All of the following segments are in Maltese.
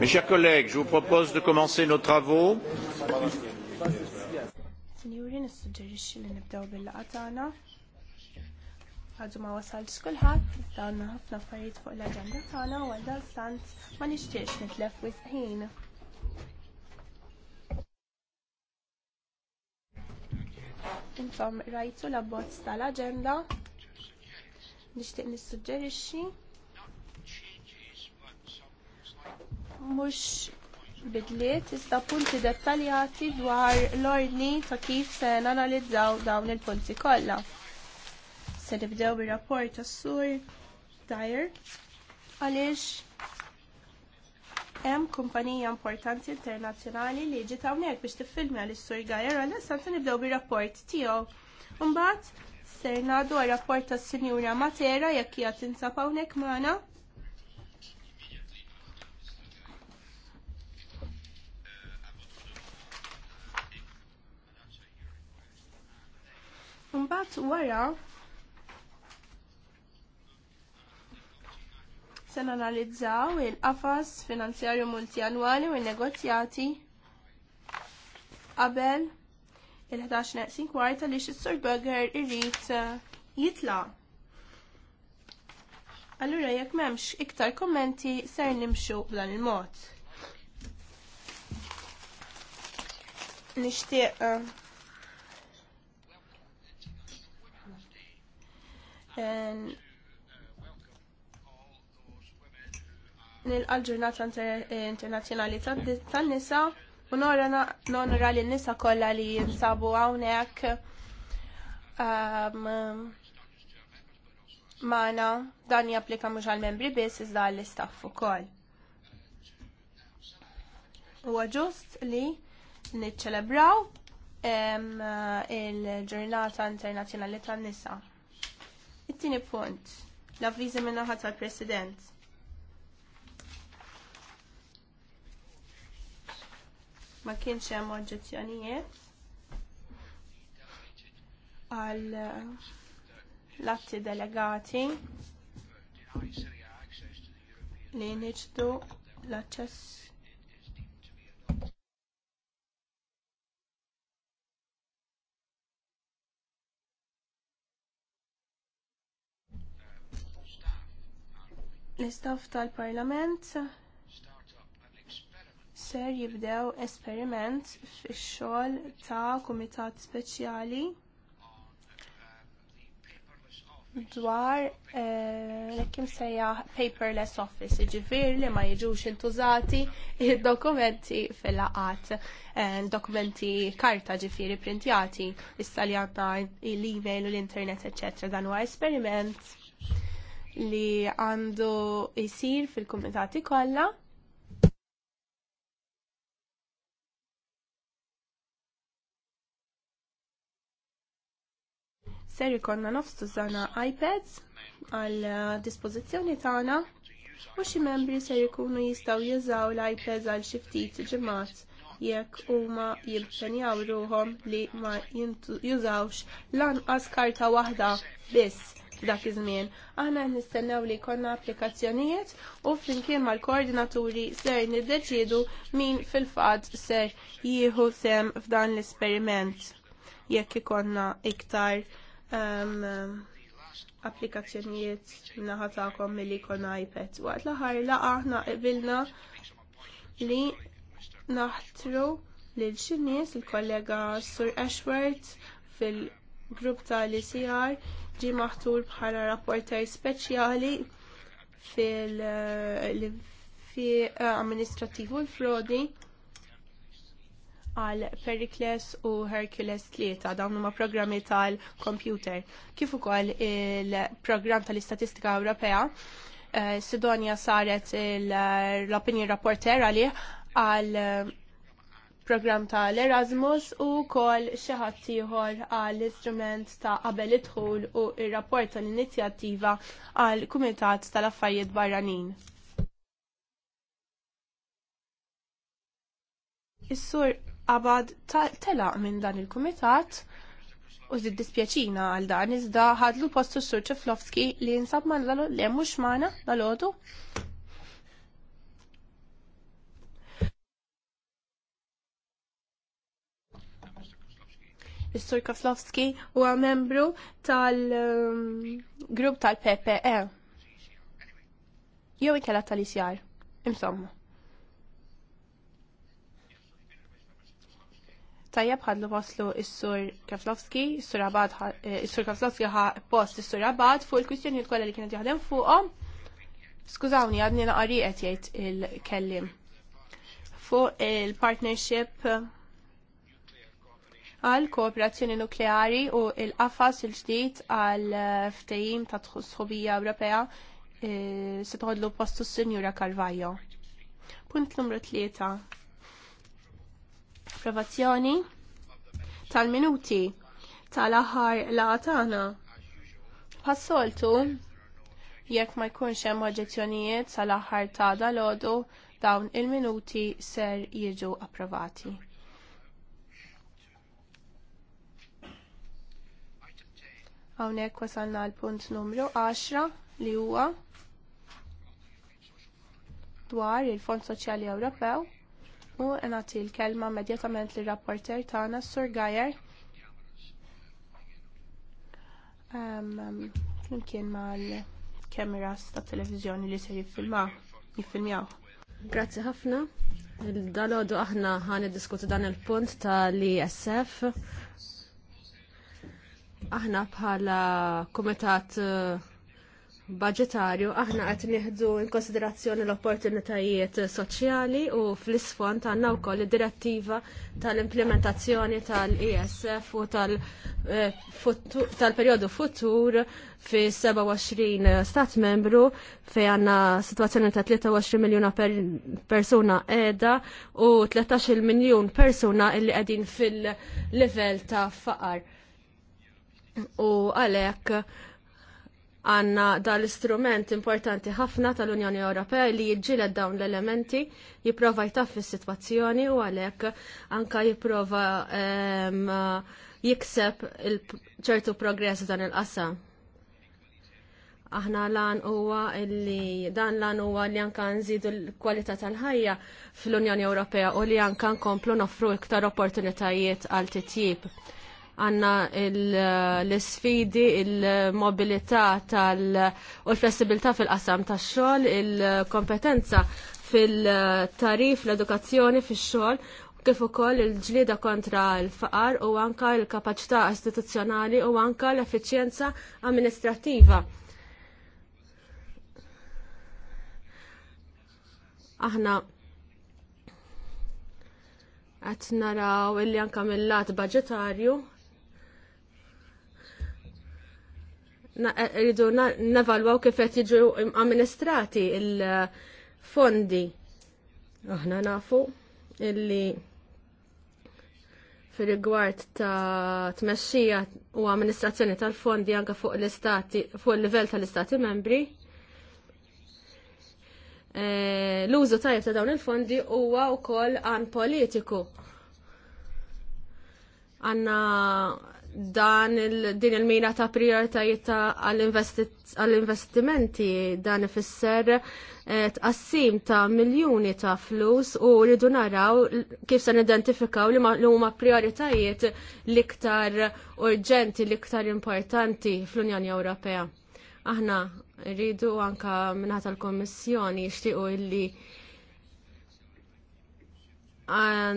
Mes chers collègues, je vous propose de commencer nos travaux. Sinjuri, nissuġġerixxi li nibdew bil-laqgħa tagħna. Għadu ma wasal kulħadd, dawna ħafna affarijiet fuq l-aġenda tagħna u għal stant ma nixtieqx nitlef u ħin. Intom rajtu la abbozz tal agenda Nixtieq nissuġġerixxi mhux bidliet iżda punti dettaljati dwar l-ordni ta' kif se nanalizzaw dawn il-punti kollha. Se nibdew bir-rapport tas-sur Dyer għaliex hemm kumpanija importanti internazzjonali li ġiet hawnhekk biex tiffilmja lis sur Dyer, għalissa se nibdew bir-rapport tiegħu. Imbagħad ser ngħadu għar rapport tas-Sinjura Matera jekk hija tinsab hawnhekk magħna. Mbagħad wara se nanalizzaw il-qafas finanzjarju multianwali u n-negozjati qabel il-11 neqsin kwarta li x-Sur irrit eh, jitla. Allura jekk m'hemmx iktar kommenti ser nimxu b'dan il-mod. Nixtieq eh, Nil qal ġurnata internazzjonali tan-nisa u nonora li nisa kollha li jinsabu hawnhekk mana dan japplika mhux għall-membri biss iżda għal istaff ukoll. Huwa ġust li niċċelebraw il-ġurnata internazzjonali tan-nisa. It-tieni punt, l-avviżi minn naħa tal-President. Ma kienx hemm oġġezzjonijiet għal eh, l-atti delegati li niġdu l-aċċess l-istaff tal-Parlament ser jibdew esperiment fix-xogħol ta' kumitat speċjali dwar l-kim eh, sejjaħ paperless office, jiġifieri li ma jiġux intużati id-dokumenti fil-laqat, eh, dokumenti karta ġifieri printjati, issa li għandna l-email u l-internet, eċċetera, dan huwa esperiment li għandu jisir fil-komitati kollha. Ser konna nofstu zana iPads għal dispozizjoni tagħna u xi membri ser jkunu jistgħu jużaw l-iPads għal xi ftit ġimgħat jekk huma jimpenjaw ruhom li ma jużawx lanqas karta waħda biss dak iż-żmien. Aħna nistennew li jkollna applikazzjonijiet u flimkien mal-koordinaturi ser niddeċiedu min fil-fatt ser jieħu sem f'dan l-esperiment jekk ikonna iktar um, applikazzjonijiet naħatakom milli jkollna iPad. Waqt l-aħħar laqa aħna qbilna li naħtru lil xi nies il-kollega Sur Ashworth fil-grupp tal-ICR ġi maħtur bħala rapporter speċjali fil-fi eh, eh, amministrativu l-frodi għal Pericles u Hercules 3 dawn huma programmi tal-computer. Kif ukoll il-programm tal-Istatistika Ewropea, eh, Sidonja saret l opinion rapporter għalih għal program ta' l-Erasmus u kol xaħatiħor għal istrument ta' qabel idħul u il-rapport tal-inizjattiva għal Kumitat tal-Affarijiet Barranin. Is-sur Abad telaq minn dan il-Kumitat u zid dispjaċina għal dan iżda ħadlu postu s-sur Ċeflowski li jinsab ma l-lemu xmana dal-ħodu Is-Sur u huwa membru tal-grupp um, tal-PPE. Jew ikela tal-ICR. imsommu. Tajjeb ħadlu waslu is-Sur Kaflowski, is-Sur Abad, eh, is-Sur Kaflowski ħa post is-Sur Abad fuq il l kollha li kienet jaħdem fuqom. Skużawni, għadni naqari qed jgħid il-kellim fuq il-partnership għal kooperazzjoni nukleari u il-qafas il-ġdid għal eh, ftehim ta' sħobija Ewropea eh, se toħodlu postu s-Sinjura Carvajo. Punt numru 3. Approvazzjoni tal-minuti tal-aħħar laqatana. Passoltu, jekk ma jkunx hemm oġġezzjonijiet sal-aħħar ta' dalodu dawn il-minuti ser jiġu approvati. Hawnhekk wasalna l punt numru 10 li huwa dwar il-Fond Soċjali Ewropew u nagħti l-kelma immedjatament lir rapporter tagħna Sur Gajer. Flimkien um, mal-kameras ta' televiżjoni li se jiffilmaw. Jiffilmjaw. Grazzi ħafna. Dalodu aħna ħan diskutu dan il-punt tal-ISF aħna bħala komitat eh, budgetarju aħna qed nieħdu in l-opportunitajiet soċjali u fl-isfond għandna wkoll id-direttiva tal-implementazzjoni tal-ESF u eh, tal-perjodu futur fi 27 stat membru fejn għandna sitwazzjoni ta' 23 miljuna persuna edha u 13 miljun persuna illi qegħdin fil level ta' faqar u għalhekk għanna dal-istrument importanti ħafna tal-Unjoni Ewropea li jġilet dawn l-elementi, jiprofa jtaffi s-situazzjoni u għalek anka jiprofa um, jikseb ċertu progress dan il qasam Aħna lan huwa li dan lan huwa li anka nżidu l-kwalità tal-ħajja fl-Unjoni Ewropea u li anka nkomplu noffru iktar opportunitajiet għal titjib għanna eh, l-sfidi, il-mobilità tal- u l-flessibilità fil-qasam tax xogħol, il-kompetenza fil-tarif, l-edukazzjoni fix xogħol kif ukoll il-ġlieda kontra l-faqar u anka l-kapaċità istituzzjonali u anka l-effiċjenza amministrattiva. Aħna qed naraw illi anka mill-lat budġetarju Eh, rridu nevalwaw kif qed jiġu amministrati il-fondi. Aħna nafu illi fir rigward ta' tmexxija u amministrazzjoni tal-fondi anke fuq l-istati fuq il-livell tal-istati membri. Eh, l-użu tajjeb ta' dawn il-fondi huwa wkoll għan politiku. Għanna dan il din il mina ta' prioritajiet għall-investimenti dan ifisser eh, tqassim ta' miljuni ta' flus u rridu naraw kif se nidentifikaw li huma prioritajiet l-iktar urġenti, l-iktar importanti fl-Unjoni Ewropea. Aħna rridu anka minħata tal kommissjoni jixtiequ illi ah,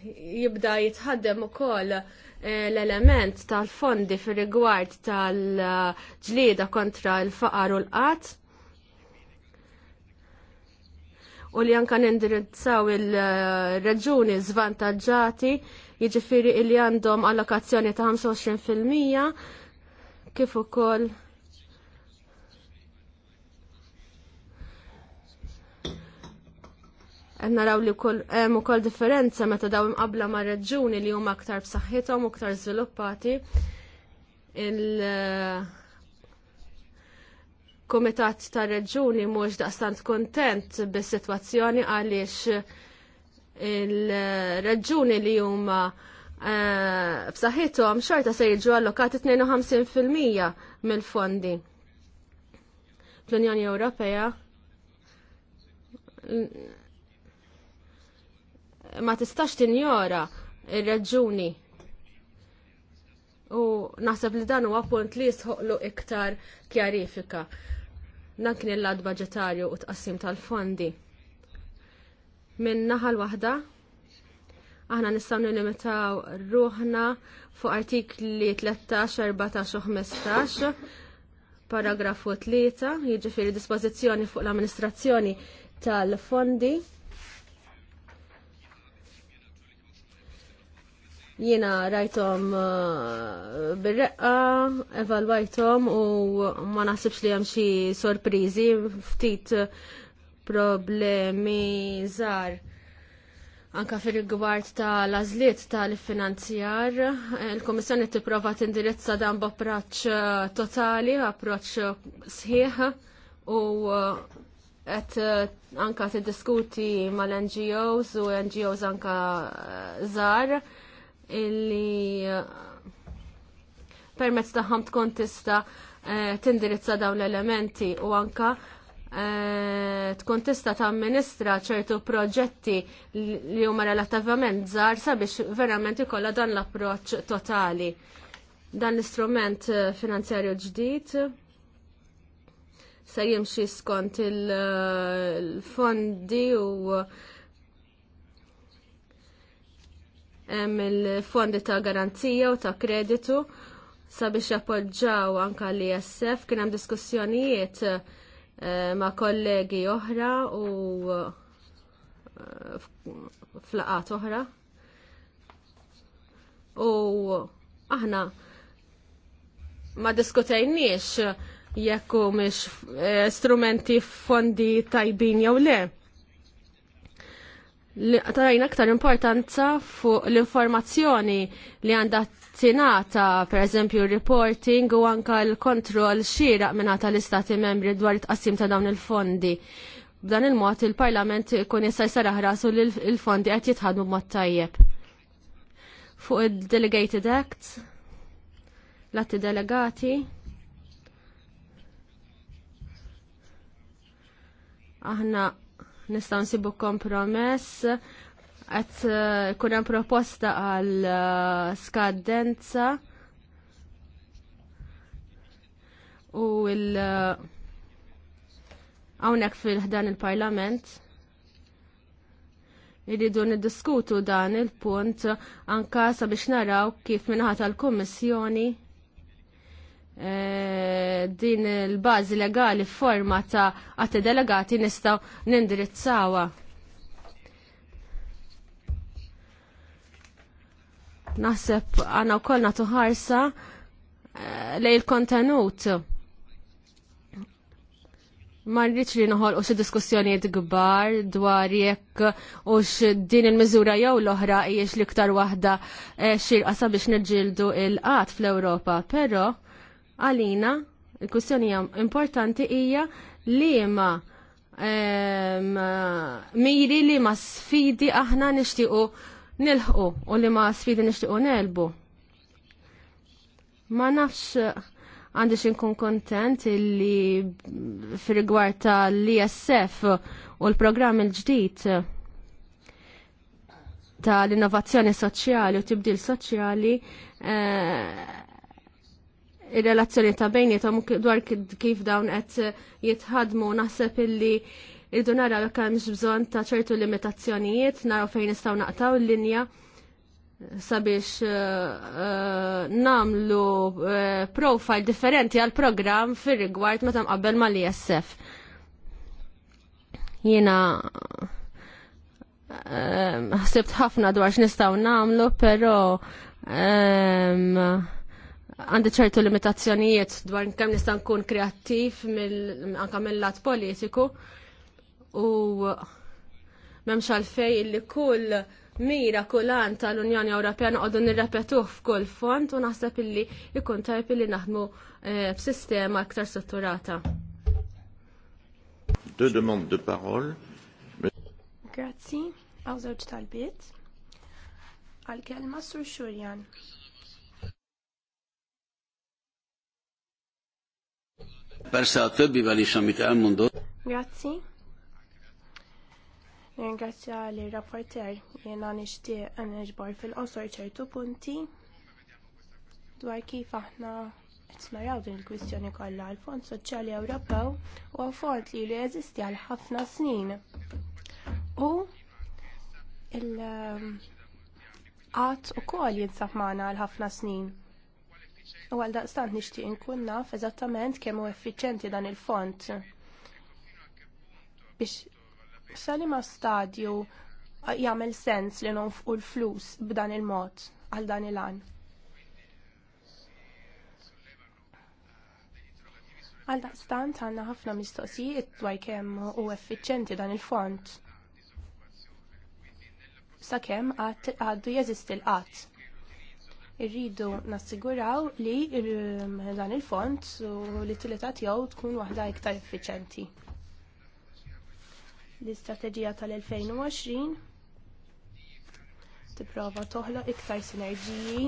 jibda jitħaddem u koll l-element tal-fondi fir rigward tal-ġlieda kontra l-faqar u l-qat u li anka nindirizzaw il-reġuni zvantagġati jiġifieri li għandhom allokazzjoni ta' 25% kif ukoll naraw li hemm ukoll differenza meta daw imqabla ma' reġuni li huma aktar b'saħħithom u aktar żviluppati il kumitat tar reġuni mhux daqstant kuntent bis-sitwazzjoni għaliex il-reġuni li huma eh, b'saħħithom xorta se jiġu allokati 52% mill-fondi. Fl-Unjoni Ewropea ma tistax tinjora ir-raġuni u naħseb li dan huwa punt li jisħoqlu iktar kjarifika. Dan kien il-lad budġetarju u tqassim tal-fondi. Minn naħal waħda, aħna nistgħu nilimitaw ruħna fuq artikli 13, 14 u 15, paragrafu 3, jiġifieri dispożizzjoni fuq l-amministrazzjoni tal-fondi Jiena rajtom uh, bil reqqa evalwajtom u ma naħsibx li hemm xi sorpriżi ftit uh, problemi zar. anka fir rigward ta' lażliet tal-finanzjar. Il-Komissjoni tipprova tindirizza dan b'approċċ uh, totali, approċċ sħiħ u qed anka tiddiskuti mal-NGOs u NGOs anka żgħar illi eh, permezz tagħhom tkun tista' eh, tindirizza dawn l-elementi u anka eh, tkun tista tamministra ċertu proġetti li huma relattivament żgħar sabiex verament ikollha dan l-approċċ totali. Dan l-istrument finanzjarju ġdid se jimxi skont il-fondi u hemm il-fondi ta' garanzija u ta' kreditu sabiex jappoġġaw anka l ISF kien hemm diskussjonijiet eh, ma' kollegi oħra u eh, flaqat oħra. U aħna ma diskutejniex jekk mhux eh, strumenti fondi tajbin jew le. Tarajn aktar importanza fuq l-informazzjoni li għandha tinata, per eżempju, reporting u anka l-kontroll xieraq minna l-istati membri dwar it-qassim ta' dawn il-fondi. B'dan il-mod il-Parlament kun jista' jsaraħ rasu li l-fondi qed jitħadmu mod tajjeb. Fuq il-Delegated Act, l-atti delegati, aħna nistgħu nsibu kompromess qed eh, hemm proposta għal eh, skadenza u l eh, hawnhekk fil-ħdan il-Parlament irridu niddiskutu dan il-punt anka sabiex naraw kif minħat tal-Kummissjoni Eh, din il-bazi legali forma ta' għati delegati nistaw nindirizzawa. Naħseb għana u kolna tuħarsa ħarsa eh, lej il-kontenut. Ma rridx li noħol u xi diskussjonijiet kbar dwar jekk u din il-miżura jew l-oħra jiex l-iktar waħda eh, xirqa sabiex niġġieldu il qat fl-Ewropa, però għalina il-kwistjoni importanti hija li ma miri li ma sfidi aħna nixtiequ nilħqu u li ma sfidi nixtiequ nelbu. Ma nafx għandix xinkun kontent li fil l isf u l-programm il-ġdid tal-innovazzjoni soċjali u tibdil soċjali eh, ir-relazzjoni ta' bejnietom dwar kif dawn qed jitħadmu naħseb illi irdu naraw jekk hemmx bżonn ta' ċertu limitazzjonijiet, naraw fejn nistgħu naqtaw l-linja sabiex uh, namlu uh, profile differenti għal program fir rigward meta mqabbel mal ISF. Jiena ħsibt uh, ħafna dwar x'nistgħu namlu, però um, għandi ċertu limitazzjonijiet dwar kemm nista' nkun kreattiv mill anke mill-lat politiku u m'hemmx għalfej li kull mira kulan tal-Unjoni Ewropea noqogħdu nirrepetuh f'kull fond u naħseb illi jkun tajb illi naħdmu eh, b'sistema aktar strutturata. Deux demandes de parole. Grazzi, għawżewġ tal-bit. Għal-kelma Sur Xurjan. Persze a többivel is, amit elmondott. Grazzi. Ringrazzja li rapporter jena nishtiq nġbar fil-qosor ċertu punti dwar kif aħna qed naraw din il-kwistjoni kollha l-Fond Soċjali Ewropew huwa fond li jeżisti għal ħafna snin. U il um, qatt ukoll jinsab magħna għal ħafna snin. U għal daqstant nixtieq inkun naf eżattament kemm hu effiċjenti dan il-font biex sali ma stadju jagħmel sens li nonfqu l-flus b'dan il-mod għal dan il-għan. Għal daqstant għandna ħafna mistoqsijiet dwar kemm u effiċjenti dan il-font. Sakemm għaddu jeżisti l-qatt irridu nassiguraw li dan il-font u l-utilità tiegħu tkun waħda iktar effiċenti. L-istrateġija tal-2020 tipprova toħloq iktar sinerġiji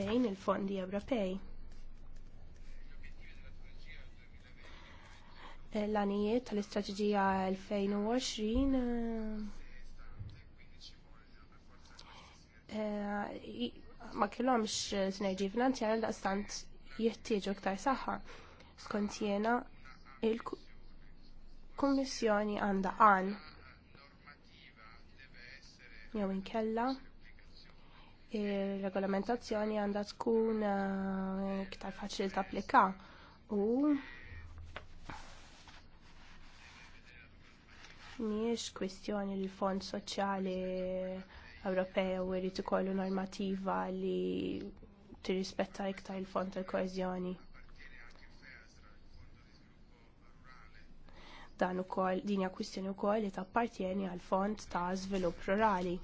bejn il-fondi Ewropej. l-għanijiet tal-istrateġija 2020 eh, eh, ma kellhomx eh, sinerġi finanzjarja daqstant jeħtieġu iktar saħħa. Skont jiena il-Kummissjoni għandha qan jew inkella il-regolamentazzjoni għandha tkun eh, iktar faċli tapplika u mhijiex kwistjoni l-fond soċjali Ewropea u jrid ikollu normativa li tirrispetta iktar il-fond tal-koeżjoni. Dan ukoll din hija kwistjoni wkoll li tappartjeni għal fond ta' żvilupp rurali.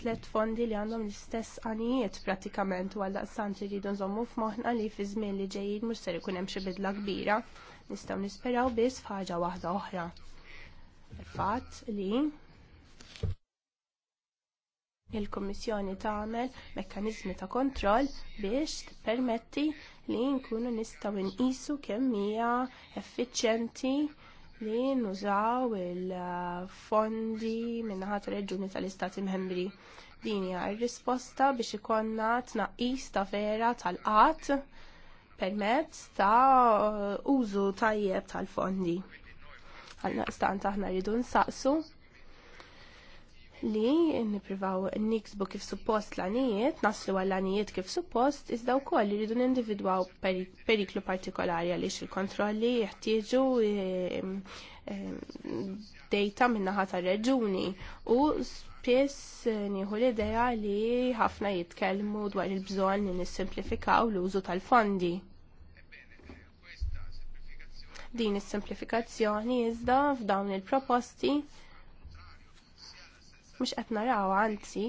Tlet fondi li għandhom l-istess għanijiet prattikament u għal daqstant irridu nżommu f'moħħna li fi żmien li ġejjin mhux ser ikun hemm xi bidla kbira nistgħu nisperaw biss f'ħaġa waħda oħra. Il-fatt li il-Kummissjoni tagħmel mekkaniżmi ta' kontroll biex permetti li nkunu nistaw nqisu kemm hija effiċjenti li nużaw il-fondi minnaħat reġuni tal-Istati membri din hija r-risposta biex ikonna tnaqqis ta' vera tal-qatt permezz ta' użu tajjeb tal-fondi. Għal-naqstant aħna rridu nsaqsu li niprivaw niksbu kif suppost l-anijiet, naslu għall-anijiet kif suppost, iżda wkoll li rridu nindividwaw periklu partikolari għaliex il-kontrolli jeħtieġu ehm, ehm, data min-naħa tar reġuni u Spiss eh, nieħu l-idea li ħafna jitkellmu dwar il-bżonn li nissimplifikaw l-użu tal-fondi. Din is-simplifikazzjoni iżda f'dawn il-proposti mhux qed naraw anzi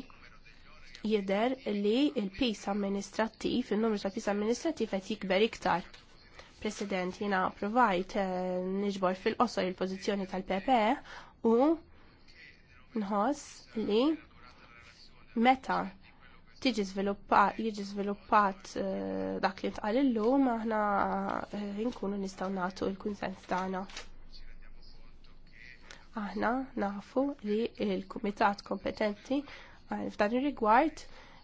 jidher li l-pis amministrattiv, in-numru tal-pis amministrattiv qed jikber iktar. President jiena provajt eh, niġbor fil-qosor il-pożizzjoni tal-PPE u nħoss li meta tiġi żviluppat jiġi żviluppat eh, dak li tqal illum aħna eh, nkunu nistgħu nagħtu l-kunsens tagħna. Aħna nafu li l-kumitat kompetenti f'dan ir-rigward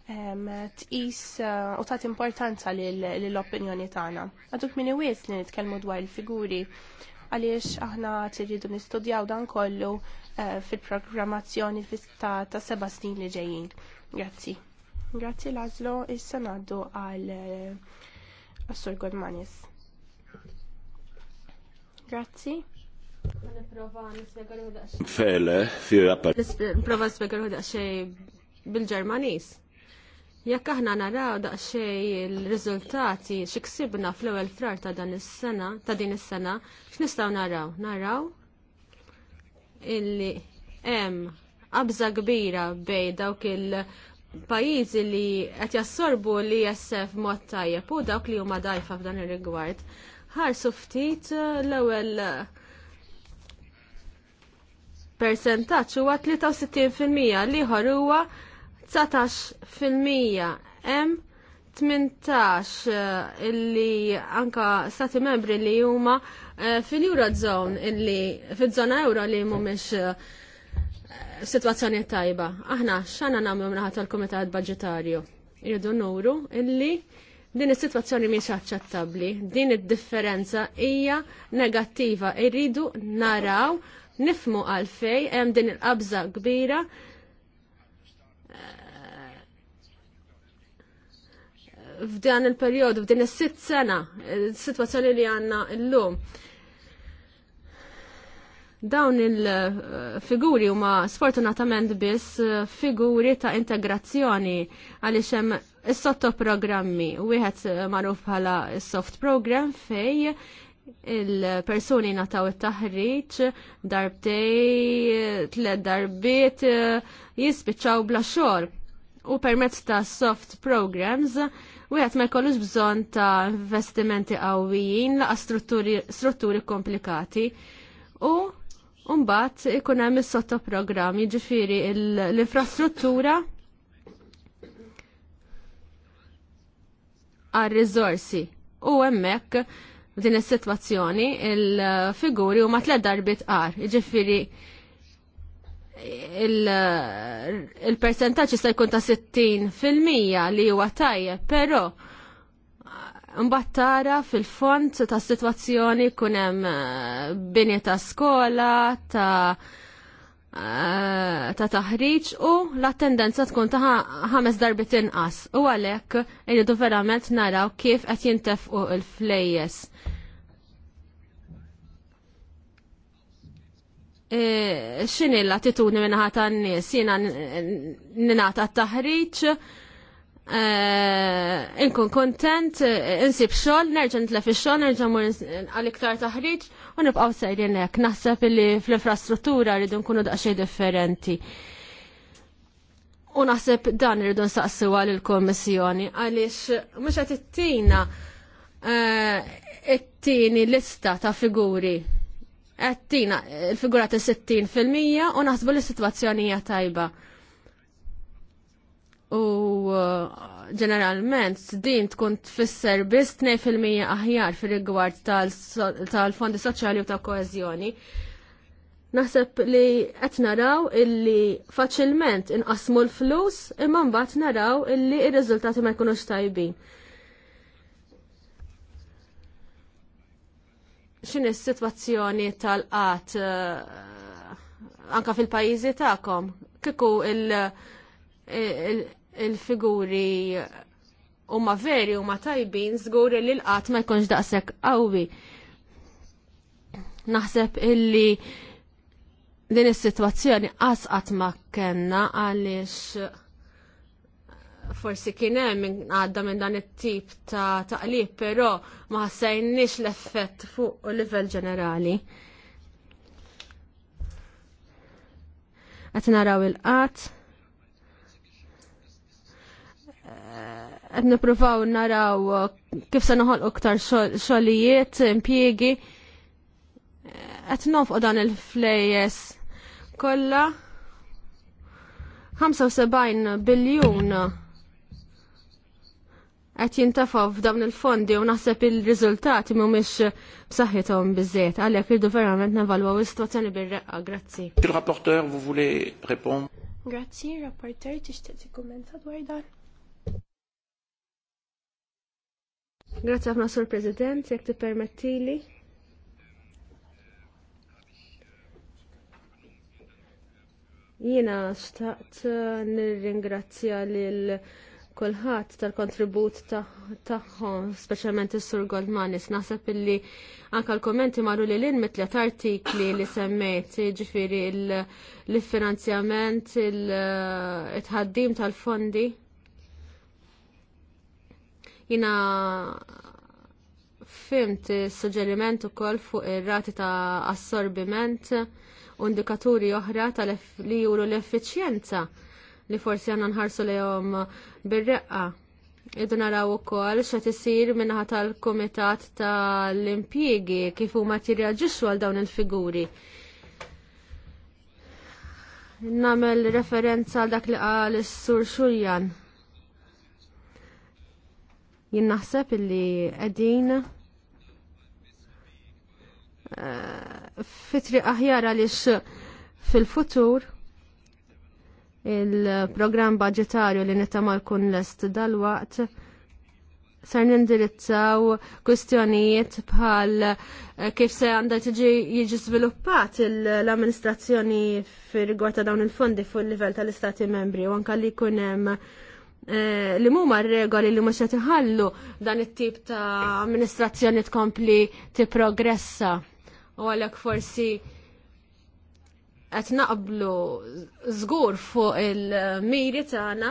tqis eh, u tagħti importanza lill-opinjoni tagħna. Għaduk min iwies li nitkellmu dwar il-figuri għaliex aħna tiridu nistudjaw dan kollu Eh, fil-programmazzjoni ta' ta' seba' snin li ġejjin. Grazzi. Grazzi Lazlo, issa naddu għal eh, Assur Godmanis. Grazzi. Fele, fi rapport. Nipprova nispjegaru xej bil-Ġermanis. Jekk aħna naraw daqsxejn il-riżultati xi ksibna fl-ewwel frar ta' dan is-sena, ta' din is-sena, x'nistgħu naraw? Naraw illi hemm qabża kbira bejn dawk il-pajjiżi li qed jassorbu li jassef mod tajjeb u dawk li huma dajfa f'dan ir-rigward. Ħarsu ftit l-ewwel percentaċ huwa 63% liħor huwa 19% hemm 18 eh, illi anka stati membri li huma Eh, fil-Eurozone illi fil-żona euro li mhumiex eh, situazzjoni tajba. Aħna x'għandna nagħmlu minħat tal-Kumitat Budġetarju. Irridu nuru illi din is-sitwazzjoni mhix aċċettabbli, din id-differenza hija negattiva, irridu naraw nifmu għalfej hemm din il-qabża kbira eh, f'dan il-perjodu, f'din is-sitt sena, is-sitwazzjoni li għandna llum. Dawn il-figuri huma sfortunatament biss eh, figuri ta' integrazzjoni għaliex hemm is-sottoprogrammi wieħed eh, magħruf bħala soft program fej il-persuni nataw it-taħriċ darbtej, tlet darbiet eh, jispiċċaw bla xogħol. U permezz ta' soft programs, wieħed ma jkollux bżonn ta' investimenti qawwijin la' strutturi, strutturi komplikati. U Umbat ikun hemm is-sottoprogramm, jiġifieri l-infrastruttura għar-riżorsi. U hemmhekk din is-sitwazzjoni il-figuri huma tliet darbit qar, jiġifieri il-percentaċ jista' jkun ta' 60% fil-mija li huwa tajjeb, però Mbatt tara fil-font ta' situazzjoni kunem bini ta' skola, ta' ta' taħriġ u la tendenza tkun ta' ħames darbit inqas. U għalek irridu verament naraw kif qed jintefqu il-flejjes. X'inhi l-attitudni minnaħa tan-nies jiena ninata t-taħriġ Eh, inkun kontent, eh, insib xol, nerġan tlef xol, nerġan mur għal-iktar taħriġ, u nibqaw sejrin hekk. Naħseb li fl-infrastruttura rridu nkunu daqsxejn differenti. U naħseb dan rridu nsaqsu għal il-Kommissjoni għaliex mhux qed tina eh, it-tieni lista ta' figuri. Għattina il-figura ta' 60% u naħsbu li situazzjonija tajba U uh, ġeneralment, din tkun tfisser biss 2% aħjar fil-rigward tal-fondi soċjali u ta' koezjoni. Naħseb li qed naraw illi faċilment inqasmu l-flus imma mbagħad naraw illi r-riżultati ma jkunux tajbin. X'inhi s-sitwazzjoni tal-qatt uh, anka fil-pajjiżi tagħkom? Kiku il- il-figuri huma veri huma tajbin zgur li l-qatt ma jkunx daqshekk qawwi. Naħseb illi din is-sitwazzjoni qas qatt ma kellna għaliex forsi kien hemm għadda minn dan it-tip ta' taqlib, però ma ħassejniex l-effett fuq livell ġenerali. Qed naraw il-qatt qed nippruvaw naraw kif se noħolqu iktar xogħlijiet, impjiegi qed nofqo dan il-flejjes kollha 75 biljun qed jintafaw f'dawn il-fondi u naħseb il-riżultati mhumiex b'saħħithom biżejjed għalhekk irdu verament nevalwaw is situazzjoni bir-reqqa. Grazzi. Il-rapporteur, vu voulez repond? Grazzi, rapporteur, tixtieq tikkummenta dwar dan. Grazie ħafna sur President, jek ti permettili. Jiena xtaqt nirringrazzja lil kulħadd tal-kontribut tagħhom, speċjalment is-Sur Goldmanis. Naħseb illi anke l-kommenti marru li l-in mitla artikli li semmejt, ġifieri l-finanzjament, il-tħaddim tal-fondi. Jina fimt suġġeriment ukoll fuq ir-rati ta' assorbiment u indikaturi oħra tal-li juru l-effiċjenza li forsi għanna nħarsu lejhom bir-reqqa. Idu naraw ukoll x'qed isir minnaħa tal-Kumitat tal-Impjiegi kif huma tirreaġixxu għal dawn il-figuri. Namel referenza għal dak li qal is-Sur Xuljan Jien naħseb illi qegħdin eh, fitri aħjar għaliex fil-futur il-programm budgetarju li kun l lest dal-waqt sar nindirizzaw kwistjonijiet bħal eh, kif se għandha tiġi jiġi sviluppat l-amministrazzjoni fir rigward ta' dawn il-fondi fuq il livell tal-istati membri u anka li jkun hemm Eh, li mumma regoli li mux iħallu dan it-tip ta' amministrazzjoni tkompli progressa u għalhekk forsi qed naqblu żgur fuq il-miri tagħna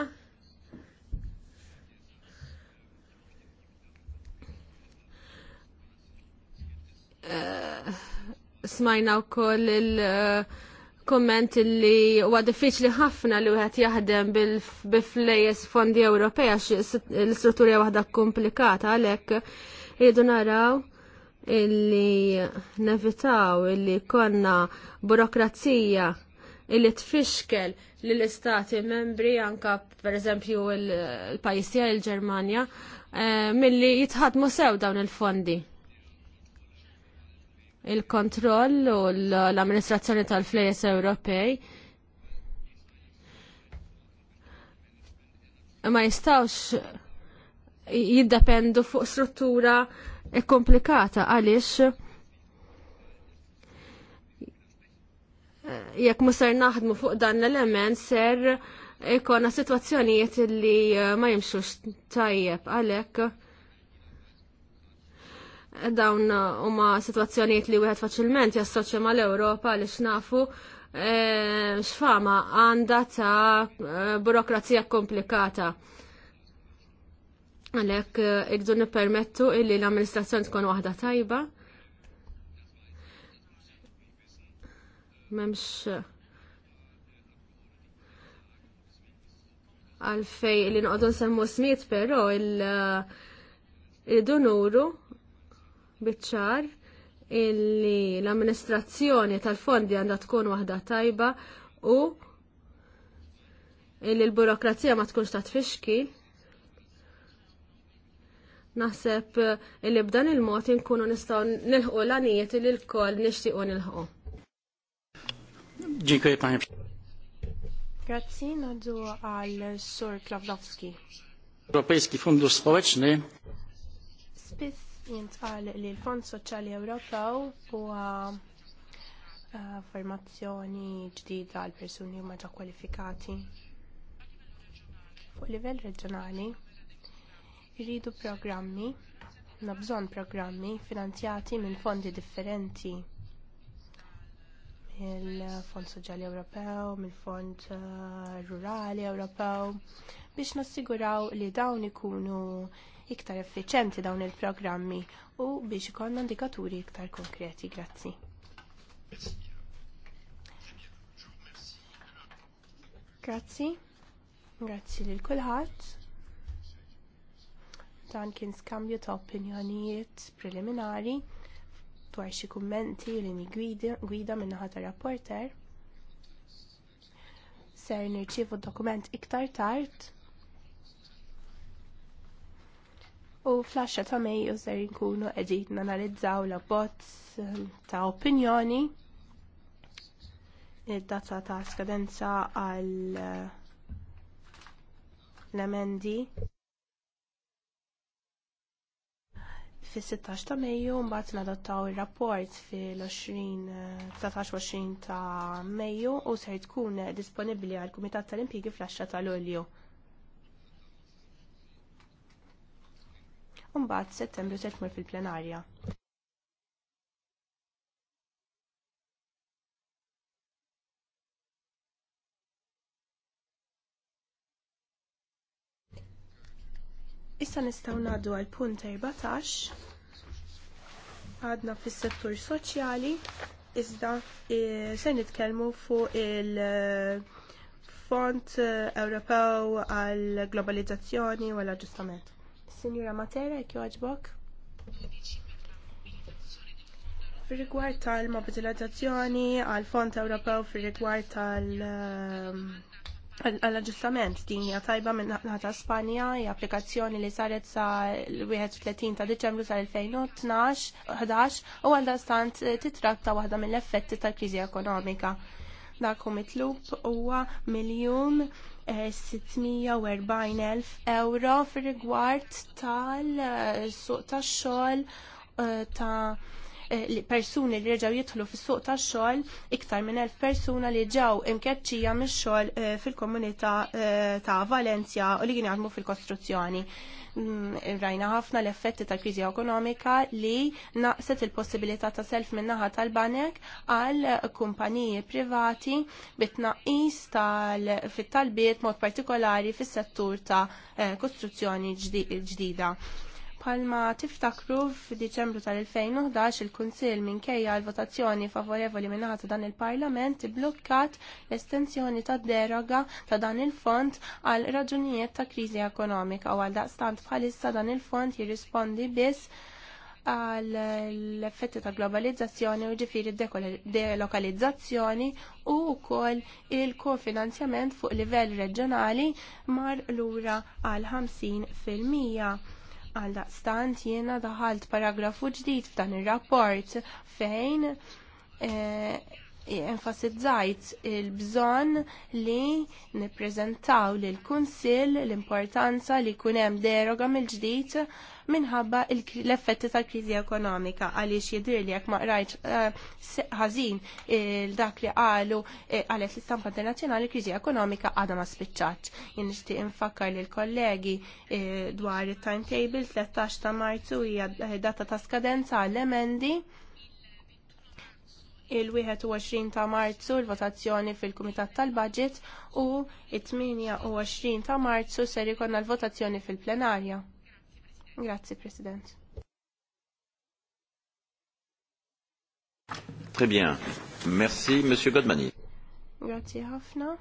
eh, smajna koll il- uh, komment li huwa diffiċli ħafna li wieħed jaħdem bil-flejjes fondi Ewropej għax l-istruttura waħda komplikata għalhekk jridu naraw illi nevitaw illi konna burokrazija illi tfixkel l-istati membri anka per eżempju l-pajsija il ġermanja eh, milli jitħadmu sew dawn il-fondi il-kontroll u l-amministrazzjoni tal-flejes Ewropej ma jistawx jiddependu fuq struttura komplikata għaliex jekk musar naħdmu fuq dan l-element ser ikona situazzjonijiet li ma jimxux tajjeb għalhekk dawn huma situazzjonijiet li wieħed faċilment jassoċja mal-Ewropa li xnafu e, x'fama għandha ta' burokrazija komplikata. Għalhekk e, irdu nippermettu illi l-amministrazzjoni tkun waħda tajba. Memx għalfej li noqdu nsemmu smiet, però il-dunuru il e, biċ-ċar illi l-amministrazzjoni tal-fondi għandha tkun waħda tajba u illi l-burokrazija ma tkunx ta' tfixki. Naħseb illi b'dan il-mod inkunu nistgħu nilħqu l-għanijiet illi l-koll nixtiequ nilħqu. Dziękuję panie. Grazie, nadu għal Sur Klawdowski. Europejski Fundusz Społeczny. Spiss jintqal li l-Fond Soċjali Ewropew huwa eh, formazzjoni ġdida għal persuni huma ġa kwalifikati. Fuq livell reġjonali jridu programmi, na bżonn programmi finanzjati minn fondi differenti mill-Fond Soċjali Ewropew, mill-Fond eh, Rurali Ewropew, biex nassiguraw li dawn ikunu iktar effiċenti dawn il-programmi u biex ikollna indikaturi iktar konkreti. Grazzi. Grazzi. Grazzi lil kulħadd. Dan kien skambju ta' opinjonijiet preliminari dwar xi kummenti li nigwida gwida min-naħa tar rapporter. Ser nirċievu dokument iktar tard U fl-10 ta' Mejju ser jinkunu qegħdin nanalizzaw la bozz ehm, ta' opinjoni id-data ta' skadenza għal eh, l-emendi fis-16 ta' Mejju mbagħad nadottaw ir-rapport fil-20 eh, ta' Mejju u ser tkun disponibbli għal Kumitat tal-Impjigi fl-10 ta' Lulju. u mbagħad settembru se tmur fil-plenarja. Issa nistgħu ngħaddu għal punt 14 għadna fis-settur soċjali iżda e, se nitkellmu fuq il- e, Fond Ewropew għall globalizzazzjoni u għall aġġustament Signora Matera, kjoġbok. fir rigward tal-mobilizzazzjoni għal Fond Ewropew fir rigward tal-aġġustament ehm, din hija tajba minn ta' Spanja hija applikazzjoni li saret sa l-31 ta' Diċembru sa' 2011 u għal stant titratta waħda mill-effetti tal-kriżi ekonomika. Dak mitlub huwa miljun 640.000 euro fir-rigward tal-suq eh, tax-xogħol eh, ta' eh, persuni li reġaw jidħlu fis-suq tax-xogħol iktar minn elf persuna li ġew imkeċċija mix-xogħol fil-komunità ta' Valencia u li kien jaħdmu fil-kostruzzjoni. Mm, rajna ħafna l-effetti tal-kriżi ekonomika li naqset il-possibilità ta' self minnaħa tal-banek għal kumpaniji privati bitnaqis tal fit-talbiet mod partikolari fis-settur ta' eh, kostruzzjoni ġdida. Palma tiftakru f'Diċembru tal-2011 il-Kunsill minkejja l-votazzjoni favorevoli minnaħa dan il-Parlament blokkat l-estensjoni ta' deroga ta' dan il-fond għal raġunijiet ta' kriżi ekonomika u għal daqstant bħalissa dan il-fond jirrispondi biss għal l-effetti ta' globalizzazzjoni u ġifiri delokalizzazzjoni u wkoll il-kofinanzjament fuq livell reġjonali mar lura għal 50 fil-mija. Għal daqstant jiena daħalt paragrafu ġdid f'dan ir-rapport fejn eh, enfasizzajt il-bżonn li nippreżentaw lill kunsill l-importanza li jkun hemm deroga mill-ġdid minħabba l-effetti tal-kriżi ekonomika għaliex jidhir li jekk ma qrajt eh, ħażin dak li qalu eh, għalet l-istampa internazjonali kriżi ekonomika għadha ma spiċċaċ. Jien nixtieq infakkar l kollegi eh, dwar it-timetable 13 ta' Marzu hija data ta' skadenza għall-emendi il-21 ta' Marzu l-votazzjoni fil-Kumitat tal-Budget u it-28 ta' Marzu ser ikonna l-votazzjoni fil-plenarja. Grazie President. Très bien. Merci, Monsieur Godmani. Grazie ħafna.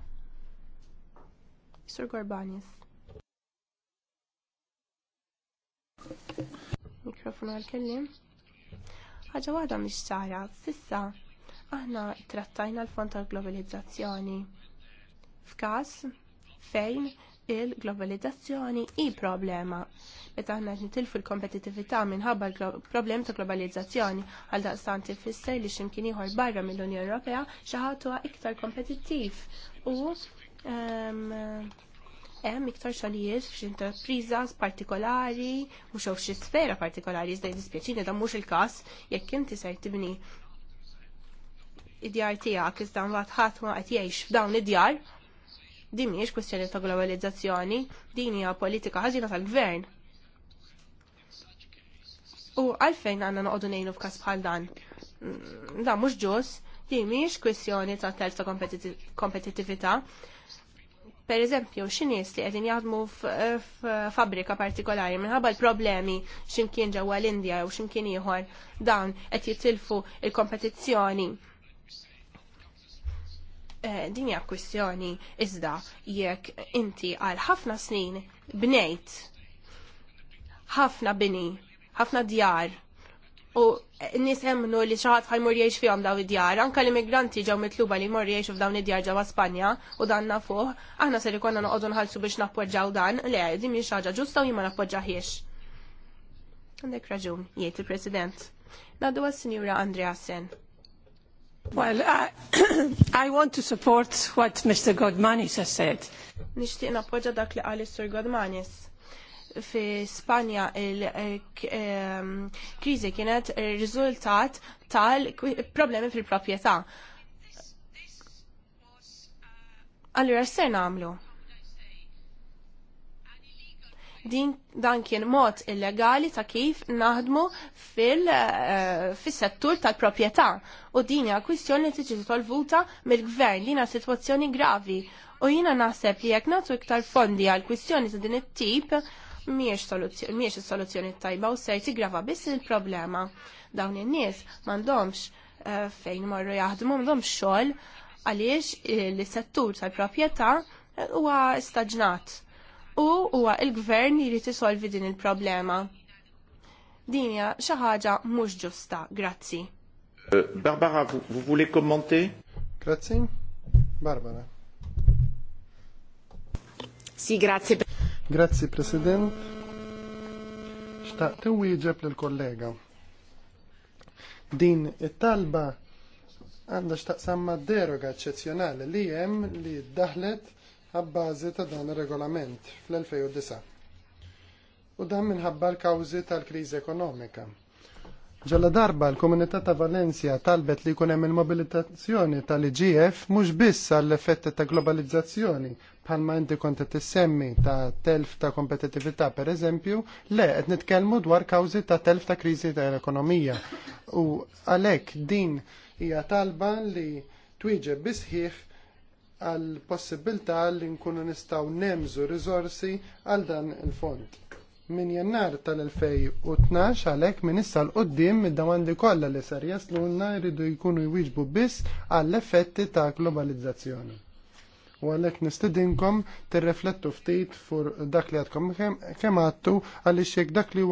Sir Gorbanis. Mikrofon għal-kellim. Ħaġa waħda mhix ċara, sissa aħna trattajna l-fond tal-globalizzazzjoni. F'każ fejn il-globalizzazzjoni i problema. Meta aħna nitilfu l-kompetittività minħabba l-problem ta' globalizzazzjoni għal daqstant ifisser li x'imkien ieħor barra mill-Unjoni Ewropea xi ħadd iktar kompetittiv u ehm, hemm iktar xogħlijiet f'xi interpriżas partikolari u xew xi sfera partikolari iżda jdispjaċini dan mhux il-każ jekk inti ser tibni id-djar tiegħek iżda mbagħad ħadd ma qed jgħix f'dawn id-djar Din mhijiex kwestjoni ta' globalizzazzjoni, din hija politika ħażina tal-gvern. U għalfejn għandna noqogħdu ngħinu f'każ bħal dan. Mm, dan mhux ġus, din mhijiex kwestjoni ta' terza ta' kompetittività. Per eżempju, xi nies li qegħdin jaħdmu f'fabrika partikolari minħabba l-problemi x'imkien ġewwa l-Indja jew x'imkien ieħor dan qed jitilfu il-kompetizzjoni Eh, din hija kwistjoni iżda jekk inti għal ħafna snin bnejt ħafna bini, ħafna djar u nis nies hemmnu li xi ħadd ħajmur jgħix fihom dawn id-djar, anke l-immigranti ġew mitluba li jmur u f'dawn id-djar ġewwa Spanja u dan nafuh, aħna ser konna noqogħdu nħallsu biex nappoġġaw dan, le, din mhix ħaġa ġusta u jien ma nappoġġaħiex. Għandek raġun, jgħid il-President. Nadu għas-Sinjura Andreasen. Well, I, I want to support what Mr. Godmanis has said. Nishtiq nappoġġa dak li qal is-Sur Godmanis. Fi Spanja il-kriżi kienet riżultat tal-problemi fil-proprjetà. Allura ser nagħmlu? Din dan kien mod illegali ta' kif naħdmu fil-settur eh, uh, tal-propieta. U din hija kwistjoni li tiġi tolvuta mill-gvern li situazzjoni gravi. U jina naħseb li jekk nagħtu iktar fondi għal kwistjoni ta' din it-tip, miex is-soluzzjoni tajba u ser grava biss il-problema. Dawn in-nies m'għandhomx uh, fejn marru jaħdmu, m'għandhomx xogħol għaliex l-settur tal-propieta huwa staġnat u huwa il-gvern jrid isolvi din il-problema. Dinja xi ħaġa mhux ġusta, grazzi. Euh, Barbara, vous voulez commenter? Grazzi. Barbara. Si, grazie. Grazzi, President. Sta wieġeb lill-kollega. Din it-talba għandha xtaqsam ma' deroga eċċezzjonali li hemm li ddaħlet għabbażi ta' dan ir-regolament fl-2009. U dan minħabba l-kawżi tal-kriżi ekonomika. Ġalla darba l-Komunità ta' Valencia talbet li jkun hemm il-mobilitazzjoni tal-IGF mhux biss għall-effetti ta' globalizzazzjoni bħalma inti konta t-semmi ta' telf ta' per pereżempju, le qed nitkellmu dwar kawżi ta' telf ta' kriżi tal-ekonomija. U għalhekk din hija talba li twieġeb bisħiħ għal possibilità li nkunu nistgħu nemżu rizorsi għal dan il-fond. Min jannar tal-2012 għalhekk min issa l-qoddim id-domandi kollha li ser jaslunna jridu jkunu jwieġbu biss għall-effetti ta' globalizzazzjoni. U għalhekk nistidinkom tirreflettu ftit fur dak li għadkom kemm għattu għaliex jekk dak li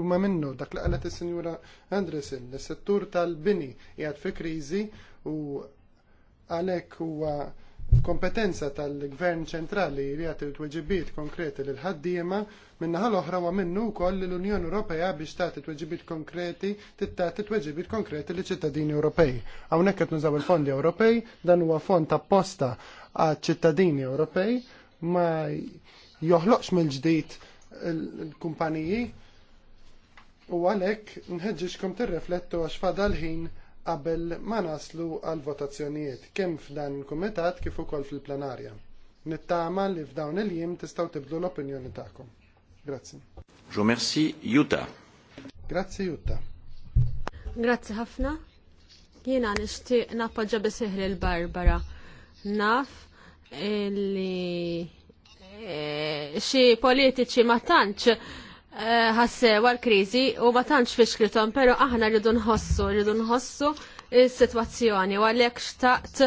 huma minnu, dak li qalet is-Sinjura Andresen, l settur tal-bini jgħad fi kriżi u għalhekk huwa kompetenza tal-Gvern ċentrali jagħti tweġibiet konkreti l ħaddiema minna l-oħra wa minnu wkoll l-Unjoni Ewropea biex tagħti tweġibiet konkreti t tweġibiet konkreti li ċittadini Ewropej. Hawnhekk qed nużaw il-fondi Ewropej, dan huwa fond apposta għad ċittadini Ewropej ma joħloqx mill-ġdid il-kumpaniji u għalhekk t tirreflettu għax fadal ħin qabel ma naslu għal votazzjonijiet kemm f'dan il-kumitat kif ukoll fil-plenarja. Nittama li f'dawn il-jiem tistgħu tibdu l-opinjoni tagħkom. Grazzi. Jo merci Jutta. Grazzi Jutta. Grazzi ħafna. Jiena nixtieq nappoġġa bisiħli l-Barbara. Naf li eh, xi politiċi ma tantx Eh, ħassewa l-krizi u ma tantx xkritom, pero aħna rridu nħossu, rridu nħossu il-situazzjoni u għalhekk xtaqt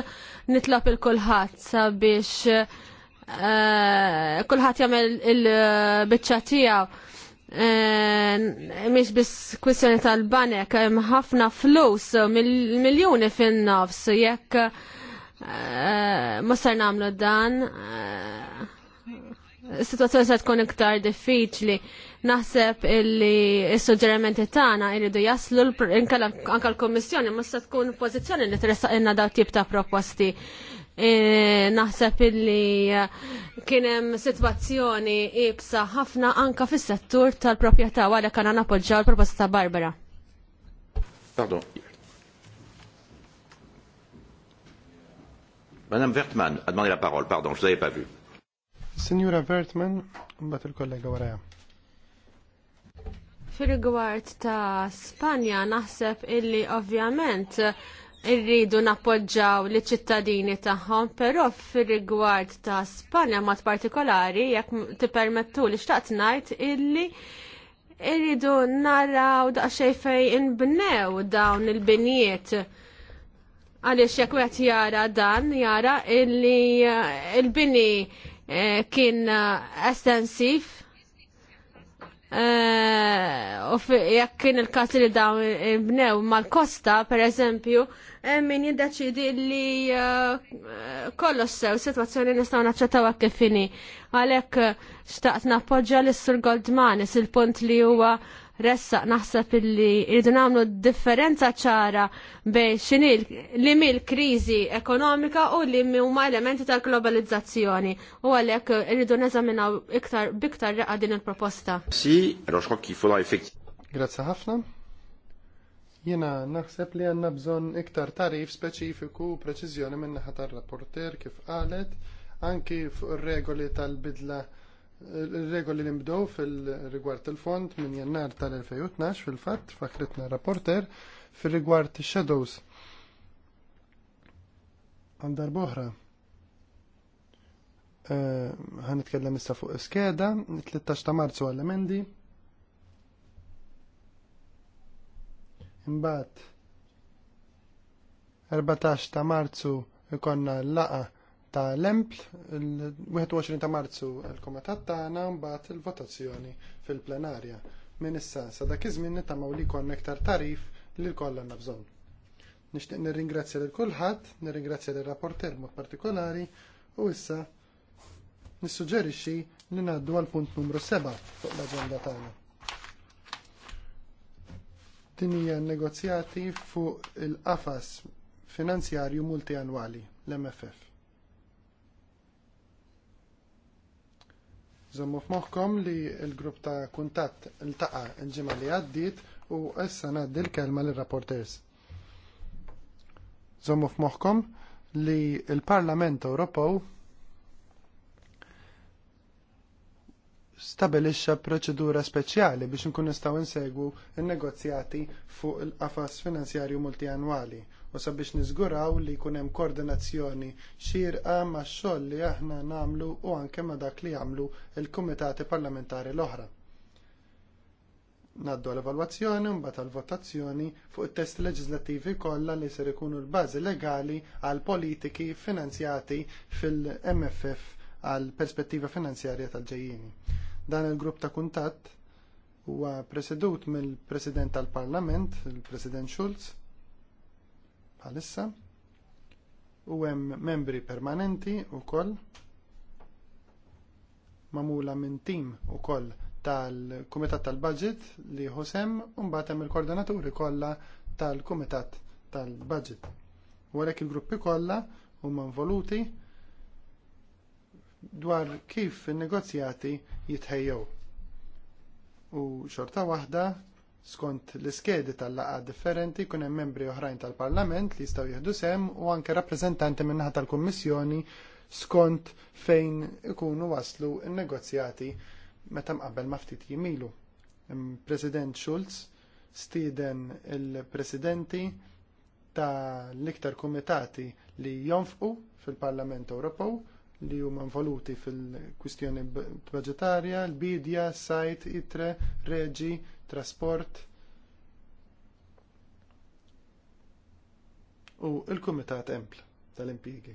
nitlob il-kulħadd sabiex eh, kulħadd jagħmel il-biċċa tiegħu. Eh, mhix biss kwistjoni tal-banek, hemm ħafna flus, miljuni fin-nofs, jekk ma sar nagħmlu dan, is-sitwazzjoni se tkun iktar diffiċli naħseb illi s-suġġerimenti tagħna jridu jaslu anke l-Kummissjoni ma se tkun pożizzjoni li tressaq inna daw tip ta' proposti. E, naħseb illi kien hemm sitwazzjoni ibsa ħafna anke fis-settur tal-proprjetà wara kan nappoġġjaw il-proposta ta' Barbara. Pardon. Madame Vertman a demandé la parole, pardon, je ne l'avais pas vu. Signora Vertman, te il-kollega voilà. Fil-rigward ta' Spanja naħseb illi ovvjament irridu nappoġġaw li ċittadini tagħhom, però fir-rigward ta' Spanja mod partikolari jekk tippermettu li xtaqt ngħid illi irridu naraw daqsxejn fejn inbnew dawn il-binijiet għaliex jekk wieħed jara dan jara illi eh, il-bini eh, kien eh, estensiv Eh, u jekk kien il-kas li dawn bnew mal-kosta, per eżempju, eh, min jiddeċidi li eh, kollox sew situazzjoni nistgħu naċċettaw kif inhi. Għalhekk xtaqt nappoġġja l-Sur Goldmanis il-punt li huwa ressaq naħseb illi irridu nagħmlu differenza ċara bejn xini li mill kriżi ekonomika u li huma elementi tal-globalizzazzjoni u għalhekk irridu neżaminaw iktar biktar reqa din il-proposta. Si, Grazzi ħafna. Jena naħseb li għanna bżon iktar tarif speċifiku u preċiżjoni minn naħa tar-rapporter kif qalet anki fuq ir regoli tal-bidla regoli li nibdow fil-rigward il fond minn jannar tal-2012 fil-fatt fakritna rapporter fil-rigward shadows għandar boħra eh, ħan nitkellem issa fuq skeda 13 ta' marzu għall-emendi imbagħad 14 ta' marzu ikonna laqa' ta' l-empl, il-21 ta' marzu il-komitat tagħna mbagħad il-votazzjoni fil-plenarja. Min issa sa dak iż-żmien nitamaw li jkollna tarif li l-kollha għandna bżonn. Nixtieq nirringrazzja lil kulħadd, nirringrazzja l rapporter mod partikolari u issa nissuġġerixxi li naddu għal punt numru 7 fuq l-aġenda tagħna. Din hija negozjati fuq il-qafas finanzjarju multianwali, l-MFF. Zommu f'moħħkom li l-grupp ta' kuntatt iltaqa il ġimgħa li għaddiet u issa ngħaddi l-kelma l rapporters Zommu f'moħħkom li l-Parlament Ewropew stabilixxa proċedura speċjali biex nkun nistgħu insegwu n-negozjati fuq il-qafas finanzjarju multianwali u sabiex niżguraw li jkun hemm koordinazzjoni xirqa max-xogħol li aħna nagħmlu u anke ma' dak li jagħmlu l kumitati parlamentari l-oħra. Naddu l-evalwazzjoni mbagħad għall votazzjoni fuq it-test leġislattivi kollha li ser ikunu l-bażi legali għal politiki finanzjati fil-MFF għal perspettiva finanzjarja tal-ġejjini. Dan il-grupp ta' kuntatt huwa presedut mill-President tal-Parlament, il-President Schulz, bħalissa u hemm membri permanenti wkoll magħmula minn tim ukoll tal-Kumitat tal-Budget li ħosem u mbagħad hemm il-koordinaturi kollha tal-Kumitat tal-Budget. U il-gruppi kollha huma involuti dwar kif in-negozjati jitħejjew. U xorta waħda Skont l-iskedi tal-laqgħa differenti kun hemm membri oħrajn tal-Parlament li jistgħu jieħdu sem u anke rappreżentanti min-naħa tal-Kummissjoni skont fejn ikunu waslu n-negozjati meta mqabbel ma ftit jimilu. President Schulz stieden il-presidenti tal iktar kumitati li jonfqu fil-Parlament Ewropew li huma involuti fil-kwistjoni budgetarja, l-bidja, sajt, itre, reġi, trasport u l kumitat Empl tal impjiegi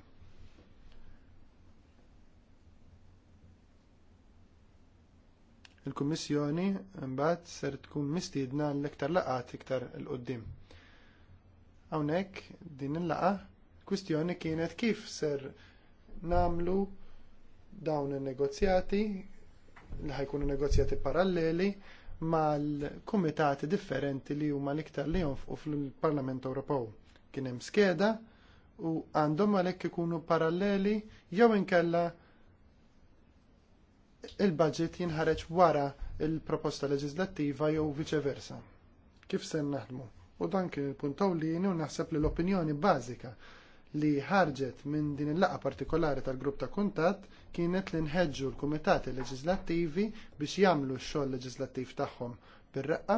Il-Kummissjoni mbagħad ser tkun mistiedna l-iktar laqat iktar l qudiem Hawnhekk din il laqgħa kwistjoni kienet kif ser nagħmlu dawn in-negozjati li ħajkunu negozjati paralleli mal-kumitati differenti li huma l-iktar li jonfqu fil-Parlament Ewropew. Kien hemm skeda u għandhom għalhekk ikunu paralleli jew inkella il-budget jinħareġ wara l proposta leġislattiva jew viċeversa. Kif se naħdmu? U dan kien il-punt ewlieni u naħseb li l-opinjoni bażika li ħarġet minn din il laqgħa partikolari tal-grupp ta' kuntatt kienet li nħeġġu l-kumitati leġislattivi biex jagħmlu x-xogħol leġislattiv tagħhom bir-reqqa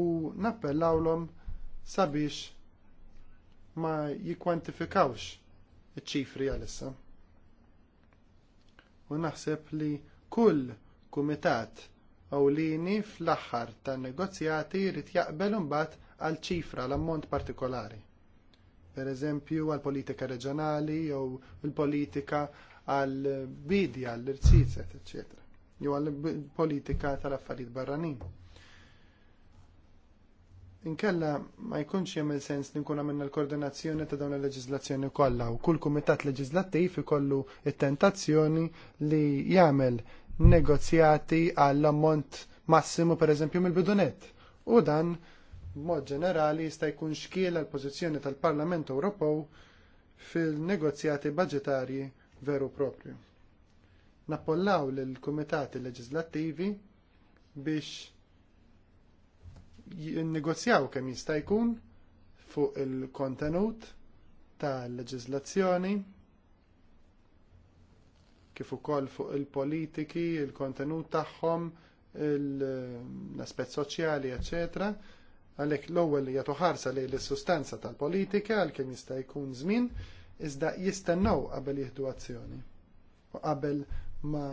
u nappellawlhom sabiex ma jikkwantifikawx iċ-ċifri għalissa. U naħseb li kull kumitat ewlieni fl-aħħar tan negozjati jrid jaqbel imbagħad għal ċifra l-ammont partikolari per eżempju għal politika reġjonali jew il-politika għal bidja, għal irċizet, etc. Jew għal politika tal-affarijiet barranin. Inkella ma jkunx il sens li nkun għamilna l-koordinazzjoni ta' dawn il-leġizlazzjoni kollha u kull kumitat leġizlattiv ikollu it-tentazzjoni li jagħmel negozjati għall ammont massimu per eżempju mill-bidunet. U dan mod ġenerali jista' jkun xkiel għal pożizzjoni tal-Parlament Ewropew fil-negozjati budġetarji veru proprju. Napollaw lill kumitati Leġislattivi biex negozjaw kemm jista' jkun fuq il-kontenut tal-leġiżlazzjoni kif ukoll fuq il-politiki, il-kontenut tagħhom, l-aspett soċjali, eċetera Għalhekk l-ewwel li jagħtu ħarsa lejn is-sustanza tal-politika għalkemm jista' jkun żmien iżda jistennew qabel jieħdu azzjoni u qabel ma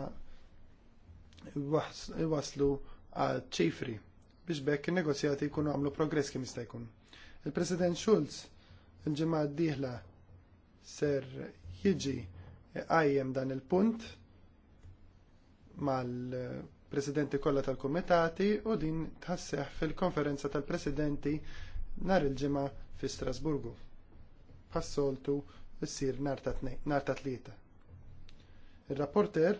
waslu għal ċifri biex bekk in negozjati jkunu għamlu progress kemm jista' jkun. Il-President Schulz il-ġimgħa d-dieħla ser jiġi qajjem dan il-punt mal presidenti kollha tal-kumitati u din tħasseħ fil-konferenza tal-presidenti nhar il-ġimgħa fi Strasburgu. Passoltu ssir nhar ta' tlieta. Ir-rapporter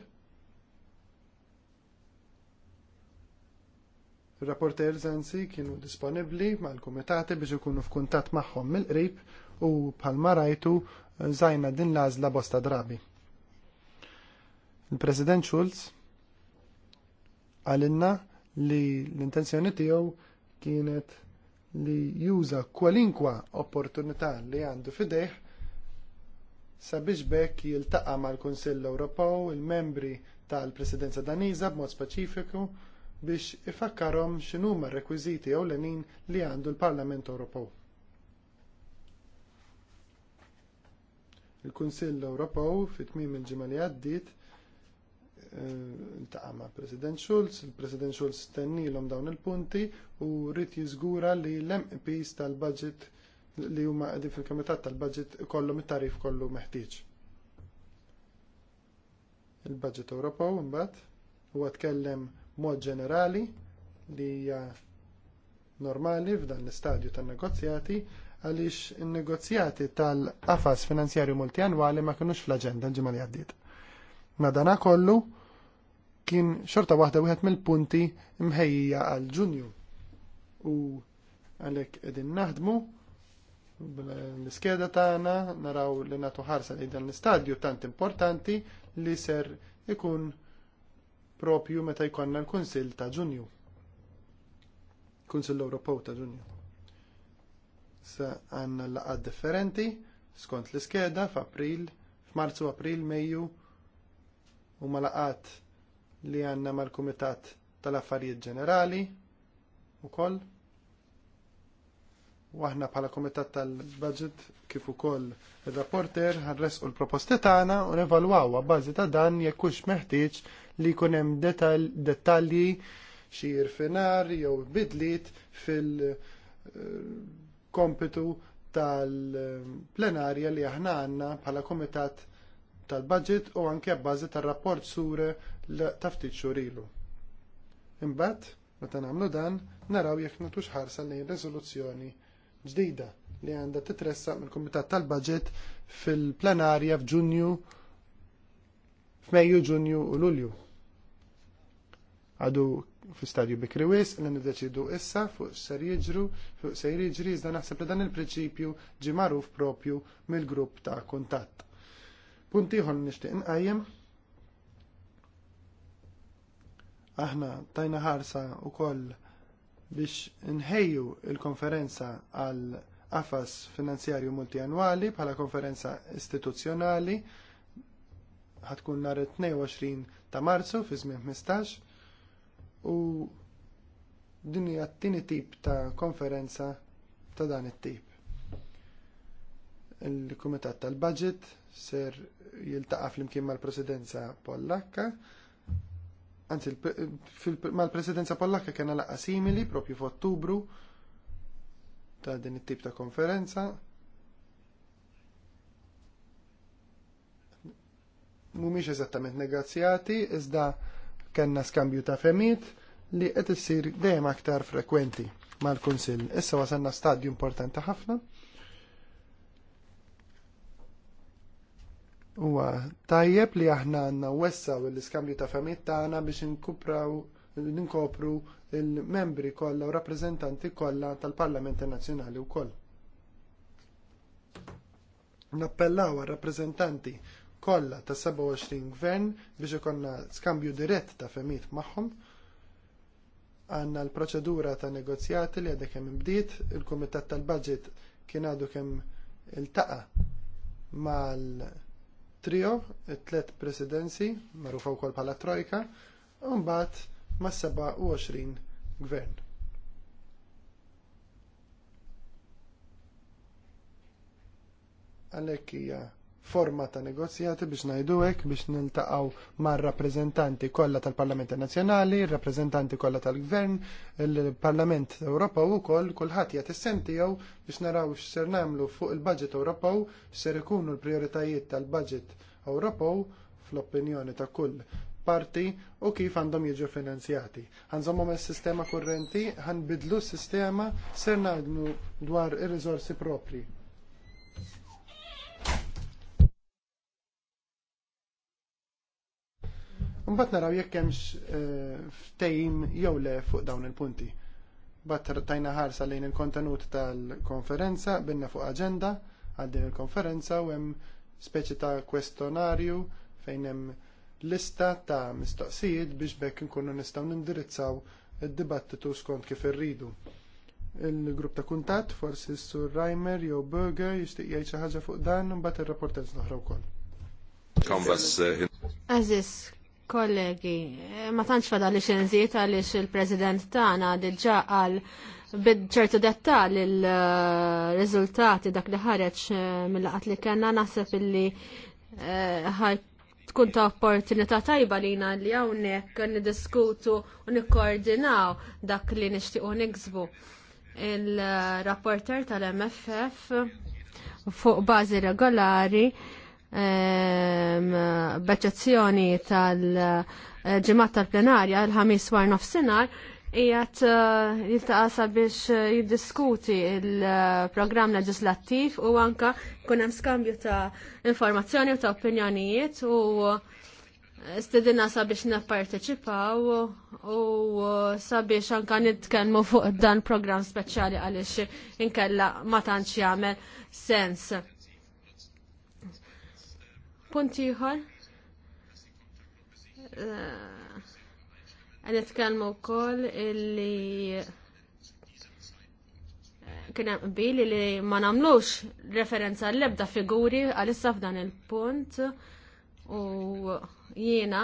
Ir-rapporter Zansi kienu disponibbli mal-kumitati biex ikunu f'kuntatt magħhom mill-qrib u bħalma rajtu eh, żajna din l-għażla bosta drabi. Il-President Schulz għalinna li l-intenzjoni tiegħu kienet li juża kwalinkwa opportunità li għandu fidejh sabiex bekk jiltaqa' mal-Kunsill Ewropew il-membri tal-Presidenza Daniża b'mod speċifiku biex ifakkarhom x'inhuma r-rekwiżiti ewlenin li għandu l-Parlament Ewropew. Il-Kunsill Ewropew fit-tmiem il-ġimgħa li għaddiet Eh, il President Schulz, il-President Schulz stennilhom dawn il-punti u rrit jiżgura li l-MPs tal-budget li huma qegħdin fil-Kumitat tal-Budget ikollhom it-tarif kollu meħtieġ. Il-Budget Ewropew imbagħad huwa tkellem mod ġenerali li hija normali f'dan l-istadju tan-negozjati għaliex in-negozjati tal-qafas finanzjarju multianwali ma kinux fl-aġenda l-ġimgħa li għaddiet. Madana kollu, kien xorta waħda wieħed mill-punti mħejja għal ġunju. U għalhekk qegħdin naħdmu l-iskeda tagħna naraw li nagħtu ħarsa li dan l-istadju tant importanti li ser ikun propju meta jkollna l-Kunsill ta' Ġunju. Kunsill Ewropew ta' Ġunju. Sa għandna laqgħat differenti skont l-iskeda f'April, f'Marzu, April, Mejju u ma laqgħat li għandna mal-Kumitat tal-Affarijiet Ġenerali ukoll. U aħna bħala Kumitat tal-Budget kif ukoll ir-rapporter ħarresqu l-proposti tagħna u nevalwaw bażi ta' dan jekk hux meħtieġ li jkun hemm dettalji xi irfinar jew bidliet fil-kompitu tal-plenarja li aħna għandna bħala Kumitat tal-budget u anke bbażi tar-rapport sure ta' ftit xhur ilu. Imbagħad, meta nagħmlu dan, naraw jekk nagħtux xħarsa lejn riżoluzzjoni ġdida li għandha titressaq mill-Kumitat tal-Budget fil-plenarja f'Ġunju f'Mejju, Ġunju u Lulju. Għadu fi stadju bikri wis li niddeċidu issa fuq ser jiġru, fuq ser jiġri iżda naħseb li dan il-prinċipju ġi magħruf propju mill-grupp ta' kuntatt. Punt ieħor nixtieq Aħna tajna ħarsa wkoll biex nħejju l konferenza għal qafas finanzjarju multianwali bħala konferenza istituzzjonali ħatkun nhar 22 ta' Marzu fi żmien 15 u din hija t-tieni tip ta' konferenza ta' dan it-tip il-Kumitat tal-Budget ser jiltaqa' flimkien mal-Presidenza Pollakka. Anzi, mal-Presidenza Pollakka kena laqgħa simili propju f'Ottubru ta' din it-tip ta' konferenza. Mhumiex eżattament negozjati, iżda kellna skambju ta' femit li qed issir dejjem aktar frekwenti mal-Kunsill. Issa wasanna stadju importanti ħafna Huwa tajjeb li aħna għandna wessaw l-iskambju ta' femijiet tagħna biex nkupraw ninkopru il-membri kollha u rappreżentanti kollha tal-Parlament Nazzjonali wkoll. Nappellaw għar-rappreżentanti kollha ta' 27 gvern biex ikonna skambju dirett ta' femijiet magħhom għanna l-proċedura ta' negozjati li għadha kemm bdiet, il-Kumitat tal-Budget kien għadu kemm iltaqa mal trio, tlet presidenzi, magħrufa wkoll bħala trojka, u mbagħad ma' 27 gvern. Għalhekk hija forma ta' negozjati biex ngħidu hekk biex niltaqgħu mar-rappreżentanti kollha tal parlament Nazzjonali, rappreżentanti kollha tal-Gvern, il-Parlament Ewropew ukoll kulħadd jagħti tiegħu biex naraw x'ser nagħmlu fuq il-budget Ewropew, x'ser ikunu l-prijoritajiet tal-budget Ewropew fl-opinjoni ta' kull parti u kif għandhom jiġu finanzjati. Għanżommom il-sistema kurrenti, għanbidlu s-sistema ser nagħmlu dwar ir rizorsi propri Mbatt naraw jekk hemmx eh, ftejim jew le fuq dawn il-punti. Bat tajna ħarsa lejn il-kontenut tal-konferenza binna fuq aġenda għal din il-konferenza u hemm speċi ta' kwestjonarju fejn hemm lista ta' mistoqsijiet biex bekk nkunu nistgħu nindirizzaw id-dibattitu skont kif irridu. Il-grupp ta' kuntatt forsi s-sur Reimer jew Burger jixtieq jgħid xi ħaġa fuq dan u mbagħad ir-rapporters l-oħra wkoll. Eh, Aziz Kollegi, ma tantx fada li xinżiet għaliex il-President Tana diġà qal bċertu dettal il-riżultati dak li ħareġ mill-laqat li kellna naħseb illi eh, tkun ta' opportunità tajba lina li hawnhekk niddiskutu u nikkoordinaw dak li nixtiequ niksbu. Il-rapporter tal-MFF fuq bażi regolari b'eċezzjoni tal-ġimgħat tal-plenarja l-ħamis war nofsinhar ijat eh, jiltaqasa biex eh, jiddiskuti il-programm leġislattiv u anka kunem skambju ta' informazzjoni u ta' opinjonijiet u eh, stedina sabiex napparteċipaw u sabiex anka nitkenmu fuq dan programm speċjali għaliex inkella ma tantx jagħmel sens. Punt ieħor. Għan eh, itkellmu wkoll illi kien hemm li ma nagħmlux referenza l-ebda figuri għalissa f'dan il-punt u jiena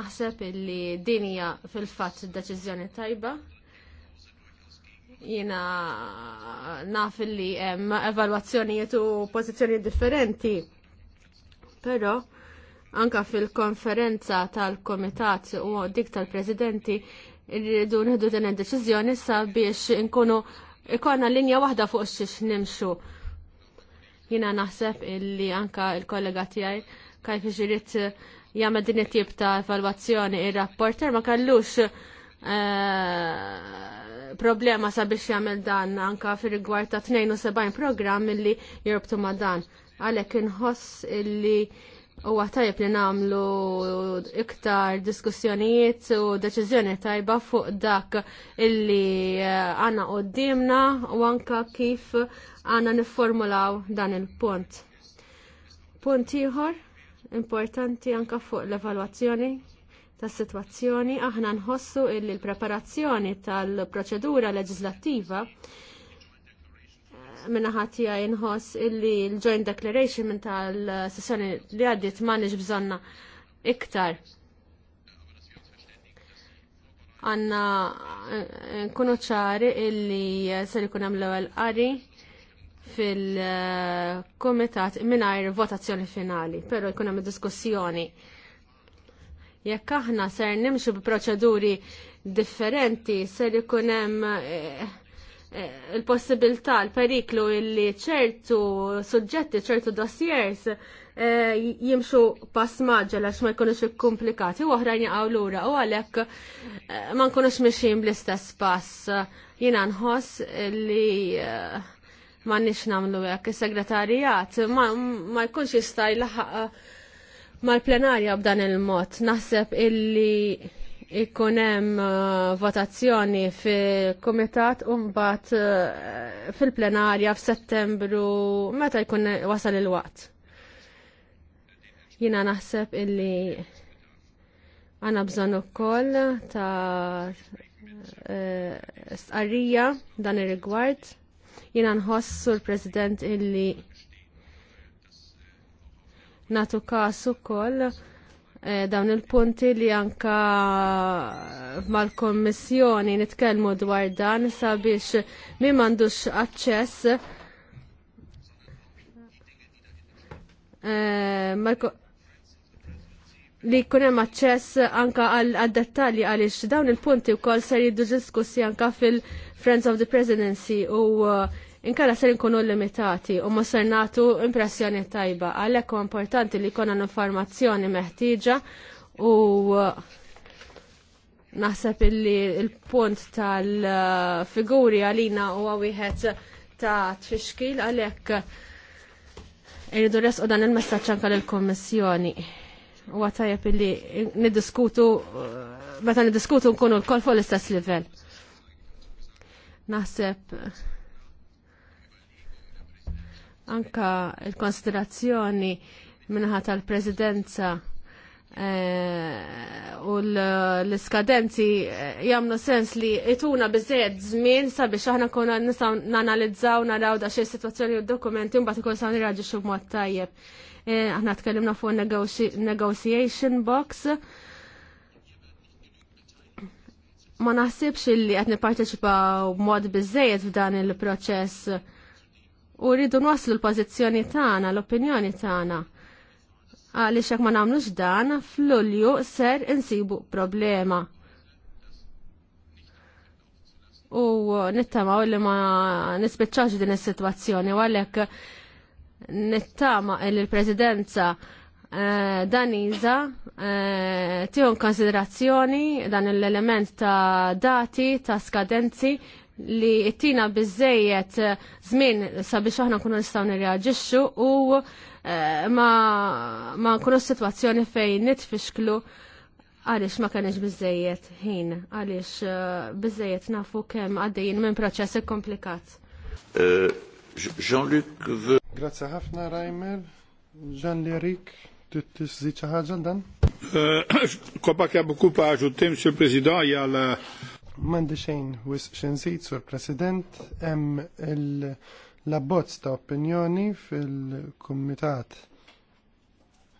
naħseb illi din hija fil-fatt deċiżjoni tajba Jina naf li hemm evalwazzjonijiet u pożizzjonijiet differenti. Però anka fil-konferenza tal-komitat u dik tal-presidenti rridu nħeddu din id-deċiżjoni sabiex nkunu ikonna linja waħda fuq xiex nimxu. Jina naħseb illi anka il-kollega tiegħi kajf iġirit jagħmel din it-tip ta' evalwazzjoni ir-rapporter ma kellux eh, problema sabiex jagħmel dan anka fir rigward ta' 72 programm illi jirbtu ma' dan. Għalhekk inħoss illi huwa tajb li nagħmlu iktar diskussjonijiet u deċiżjoni tajba fuq dak illi eh, għandna qoddimna u anka kif għana nifformulaw dan il-punt. Punt ieħor importanti anka fuq l-evalwazzjoni tas-sitwazzjoni aħna nħossu illi l-preparazzjoni tal-proċedura leġislattiva eh, minna ħatija jinħoss illi l-Joint Declaration minn tal-sessjoni li għaddit maniġ bżonna iktar. Għanna eh, nkunu ċari illi ser ikun hemm l-ewwel qari fil-kumitat eh, mingħajr votazzjoni finali, però jkun hemm diskussjoni Jekk aħna ser nimxu b'proċeduri differenti, ser ikun hemm eh, eh, il-possibilità, l-periklu illi ċertu suġġetti, ċertu dossiers eh, jimxu pass maġġa għax ma jkunux komplikati u oħrajn jaqgħu lura u għalhekk ma nkunux mixin bl-istess pass. Jiena nħoss li ma nix namlu hekk is-segretarijat ma jkunx jista' jlaħaq mal-plenarja b'dan il-mod. Naħseb illi ikunem uh, votazzjoni fil-komitat umbat uh, fil-plenarja f'settembru meta jkun wasal il-waqt. Jina naħseb illi għana bżon ukoll ta' uh, stqarrija dan ir-rigward. Jina nħoss sur President illi natu kasu kol eh, dawn il-punti li anka mal-kommissjoni nitkelmu dwar dan sabiex mi mandux access eh, li kunem access anka għal-dettali għalix dawn il-punti u kol ser jiddu diskussi anka fil- Friends of the Presidency u uh, Inkara ser nkunu limitati u ma ser natu impressjoni tajba, għalhekk huwa importanti li jkollna informazzjoni meħtieġa u uh, naħseb illi il-punt tal-figuri għalina huwa wieħed ta' tfixkil għalhekk irridu resqu dan il-messaġġ anka lill kommissjoni Huwa tajjeb illi niddiskutu uh, meta niddiskutu nkunu l-kol fuq l-istess livell. Naħseb Anka il-konsiderazzjoni minnaħat tal-presidenza eh, u l-skadenzi eh, jamlu sens li ituna bizzed zmin sabiex aħna konna nisaw nanalizzaw naraw da xie situazzjoni u dokumenti un bat ikon xub mod tajjeb. Eh, aħna tkellimna fuq negotiation box ma naħsibx li qed nipparteċipaw b'mod biżejjed f'dan il-proċess u rridu nwaslu l-pożizzjoni tagħna, l-opinjoni tagħna. Għaliex jekk ma nagħmlux dan, f'Lulju ser insibu problema. U nittamaw li ma nispiċċax din is-sitwazzjoni u għalhekk nittama li l-Presidenza eh, Daniza eh, tieħu konsiderazzjoni dan l-element ta' dati, ta' skadenzi li jittina bizzejiet eh, zmin sabiex aħna kunu nistaw nirreagġixxu u eh, ma, ma kunu situazzjoni fejn nitfixklu għaliex ma kienx bizzejiet ħin, għaliex eh, bizzejiet nafu kemm għaddejjin minn proċess komplikat. Jean-Luc Grazie ħafna Reimer, Jean-Luc, tittiż ħaġa dan? Kopa kja bukupa ġuttim, Sir President, jgħal Mandi xejn wis xenzit sur President hemm l-abbozz ta' opinjoni fil-Kumitat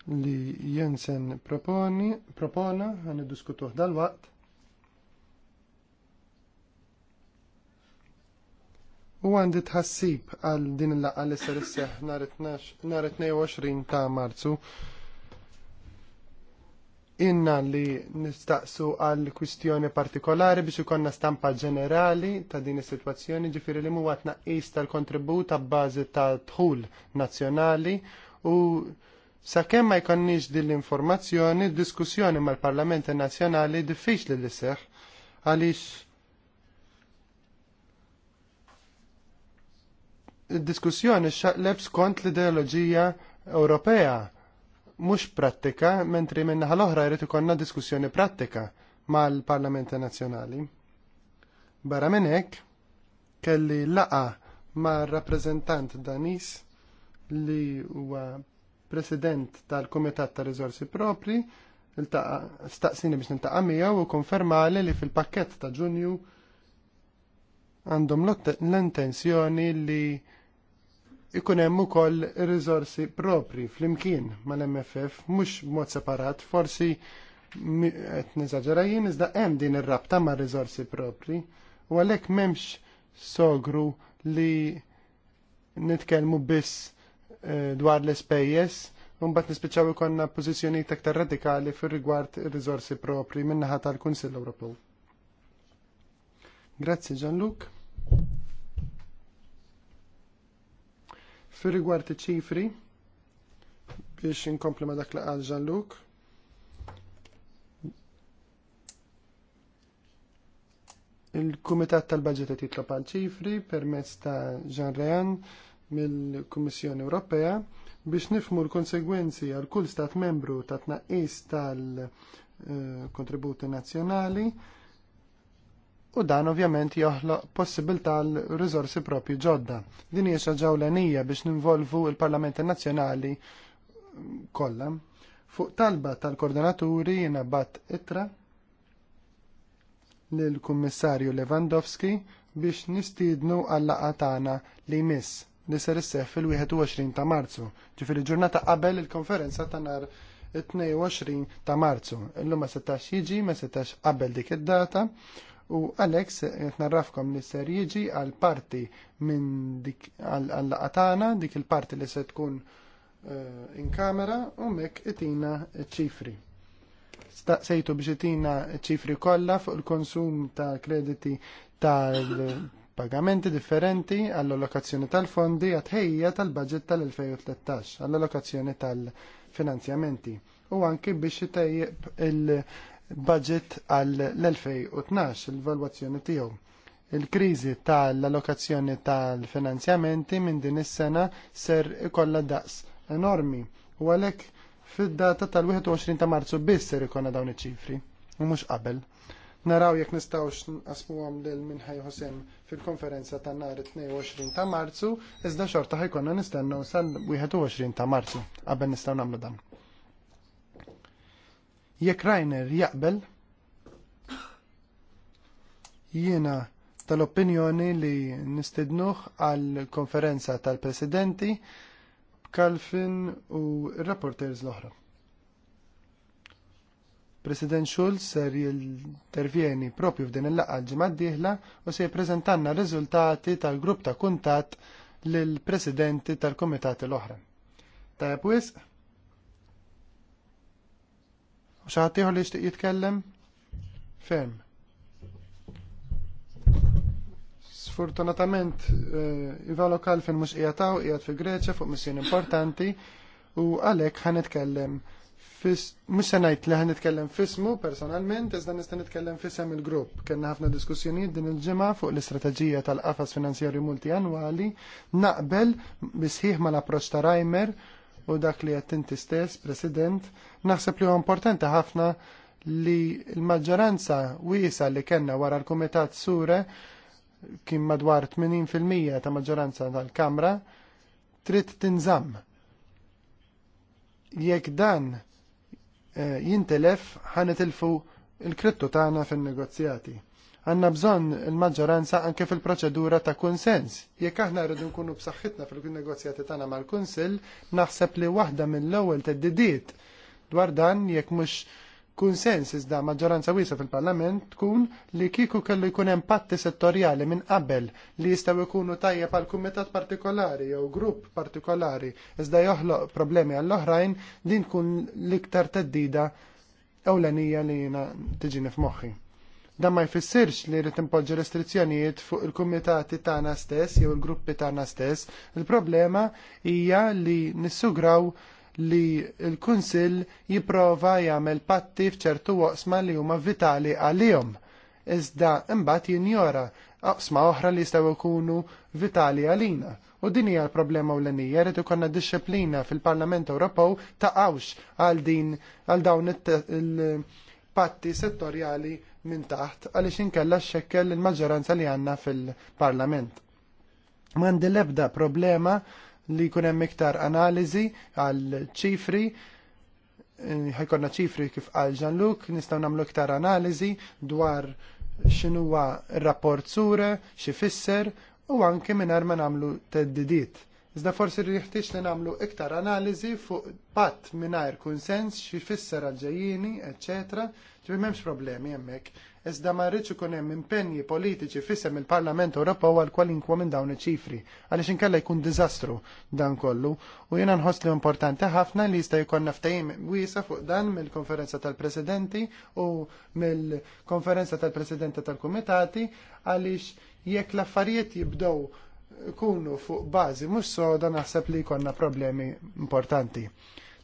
li Jensen proponi, propona għan diskutuħ dal-waqt. U għandi tħassib għal din l-laqqa li s isseħ nar 22 ta' marzu inna li nistaqsu għal kwistjoni partikolari biex ikonna stampa ġenerali ta' din is-sitwazzjoni ġifieri li huwa tnaqqis tal-kontribut ta' bażi ta' dħul nazzjonali u sakemm ma jkonniex din l-informazzjoni, diskussjoni mal-Parlament Nazzjonali diffiċli li seħ għaliex diskussjoni xaqleb skont l-ideoloġija Ewropea mhux prattika, mentri min-naħa l-oħra jrid ikollna diskussjoni prattika mal-Parlamenti Nazzjonali. Barra minn hekk kelli laqa mar-rappreżentant Danis li huwa President tal-Kumitat ta' Riżorsi Propri, staqsini biex nintaqa' miegħu u konfermali li fil-pakkett ta' Ġunju għandhom l-intenzjoni li ikun hemm ukoll riżorsi propri flimkien mal-MFF mhux b'mod separat, forsi qed jien iżda hemm din ir-rabta ma' riżorsi propri u għalhekk m'hemmx sogru li nitkellmu biss eh, dwar l-espejjeż u mbagħad nispiċċaw ikollna pożizzjonijiet aktar radikali fir-rigward ir-riżorsi propri min-naħa tal-Kunsill Ewropew. Grazzi Gianluca. Fi rigward iċ-ċifri, biex inkomplima ma dak li qal Jean-Luc, il-Kumitat tal-Budget qed jitlob ċifri permezz ta' Jean Rean mill-Kummissjoni Ewropea biex nifmu l-konsegwenzi għal kull stat membru ta' tnaqqis tal-kontributi eh, nazzjonali u dan ovvjament joħloq possibilità l riżorsi propju ġodda. Din hija xi ġawlenija biex ninvolvu l-Parlamenti Nazzjonali kollha. Fuq talba tal-koordinaturi jiena bat itra lill-Kummissarju Lewandowski biex nistiednu għall għatana tagħna li jmiss li ser isseħħ fil-21 ta' Marzu, ġifieri ġurnata qabel il-konferenza ta' nhar 22 ta' Marzu. Illum ma setax jiġi, ma setax qabel dik id-data u Alex qed narrafkom li ser jiġi għal parti minn dik għal laqatana dik il-parti li se tkun eh, in kamera u mek itina ċifri. Staqsejtu biex itina ċifri kollha fuq il-konsum ta' krediti tal-pagamenti differenti għall-allokazzjoni tal-fondi għatħejja tal-budget tal-2013 għall-allokazzjoni tal-finanzjamenti u anki biex itejjeb budget għall-2012 il-valwazzjoni tiegħu. Il-kriżi tal-allokazzjoni tal-finanzjamenti minn din is-sena ser ikollha daqs enormi u għalhekk fid-data tal-21 ta' Marzu biss ser ikollna dawn iċ-ċifri u mhux qabel. Naraw jekk nistgħux nqasmuhom lil minħaj Ħosem fil-konferenza ta' nhar 22 ta' Marzu, iżda xorta ħajkonna nistennew sal-21 ta' Marzu qabel nistgħu nagħmlu dan. Jekk Rainer jaqbel, jiena tal-opinjoni li nistednuh għal konferenza tal-presidenti Kalfin u reporters l-oħra. President Schulz ser jil-tervjeni propju f'din il-laqqa l-ġimgħa d-dieħla u se jippreżentanna riżultati tal-grupp ta' kuntatt lill-presidenti tal-komitati l-oħra. Tajab wisq, ħatiħor li jishtiq jitkellem? Ferm. Sfortunatament, eh, Iva Lokal fin mux ijataw, ijat fi Greċa fuq missjoni importanti u għalek ħanitkellem Mux senajt li ħanitkellem fismu personalment, iżda nista nitkellem fisem il-grupp. Kenna ħafna diskussjonijiet din il-ġimgħa fuq l-istrateġija tal-qafas finanzjarju multianwali naqbel bisħiħ mal-approċċ ta' Reimer u dak li qed inti stess, President, naħseb li huwa importanti ħafna li l-maġġoranza wiesa li kellna wara l-Kumitat Sure kien madwar 80% ta' maġġoranza tal-Kamra trid tinżamm. Jekk dan eh, jintelef ħanetilfu il-krittu tagħna fin-negozjati. Għanna bżonn il-maġġoranza anke fil-proċedura ta' konsens. Jekk aħna rridu nkunu b'saħħitna fil-negozjati tagħna mal-Kunsill, naħseb li waħda mill-ewwel teddidiet dwar dan jekk mhux kunsens iżda maġġoranza wiesa fil-Parlament tkun li kieku kellu jkun hemm patti settorjali minn qabel li jistgħu jkunu tajjeb għal kumitat partikolari jew grupp partikolari iżda joħloq problemi għall oħrajn din tkun l-iktar teddida ewlenija li jiena tiġini f'moħħi. Dan ma jfissirx li rrid impoġġi restrizzjonijiet fuq il-kumitati tagħna stess jew il-gruppi tagħna stess. Il-problema hija li nissugraw li l-Kunsill jipprova jagħmel patti f'ċertu waqsma li huma vitali għalihom. Iżda imbagħad jinjora qasma oħra li jistgħu jkunu vitali għalina. U din hija l-problema ewlenija Rrid ikollna disċiplina fil-Parlament Ewropew taqgħux għal din għal dawn il-patti settorjali minn taħt għaliex inkella xekkel il-maġġoranza li għandna fil-Parlament. Mandi l-ebda problema li jkun hemm iktar analiżi għal ċifri eh, ħajkonna ċifri kif għal Jean-Luc, nistgħu nagħmlu iktar analiżi dwar x'inhuwa r-rapport sure, xi fisser u anke minnar ma nagħmlu teddidiet Iżda forsi rriħtiex li nagħmlu iktar analiżi fuq patt mingħajr kunsens xi jfisser għal-ġejjini, eċetera, ġifieri m'hemmx problemi hemmhekk. Iżda ma rriċu kunem hemm impenji politiċi fissem il-Parlament u għal kwalinkwa minn dawn iċ-ċifri għaliex inkella jkun diżastru dan kollu u jiena nħos li importanti ħafna li jista' jkollna naftajim wiesa fuq dan mill-konferenza tal-Presidenti u mill-konferenza tal-Presidenti tal-Kumitati għaliex jekk l-affarijiet jibdew Kunu fuq bażi mhux soda naħseb li jkollna problemi importanti.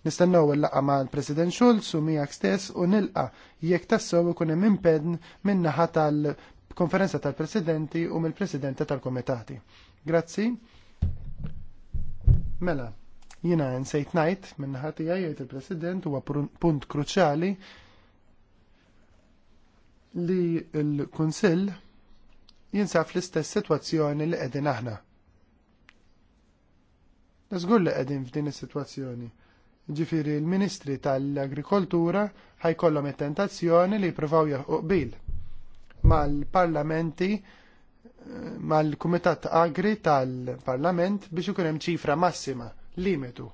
Nistennew il-laqa ma' l-President Schulz u miegħek stess u nilqa jekk tassew ikun hemm impedn min-naħa tal-konferenza tal-Presidenti u mill-Presidenti tal-Komitati. Grazzi. Mela, jina nsejt najt minnaħa tiegħi jgħid il-President huwa punt kruċjali li l-Kunsill jinsaf l-istess sitwazzjoni li qegħdin aħna. Żgur li qegħdin f'din is-sitwazzjoni. Ġifieri l-Ministri tal-Agrikoltura ħajkollhom it-tentazzjoni li jippruvaw jaħu qbil mal-parlamenti mal-Kumitat Agri tal-Parlament biex ikun hemm ċifra massima, limitu.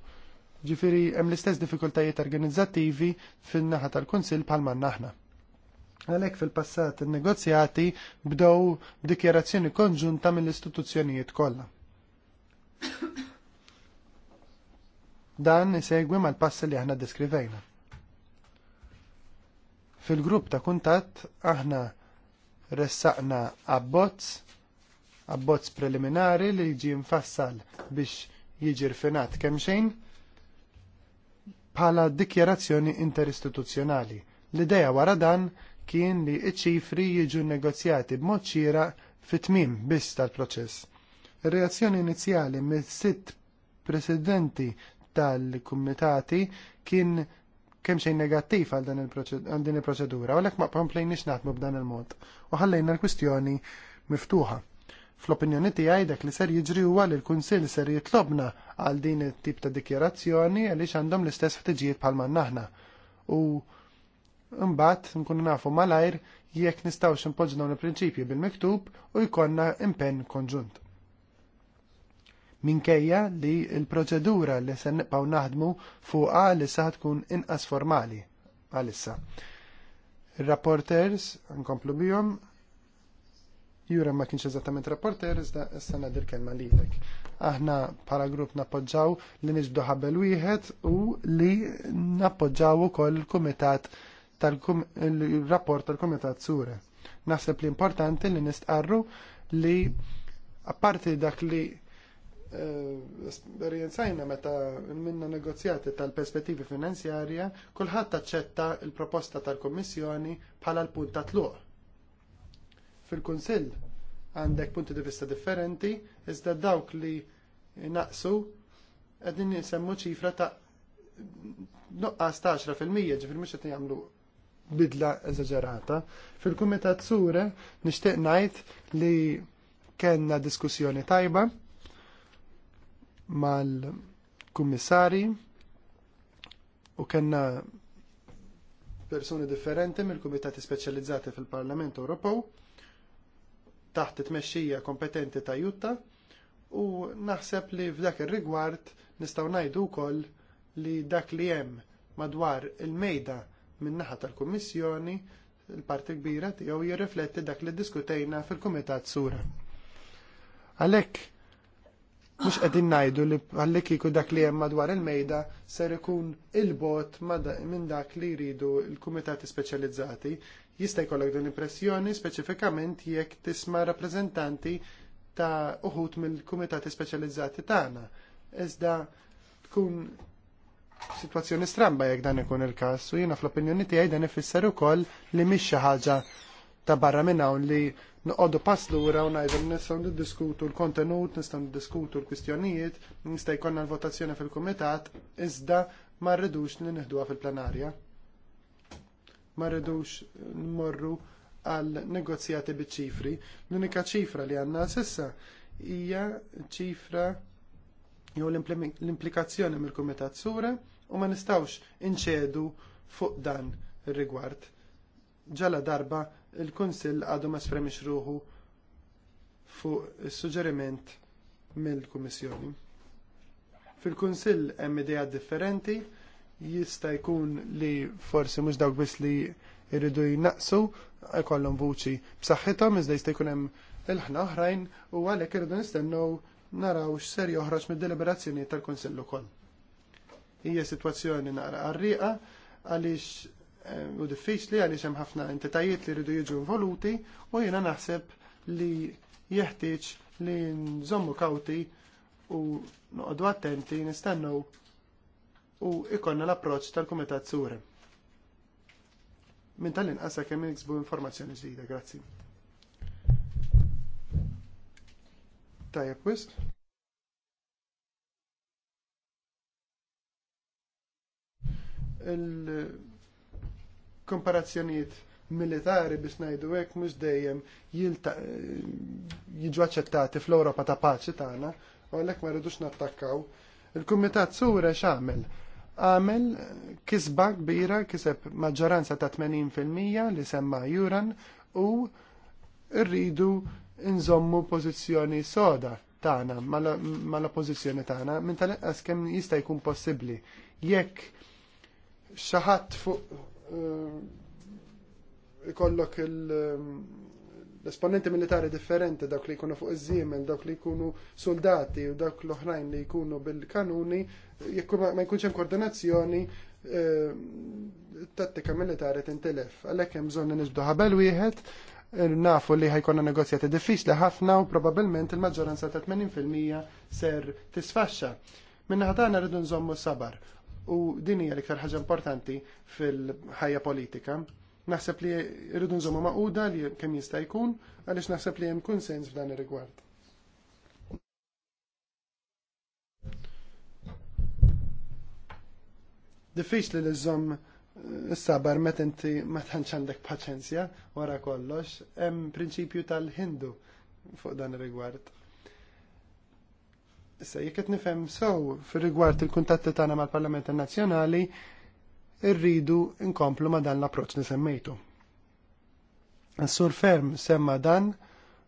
Ġifiri hemm l-istess diffikultajiet organizzattivi fin-naħa tal-Kunsill bħalma naħna. Għalhekk fil-passat in-negozjati bdew dikjerazzjoni konġunta mill-istituzzjonijiet kollha. Dan isegwi mal-passi li aħna deskrivejna. Fil-grupp ta' kuntatt aħna ressaqna abbozz, abbozz preliminari li jiġi mfassal biex jiġi rfinat kemm xejn bħala dikjarazzjoni interistituzzjonali. L-ideja wara dan kien li iċ-ċifri jiġu negozjati b'mod ċira fit-tmim biss tal-proċess. Ir-reazzjoni inizjali mis sitt presidenti tal-kumitati kien kemm xejn negattiv għal din il-proċedura, u l ma komplejniex naħdmu b'dan il-mod u ħallejna l-kwistjoni miftuħa. Fl-opinjoni tiegħi dak li ser jiġri huwa li l-Kunsill ser jitlobna għal din it-tip ta' dikjerazzjoni għaliex għandhom l-istess ħtiġijiet bħal naħna. U mbagħad nkunu nafu malajr jekk nistgħux impoġġnaw il-prinċipji bil-miktub u jkollna impenn konġunt minkejja li l-proċedura li se nibqgħu naħdmu fuqha li sa tkun inqas formali għalissa. Il-rapporters, nkomplu bihom, Jura ma kienx eżattament da s issa nadir kelma lilek. Aħna bħala grupp nappoġġaw li niġbdu ħabel wieħed u li nappoġġaw ukoll il-kumitat tal-rapport tal-kumitat sura. Naħseb li importanti li nistqarru li apparti dak li esperienzajna meta minna negozjati tal-perspettivi finanzjarja, kulħadd aċċetta l proposta tal-Kommissjoni bħala l-punt ta' tluq. Fil-Kunsill għandek punti di vista differenti, iżda dawk li naqsu qegħdin nisemmu ċifra ta' nuqqas ta' 10% ġifir mux qed jagħmlu bidla eżaġerata. Fil-Kumitat Sura nixtieq ngħid li kellna diskussjoni tajba mal-kummissari u kellna persuni differenti mill-kumitati speċjalizzati fil-Parlament Ewropew taħt it-tmexxija kompetenti ta' Jutta u naħseb li f'dak ir-rigward nistgħu ngħidu wkoll li dak li hemm madwar il-mejda min-naħa tal-Kummissjoni il-parti kbira tiegħu jirrifletti dak li ddiskutejna fil-Kumitat Sura. Għalhekk mux għedin najdu li għalli kiku dak li hemm madwar il-mejda ser ikun il-bot minn dak li jridu l-kumitati speċjalizzati jista' jkollok din impressjoni speċifikament jekk tisma' rappreżentanti ta' uħut mill-kumitati speċjalizzati tagħna. Iżda tkun situazzjoni stramba jekk dan ikun il-każ u jiena fl-opinjoni tiegħi dan ifisser ukoll li mhix xi ħaġa ta' barra minn hawn li noqogħdu pass lura u ngħidu nistgħu niddiskutu l-kontenut, nistgħu diskutu l-kwistjonijiet, nista' jkollna l-votazzjoni fil-kumitat, iżda ma rridux li nieħduha fil-plenarja. Ma rridux nmorru għal negozjati biċ-ċifri. L-unika ċifra li għandna sissa hija ċifra jew l-implikazzjoni mill-Kumitat Sura u ma nistawx inċedu fuq dan ir-rigward. Ġala darba il-Kunsill għadu ma spremix ruħu fuq is-suġġeriment mill-Kummissjoni. Fil-Kunsill hemm idea differenti, jista' jkun li forsi mhux dawk biss li jridu jnaqsu ikollhom vuċi b'saħħithom iżda jista' jkun hemm il-ħna oħrajn u għalhekk irridu nistennew naraw x'ser joħroġ mid-deliberazzjoni tal-Kunsill ukoll. Hija sitwazzjoni naqra qarrieqa għaliex u diffiċli għaliex hemm ħafna entitajiet li rridu jiġu involuti u jiena naħseb li jeħtieġ li nżommu kawti u noqogħdu attenti nistennew u ikonna l-approċċ tal-Kumitat Sura. Min tal-inqas kemm niksbu informazzjoni ġdida, grazzi. Tajjeb wisq. il komparazzjonijiet militari biex ngħidu hekk mhux dejjem jiġu aċċettati fl-Ewropa ta' paċi tagħna u għalhekk ma rridux nattakkaw. Il-Kumitat Sura x'għamel? Għamel kisba kbira kiseb maġġoranza ta' 80% li semma Juran u rridu nżommu pożizzjoni soda tagħna mal-oppożizzjoni tagħna minn tal-eqqas kemm jista' jkun possibbli. Jekk xi ħadd fuq Eh, ikollok ehm, l-esponenti militari differenti dawk li jkunu fuq iż-żiemel, dawk li jkunu soldati u dawk l-oħrajn li jkunu bil-kanuni, jekk ma jkunx hemm koordinazzjoni ehm, tattika militari tintilef. Għalhekk hemm bżonn niġbdu ħabel wieħed, eh, nafu li ħajkonna negozjati diffiċli ħafna u probabbilment il-maġġoranza ta' 80% ser tisfaxxa. Minna ħadana rridu nżommu sabar u din hija l-iktar ħaġa importanti fil-ħajja politika. Naħseb li rridu nżommu maquda li kemm jista' jkun għaliex naħseb li hemm kunsens f'dan ir-rigward. Diffiċli li żomm eh, Sabar, met inti ma tantx għandek paċenzja wara kollox, hemm prinċipju tal-Hindu fuq dan ir-rigward. Issa jekk qed nifhem so fir-rigward il-kuntatti tagħna mal-Parlament Nazzjonali, irridu nkomplu ma' dan l-approċċ li semmejtu. Sur ferm semma dan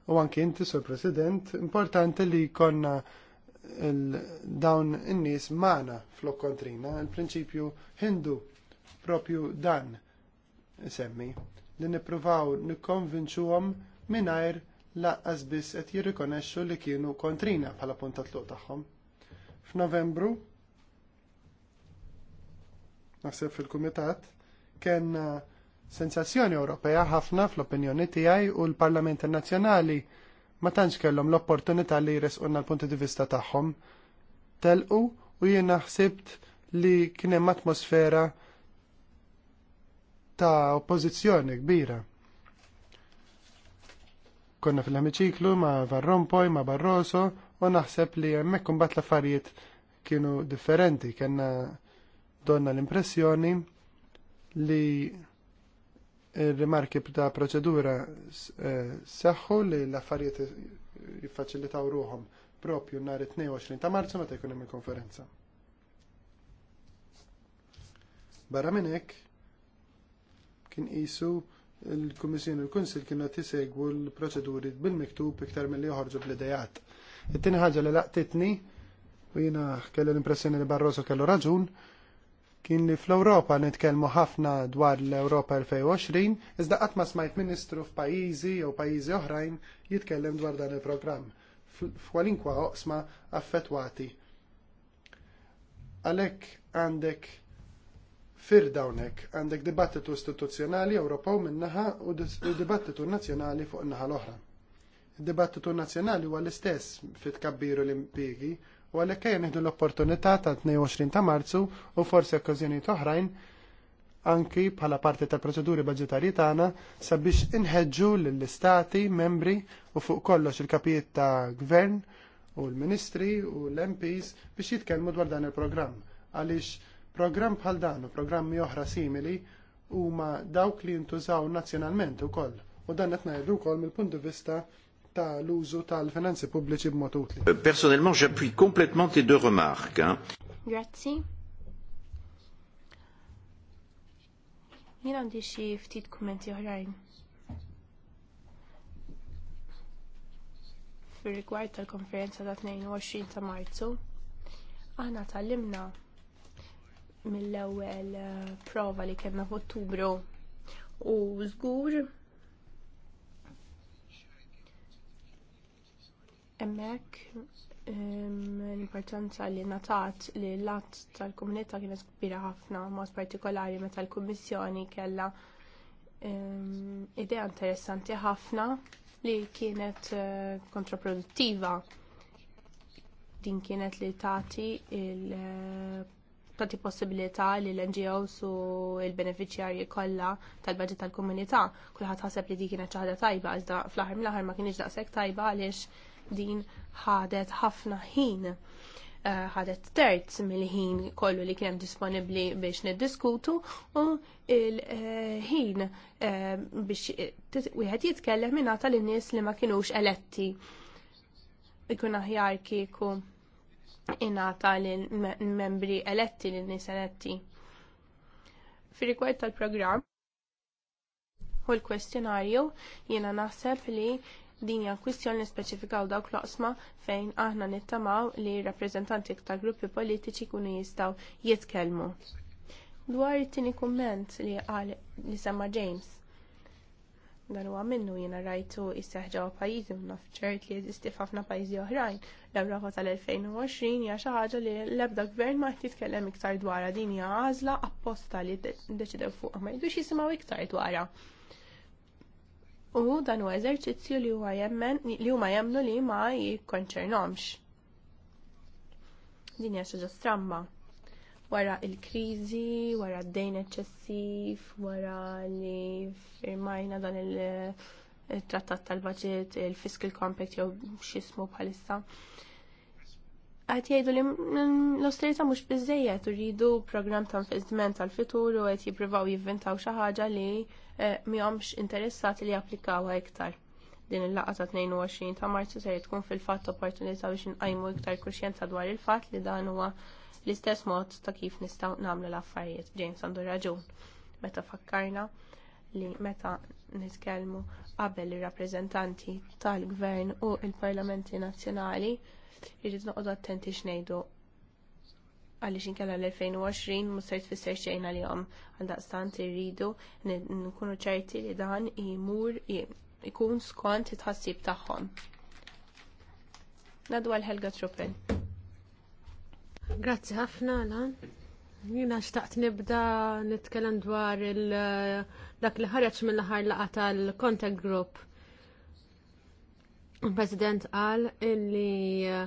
u anke inti sur President, importanti li jkollna dawn in-nies magħna flok kontrina, il-prinċipju Hindu propju dan semmi li nippruvaw nikkonvinċuhom mingħajr laqqas biss qed jirrikonexxu li kienu kontrina bħala punta tluq tagħhom. F'Novembru naħseb fil-Kumitat kellna sensazzjoni Ewropea ħafna fl-opinjoni tiegħi u l-Parlament Nazzjonali ma tantx kellhom l-opportunità li jresqunna l-punti di vista tagħhom. Telqu u jiena ħsibt li kien hemm atmosfera ta' oppożizzjoni kbira. Konna fil-ħemiċiklu ma' Varrompoj, ma' Barroso, u naħseb li hemmhekk kumbat l-affarijiet kienu differenti, kena donna l-impressjoni li il-rimarki ta' proċedura eh, seħħu li l-affarijiet jiffaċilitaw ruhom propju nhar 22 ta' Marzu meta jkun hemm il-konferenza. Barra minn hekk kien qisu il-Kummissjoni u l-Kunsil kienu tisegwu l-proċeduri bil-miktub iktar mill-li joħorġu bl-idejat. It-tieni ħaġa li laqtitni u jiena kellu l-impressjoni li Barroso kellu raġun kien li fl-Ewropa nitkellmu ħafna dwar l-Ewropa 2020, iżda qatt ma smajt ministru f'pajjiżi jew pajjiżi oħrajn jitkellem dwar dan il-programm f'kwalinkwa oqsma affettwati. Għalhekk għandek fir dawnek għandek dibattitu istituzzjonali Ewropew minn naħa u dibattitu nazzjonali fuq in-naħa l-oħra. dibattitu nazzjonali huwa l-istess fit kabbiru l u għalhekk ejja nieħdu l-opportunità ta' 22 ta' Marzu u forsi okkażjonijiet oħrajn anki bħala parti ta' proċeduri budgetarji tagħna sabiex inħeġġu lill-istati, membri u fuq kollox il-kapijiet ta' gvern u l-ministri u l-MPs biex jitkellmu dwar dan il-programm għaliex Programm bħal dan u programmi oħra simili huma dawk li jintużaw nazzjonalment ukoll. U dan qed ngħidu wkoll mill-punt di vista ta' l-użu tal-finanzi pubbliċi b'mod utli. Personnellement, j'appuie complètement tes deux remarques. Hein. Grazzi. Jien għandi xi ftit kummenti oħrajn. Fir-rigward tal-konferenza ta' 22 ta' Marzu, aħna tallimna mill-ewwel eh, prova li kellna f'Ottubru u żgur hemmhekk ehm, l-importanza li natat li l-att tal-komunità kienet kbira ħafna, mod partikolari meta l-Kummissjoni kellha ehm, idea interessanti ħafna li kienet eh, kontraproduttiva. Din kienet li tagħti il- eh, tati possibilità li l-NGOs u l-beneficjarji kollha tal-budget tal-komunità kulħadd ħaseb li dikina kienet ċaħda tajba iżda fl-aħħar mill-aħħar ma kienx daqshekk tajba għaliex din ħadet ħafna ħin eh, ħadet terz mill-ħin kollu li kien disponibbli biex niddiskutu u il-ħin eh, biex wieħed jitkellem mingħata lin-nies li ma kinux eletti ikun aħjar kieku inata lil membri eletti l nies eletti. Fir-rigward tal-programm u l-kwestjonarju jiena naħseb li din hija kwistjoni nispeċifikaw dawk l-oqsma fejn aħna nittamaw li rappreżentanti ta' gruppi politiċi jkunu jistgħu jitkellmu. Dwar it-tieni kumment li qal li sema James dan huwa minnu jiena rajtu jisseħ ġewwa pajjiżi u naf ċert li jeżisti f'ħafna pajjiżi oħrajn. L-Ewropa tal-2020 hija xi ħaġa li l-ebda gvern ma jitkellem iktar dwarha din hija għażla apposta li ddeċidew fuq ma jidux jisimgħu iktar dwarha. U dan huwa eżerċizzju li huwa jemmen li huma jemmnu li ma jikkonċernomx. Din hija xi ġa stramma wara il-kriżi, wara d-dejn eċċessiv, wara li firmajna dan il-trattat tal-budget, il-fiscal compact jew x'ismu bħalissa. Qed jgħidu li l-austerità mhux u rridu programm ta' investiment tal fitur u qed jippruvaw jivvintaw xi ħaġa li eh, mihomx interessati li japplikawha iktar din il laqgħa ta' 22 ta' Marzu se tkun fil-fatt opportunità biex nqajmu iktar kuxjenza dwar il-fatt li dan huwa l-istess mod ta' kif nistgħu nagħmlu l-affarijiet. James għandu raġun meta fakkarna li meta nitkellmu qabel ir-rappreżentanti tal-gvern u l parlamenti nazzjonali jrid noqogħdu attenti x'ngħidu għaliex inkella l-2020 mhux se tfisser xejn għalihom għaldaqstant irridu nkunu ċerti li dan imur ikun skont it-tħassib tagħhom. Nadwa l-Helga Truppel. Grazzi ħafna lan. Jina xtaqt nibda nitkellem dwar dak li ħareġ mill-aħħar laqa tal-Contact Group. Il-President qal illi eh,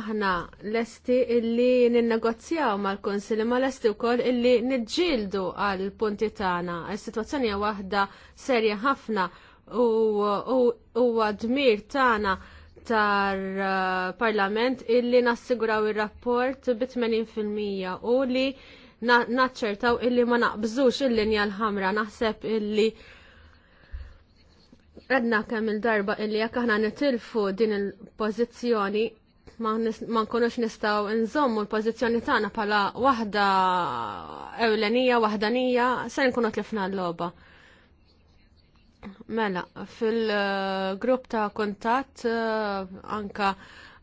aħna lesti illi ninnegozjaw mal kunsilli ma lesti wkoll illi niġġieldu għal punti tagħna. Is-sitwazzjoni hija waħda serja ħafna u huwa dmir tagħna tar-Parlament eh, illi nassiguraw ir-rapport b 80% u li naċċertaw illi ma naqbżux il-linja l-ħamra naħseb illi għedna kemm il-darba illi jekk aħna nitilfu din il-pożizzjoni ma nkunux nistgħu nżommu l-pożizzjoni tagħna bħala waħda ewlenija, waħdanija, se nkunu tlifna l-logħba. Mela, fil-grupp ta' kontat, eh, anka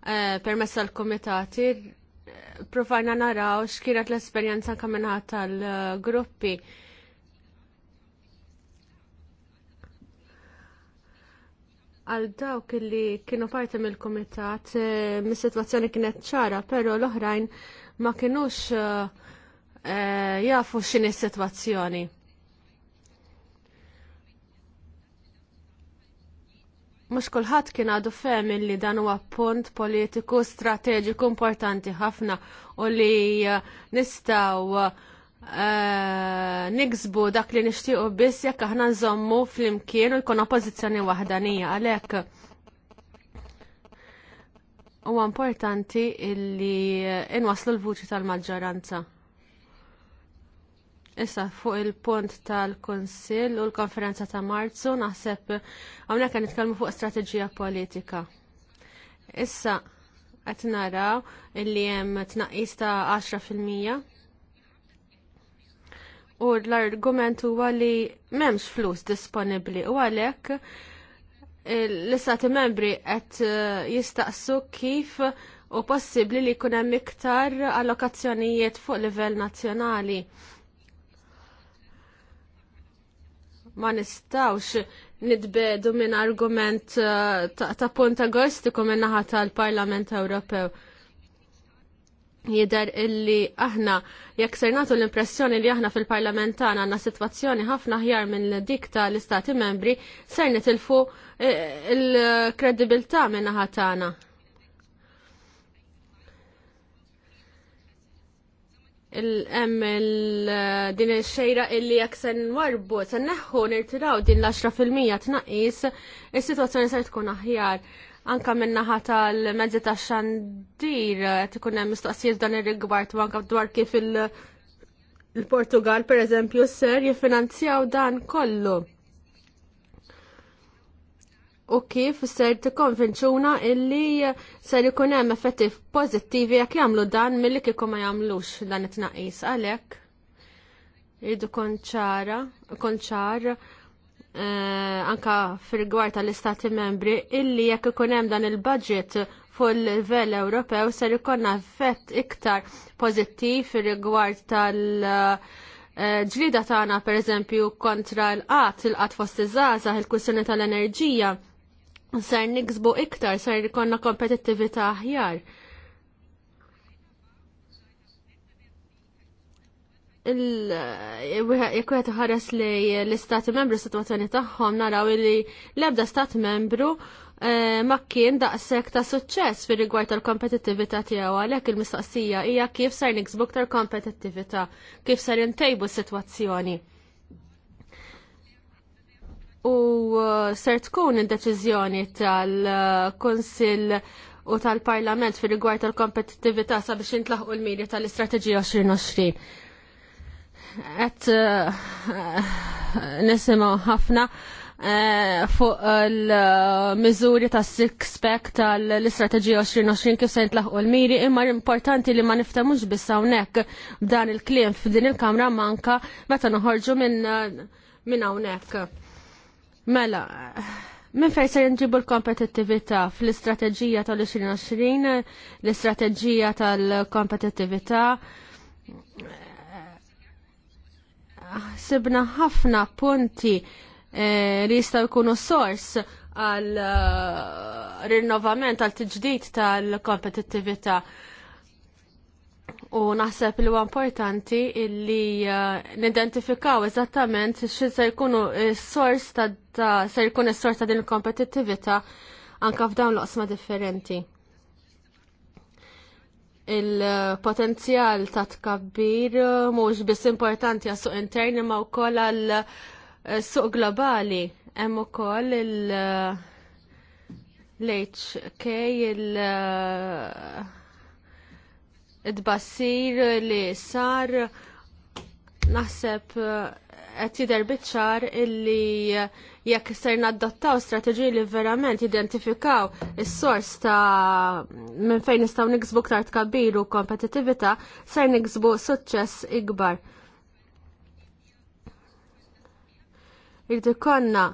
eh, permessa l-komitati eh, provajna naraw x'kienet l-esperjenza kamenħat tal-gruppi. għal dawk li kienu parti mill kumitat mis situazzjoni kienet ċara, pero l-oħrajn ma kienux jafu x'inhi situazzjoni. sitwazzjoni mux kullħat kien għadu fem li dan huwa punt politiku strateġiku importanti ħafna u li eh, nistaw uh, niksbu dak li nixtiequ biss jekk aħna nżommu fl-imkien u jkun oppożizzjoni waħdanija għalhekk huwa importanti illi eh, inwaslu l-vuċi tal-maġġoranza. Issa fuq il-pont tal-Konsil u l-konferenza ta' Marzu naħseb hawnhekk qed nitkellmu fuq strateġija politika. Issa qed naraw li hemm tnaqqis ta' 10 U l-argument huwa li m'hemmx flus disponibbli u għalhekk eh, l-istati membri qed eh, jistaqsu kif u possibbli li jkun hemm iktar allokazzjonijiet fuq livell nazzjonali ma nistawx nitbedu minn argument eh, ta', ta punt agorstiku minn naħa tal-Parlament Ewropew. Jider illi aħna jekk ser nagħtu l-impressjoni li aħna fil-Parlament tagħna għandna sitwazzjoni ħafna ħjar minn dik tal-Istati membri ser nitilfu eh, l kredibilta minn naħa tagħna. il din il-xejra illi jekk se warbu, sen neħu nirtiraw din l-10% tnaqqis, is situazzjoni se tkun aħjar. Anka ħata tal-mezzi ta' xandir tkun hemm mistoqsijiet dan ir-rigward u anka dwar kif il-Portugal pereżempju ser jiffinanzjaw dan kollu u kif ser tikkonvinċuna illi ser ikun hemm effetti pożittivi jekk jagħmlu dan milli kieku ma jagħmlux dan it-tnaqqis għalhekk. Irdu konċara, konċar eh, anka fil-gwar tal-istati membri illi jekk ikun hemm dan il-budget fuq il-livell Ewropew ser ikonna effett iktar pożittiv fir-rigward tal- uh, ġlida tagħna pereżempju kontra l-qat, il-qat fost iż-żgħażagħ, il-kwistjoni tal-enerġija, sar niksbu iktar, sar konna kompetittivita aħjar. jekk qed ħares li l-istati membru situazzjoni tagħhom naraw li l-ebda stat membru eh, ma kien daqshekk ta' suċċess fir rigward tal-kompetittività tiegħu għalhekk il mistoqsija hija kif sar niksbu iktar kompetittività, kif sar intejbu s-sitwazzjoni u uh, ser tkun id-deċiżjoni tal konsil u tal-Parlament fir rigward tal-kompetittività sabiex intlaħqu l-miri tal-Istrateġija 2020. Qed uh, nisimgħu ħafna uh, fuq l-miżuri tas six pack tal-istrateġija 2020 kif se jintlaħqu l-miri imma importanti li ma niftemux biss hawnhekk b'dan il-kliem f'din il-kamra manka meta noħorġu minn minn hawnhekk Mela, minn fejn se jinġibu l-kompetittività fl-istrateġija tal-2020, l-istrateġija tal-kompetittività. Sibna ħafna punti eh, li jistaw jkunu sors għal eh, rinnovament għal tiġdid tal-kompetittività. tal tal kompetittività u naħseb li huwa importanti illi uh, nidentifikaw eżattament xi se jkunu s-sors ta' se jkun is-sors ta' din il-kompetittività anke f'dawn l-oqsma differenti. Il-potenzjal ta' tkabbir uh, mhux biss importanti għas suq interni ma' wkoll għal uh, suq globali hemm ukoll il- l-HK il- id-bassir li sar naħseb eh, qed jidher biċ-ċar illi eh, jekk ser nadottaw strateġiji li verament jidentifikaw is-sors ta' minn fejn nistgħu niksbu ktar tkabbir u kompetittività ser niksbu suċċess ikbar. Irdu konna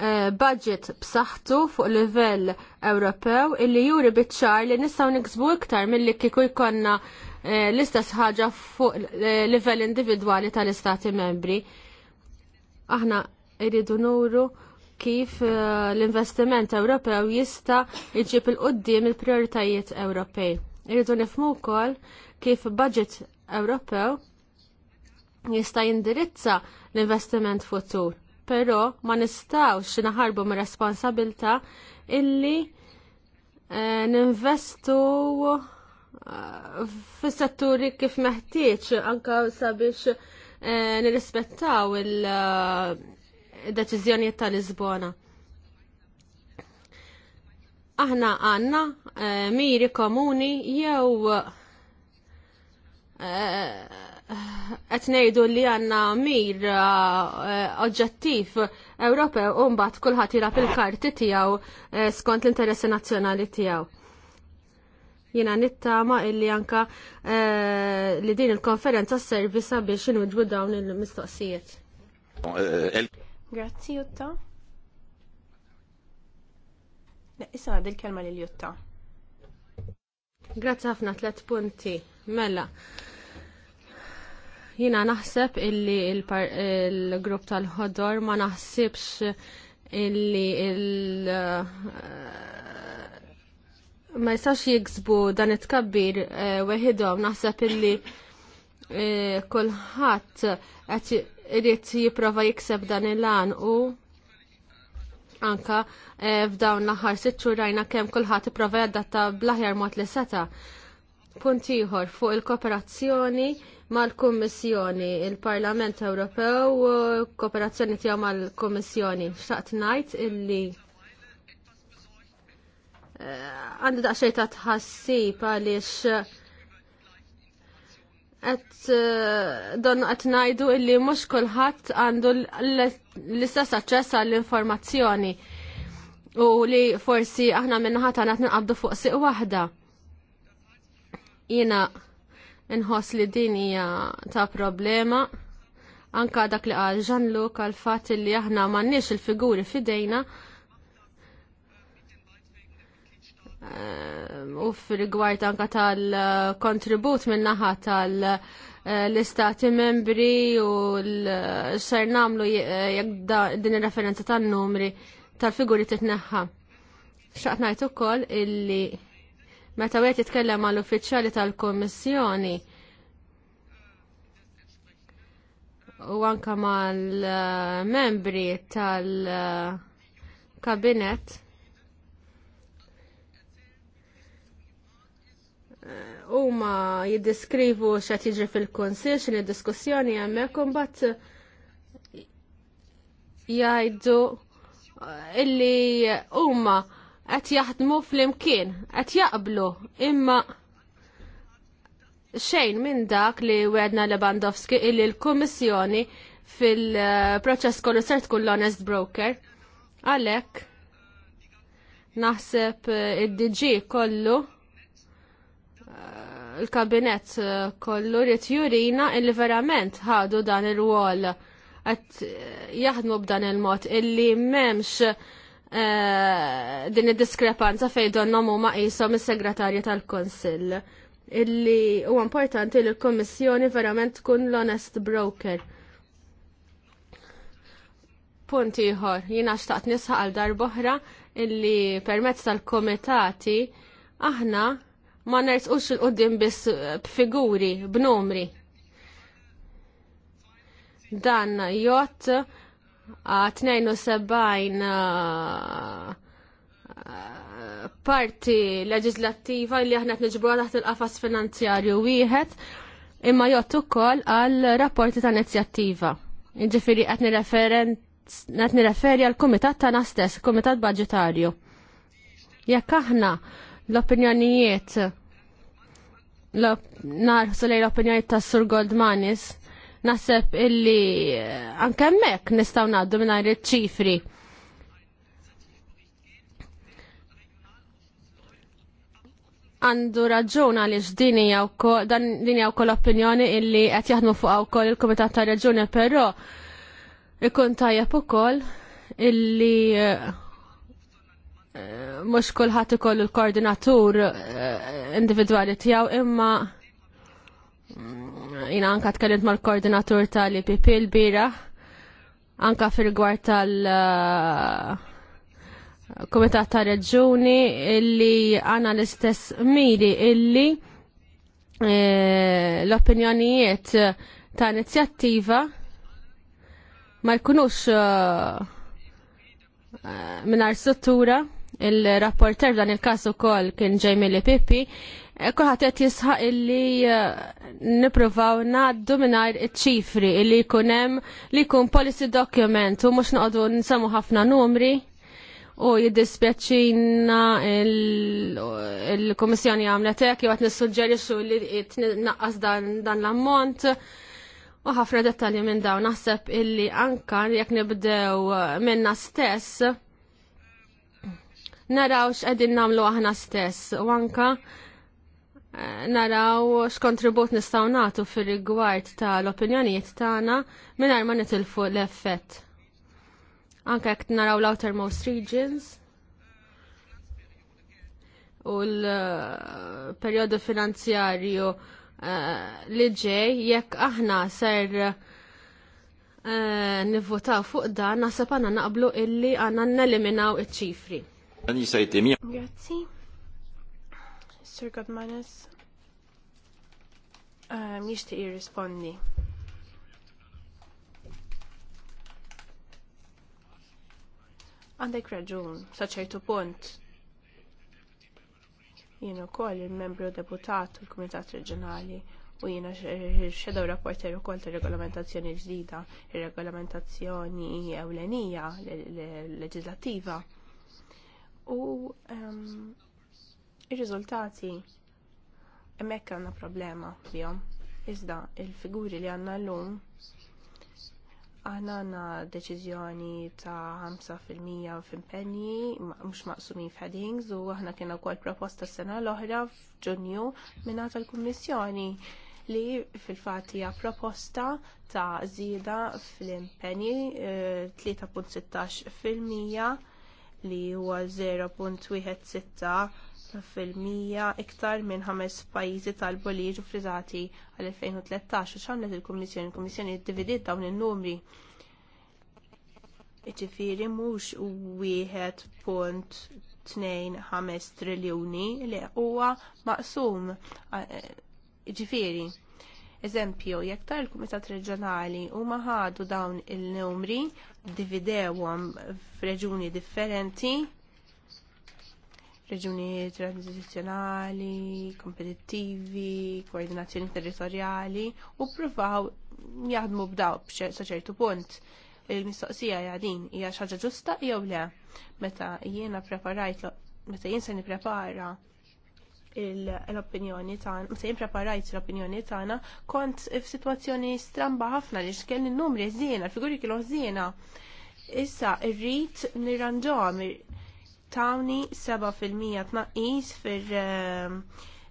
Eh, budget b'saħħtu fuq livell Ewropew illi juri biċ-ċar li nistgħu niksbu iktar milli kieku jkollna eh, l-istess ħaġa fuq eh, livell individwali tal-istati membri. Aħna irridu nuru kif l-investiment Ewropew jista' jġib il qudiem il-prioritajiet Ewropej. Irridu nifhmu wkoll kif budget Ewropew jista' jindirizza l-investiment futur però ma nistawx naħarbu mir responsabilta illi eh, ninvestu eh, fis-setturi kif meħtieġ anka sabiex eh, nirrispettaw il-deċiżjonijiet eh, tal-Lisbona. Aħna għanna eh, miri komuni jew eh, qed ngħidu li għandna mir eh, oġġettiv Ewropew umbat mbagħad kulħadd fil il-karti tiegħu eh, skont l-interessi nazzjonali tiegħu. Jina nittama illi anka eh, li din il-konferenza s-servisa biex nuġbu dawn il-mistoqsijiet. Grazzi Jutta. Issa għad il-kelma lil Jutta. Grazzi ħafna tlet punti. Mela, Jina naħseb illi il-grupp il grupp tal ħodor ma naħsibx illi il- eh, ma jistax jiksbu dan it-kabbir eh, weħidhom naħseb illi eh, kulħadd qed irid jipprova jikseb dan il-lan u anka f'dawn l-aħħar sitxu rajna kemm kulħadd ipprova jadatta bl-aħjar mod li seta' punt ieħor fuq il-kooperazzjoni mal-Kummissjoni, il-Parlament Ewropew u kooperazzjoni tiegħu mal-Kummissjoni. Xtaqt ngħid illi eh, għandu daqsxejn ta' tħassib għaliex qed eh, don qed najdu illi mux kulħadd għandu l-istess aċċess għall-informazzjoni u li forsi aħna minnaħat għanat nqabdu fuq siq wahda. Jina Inħoss li din hija ta' problema. Anka dak li qal Jean-Luc għal fatt li aħna m'għandniex il-figuri fidejna eh, u f'rigward anka tal-kontribut min-naħa tal-istati membri u l xar namlu jekk din ir-referenza tan-numri tal-figuri titneħħa. Xaqt ngħid ukoll illi Meta wieħed jitkellem mal uffiċjali tal-Kummissjoni u anka mal-membri tal-kabinet eh, huma jiddiskrivu x'qed jiġri fil-kunsil x'in id-diskussjoni hemmhekk imbagħad jgħidu illi huma qed jaħdmu flimkien, qed jaqblu imma xejn minn dak li wedna Lewandowski illi l-Kummissjoni fil-proċess kollu ser tkun l-honest broker. Għalhekk naħseb eh, id-DG kollu eh, l-kabinet eh, kollu rrit jurina illi verament ħadu dan il-wol għat jaħdmu b'dan il-mod illi memx Eh, din id-diskrepanza fej donnom u maqishom is-segretarja tal konsil illi u importanti li l-Kommissjoni verament tkun l-honest broker. Punt ieħor, jiena xtaqt nisħaq għal darboħra illi permezz tal-komitati aħna ma nertqux il-qoddim biss b'figuri, b'numri. Dan jott 72 parti leġislattiva li aħna t-nġibru taħt il-qafas finanzjarju wieħed imma jott wkoll għal rapporti ta' inizjattiva. Ġifiri qed nirreferi għal kumitat tagħna stess, kumitat budġetarju. Jekk aħna l-opinjonijiet lejn l-opinjonijiet tas Sur Goldmanis Naħseb illi eh, anke hemmhekk nistgħu ngħaddu mingħajr iċ-ċifri. għandu raġun għaliex din hija wkoll dan din hija wkoll opinjoni illi qed jaħdmu fuq wkoll il-Kumitat ta' Reġuni, però ikun tajjeb ukoll illi eh, eh, mhux kulħadd ikollu l-koordinatur individwali tiegħu imma jina anka tkellimt mal-koordinatur tal-IPP l-bira, anka fil-gwar tal-Komitat uh, ta' Reġuni illi għana l-istess miri illi eh, l-opinjonijiet ta' inizjattiva ma jkunux uh, eh, minar struttura il-rapporter dan il-kas ukoll kien ġej pippi e kulħadd qed jisħaq illi e, nippruvaw ngħaddu mingħajr iċ-ċifri illi jkun hemm li jkun policy document u mhux noqogħdu nsamu ħafna numri u jiddispjaċina il-Komissjoni għamlet hekk jew qed nissuġġerixxu li naqqas dan l-ammont. U ħafna dettalji minn dawn naħseb illi anka jekk nibdew minna stess naraw x'qegħdin nagħmlu aħna stess u anka eh, naraw x'kontribut nistgħu nagħtu fir-rigward tal-opinjonijiet tagħna mingħajr ma nitilfu l-effett. Anke jekk naraw l-outermost regions u l-perjodu finanzjarju eh, li ġej jekk aħna ser eh, nivvotaw fuq dan naħseb għandna naqblu illi għandna nneliminaw iċ-ċifri. Grazzi. Sir Godmanes, ehm, jishti jirrispondi. Għandek raġun, saċertu punt. Jien ukoll il-membru deputat u l-Kumitat Reġjonali u jina xedaw rapporter ukoll ta' regolamentazzjoni ġdida, ir regolamentazzjoni ewlenija leġislattiva. Le, le, u um, ir-riżultati hemmhekk għandna problema fjom. Iżda il-figuri li għandna llum aħna għandna deċiżjoni ta' 5% f'impenni mhux maqsumin f'headings u aħna kien ukoll proposta s-sena l-oħra f'Ġunju minn tal-Kummissjoni li fil-fatt hija proposta ta' żieda fl impenni 3.16 fil-mija li huwa 0.16 fil-mija iktar minn ħames pajjiżi tal li jiġu friżati għal 2013 u xamlet il-Kummissjoni. Il-Kummissjoni dividiet dawn in-numri. Jiġifieri mhux wieħed punt 2.5 triljuni li huwa maqsum ġifieri Eżempju, jekk tar il-Kumitat Reġjonali huma ħadu dawn il-numri, dividewhom f'reġuni differenti, reġuni tranzizjonali, kompetittivi, koordinazzjoni territorjali u pruvaw jaħdmu b'daw sa ċertu punt. Il-mistoqsija din hija xaġa ġusta jew le. Meta jiena preparajt meta jien se nipprepara l-opinjoni tagħna, ma se preparajt l-opinjoni tagħna, kont f'sitwazzjoni stramba ħafna li xkelli n-numri żiena, figuri kienu żiena. Issa rrid nirranġahom tawni 7% tnaqqis fir eh,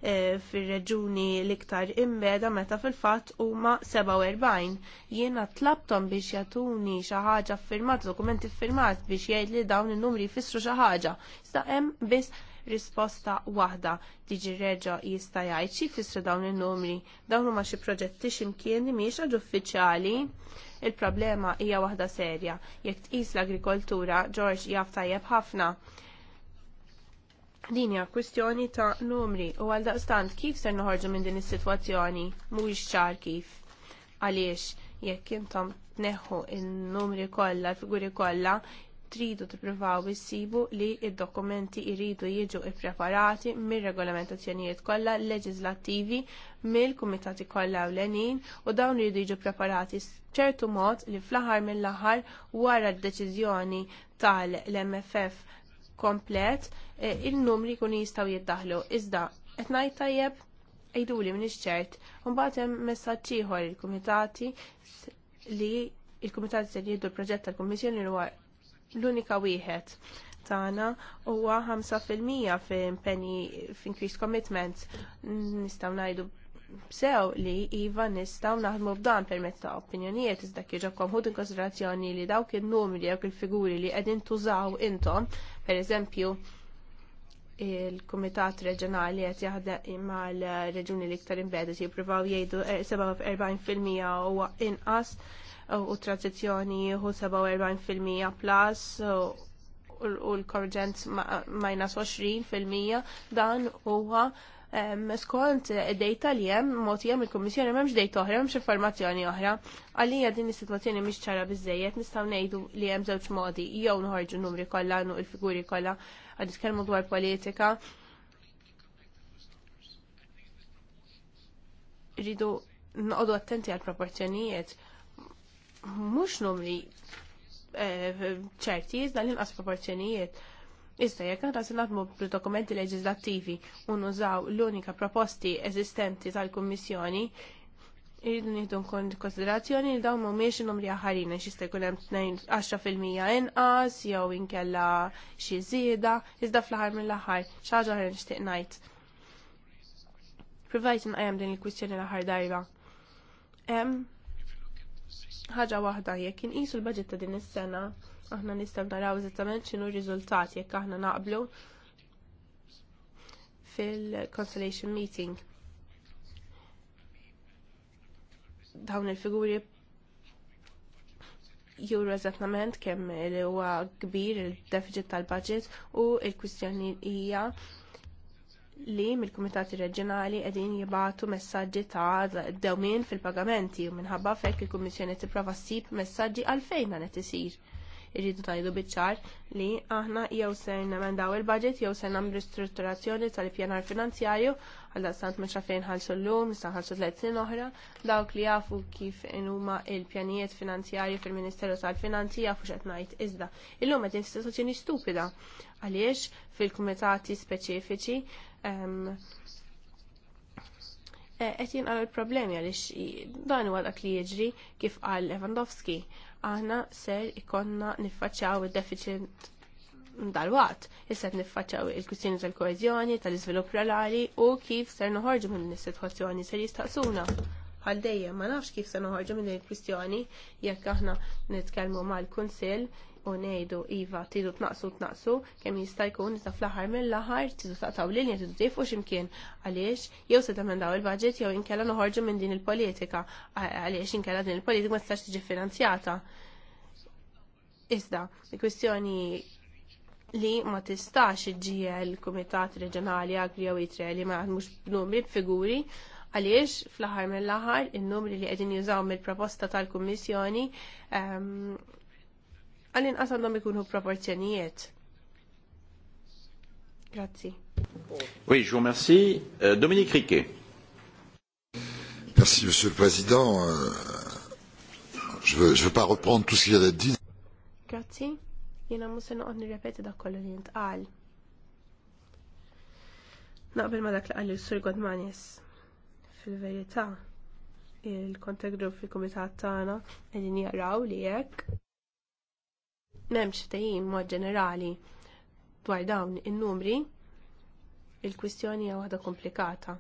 eh, fir-reġuni l-iktar imbeda meta fil-fatt huma 47. Jiena tlabtom biex jatuni xi ħaġa firmat, dokumenti firmat biex jgħid li dawn in-numri jfissru xi ħaġa. Issa hemm biss risposta waħda diġi reġa jista' jgħid jfissru dawn in-numri. Dawn huma xi proġetti x'imkien li mhijiex uffiċjali. Il-problema hija waħda serja. Jekk tqis l-agrikoltura, George jaf tajjeb ħafna. Din hija kwistjoni ta' numri u għal daqstant kif ser noħorġu minn din is-sitwazzjoni mhuwiex ċar kif. Għaliex jekk intom tneħħu in-numri kollha, l-figuri kollha, tridu tippruvaw issibu li d dokumenti jridu jiġu ippreparati mir-regolamentazzjonijiet kollha leġislattivi mill-kumitati kollha ewlenin u dawn iridu jiġu ppreparati ċertu mod li fl-aħħar mill-aħħar wara d-deċiżjoni tal-MFF komplet eh, in-numri jkunu jistgħu jiddaħħlu. Iżda qed ngħid tajjeb għiduli minix ċert. Mbagħad hemm messaġġ ieħor il-kumitati li il-kumitati se jieħdu l-proġett tal-Kummissjoni l-unika wieħed tagħna huwa 5% f'impenji f'increased commitment. Nistgħu ngħidu sew li iva nistgħu naħdmu b'dan permezz ta' opinjonijiet iżda kieġa komħud in konsiderazzjoni li dawk in-numri jew il-figuri li qegħdin tużaw intom, pereżempju il-Kumitat Reġjonali qed jaħdem mal-reġuni li iktar imbedet jippruvaw jgħidu 47% eh, huwa inqas u tranzizjoni jieħu 47% plus u l-korġent majna 20% dan huwa skont id dejta li hemm mod jem il-Kummissjoni m'hemmx dejta oħra, m'hemmx informazzjoni oħra. Għalija din is-sitwazzjoni mhix ċara biżejjed, nistgħu ngħidu li hemm żewġ modi, jew nħorġu n-numri kollha u l-figuri kollha għad nitkellmu dwar politika. Rridu noqogħdu attenti għal proporzjonijiet mhux numri eh, ċerti, iżda l-inqas proporzjonijiet. Issa jekk aħna se naħdmu dokumenti leġislattivi u nużaw l-unika proposti eżistenti tal-Kummissjoni, irridu nieħdu konsiderazzjoni li dawn mhumiex numri aħarin xi jista' jkun hemm 10% inqas jew inkella xi żieda, iżda fl-aħħar mill-aħħar xi ħaġa oħra nixtieq ngħid. Provajt nqajjem din il-kwistjoni l-aħħar darba ħaġa waħda jekk inqisu l-budget ta' din is-sena aħna nistgħu naraw eżattament x'inhu r-riżultati jekk aħna naqblu fil-Consolation Meeting. Dawn il-figuri juru eżattament kemm li huwa kbir il-deficit tal-budget u l kwistjoni hija li mill-Kumitati Reġjonali qegħdin jibgħatu messaġġi ta' dewmien fil-pagamenti u minħabba f'hekk il-Kummissjoni tipprova ssib messaġġi għalfejn dan qed isir irridu tajdu biċ-ċar li aħna jew ser nemendaw il-budget jew ser nam ristrutturazzjoni tal-pjanar finanzjarju għal stant meċa fejn ħalsu l-lum, nista' ħalsu tliet snin oħra, dawk li jafu kif inhuma il-pjanijiet finanzjarji fil-Ministeru tal-Finanzi jafu x'qed ngħid iżda. Illum qed istituzzjoni stupida għaliex fil-kumitati speċifiċi ehm, e, qed jinqalu l problemi għaliex dan huwa dak li jiġri kif qal Lewandowski aħna ser ikonna niffaċċaw id-deficit dal watt Issa niffaċċaw il-kwistjoni tal-koezjoni, tal-iżvilupp rurali u kif ser noħorġu minn is-sitwazzjoni ser jistaqsuna Għaldejja, dejjem ma nafx kif se noħorġu minn il-kwistjoni jekk aħna nitkellmu mal-Kunsill u ngħidu iva tidu tnaqsu tnaqsu kemm jista' jkun iżda fl-aħħar mill-aħħar tidu taqtaw linja tidu tifu x'imkien għaliex jew se temendaw il-budget jew inkella noħorġu minn din il-politika għaliex inkella din il-politika ma tistax tiġi finanzjata. Iżda, kwistjoni li ma tistax iġġiel kumitat reġjonali agri u itre li ma mhux b'numri b'figuri għaliex fl-aħħar mill-aħħar in-numri li qegħdin jużaw mill-proposta tal-Kummissjoni ehm, għallin għasandom ikunu proporzjonijiet. Grazzi. Oui, je vous remercie. Euh, Dominique Riquet. Merci, Monsieur le Président. Euh, je ne veux, veux pas reprendre tout ce qu'il y a à dire. Grazie. Jena musa noqgħod nirrepeti dak kollu li ntqal. Naqbel ma dak li qal sur Godmanis. Fil-verità, il-contact group fil-kumitat tagħna qegħdin jaqraw li hekk memx tajin mod ġenerali dwar dawn in-numri, il-kwistjoni hija waħda komplikata.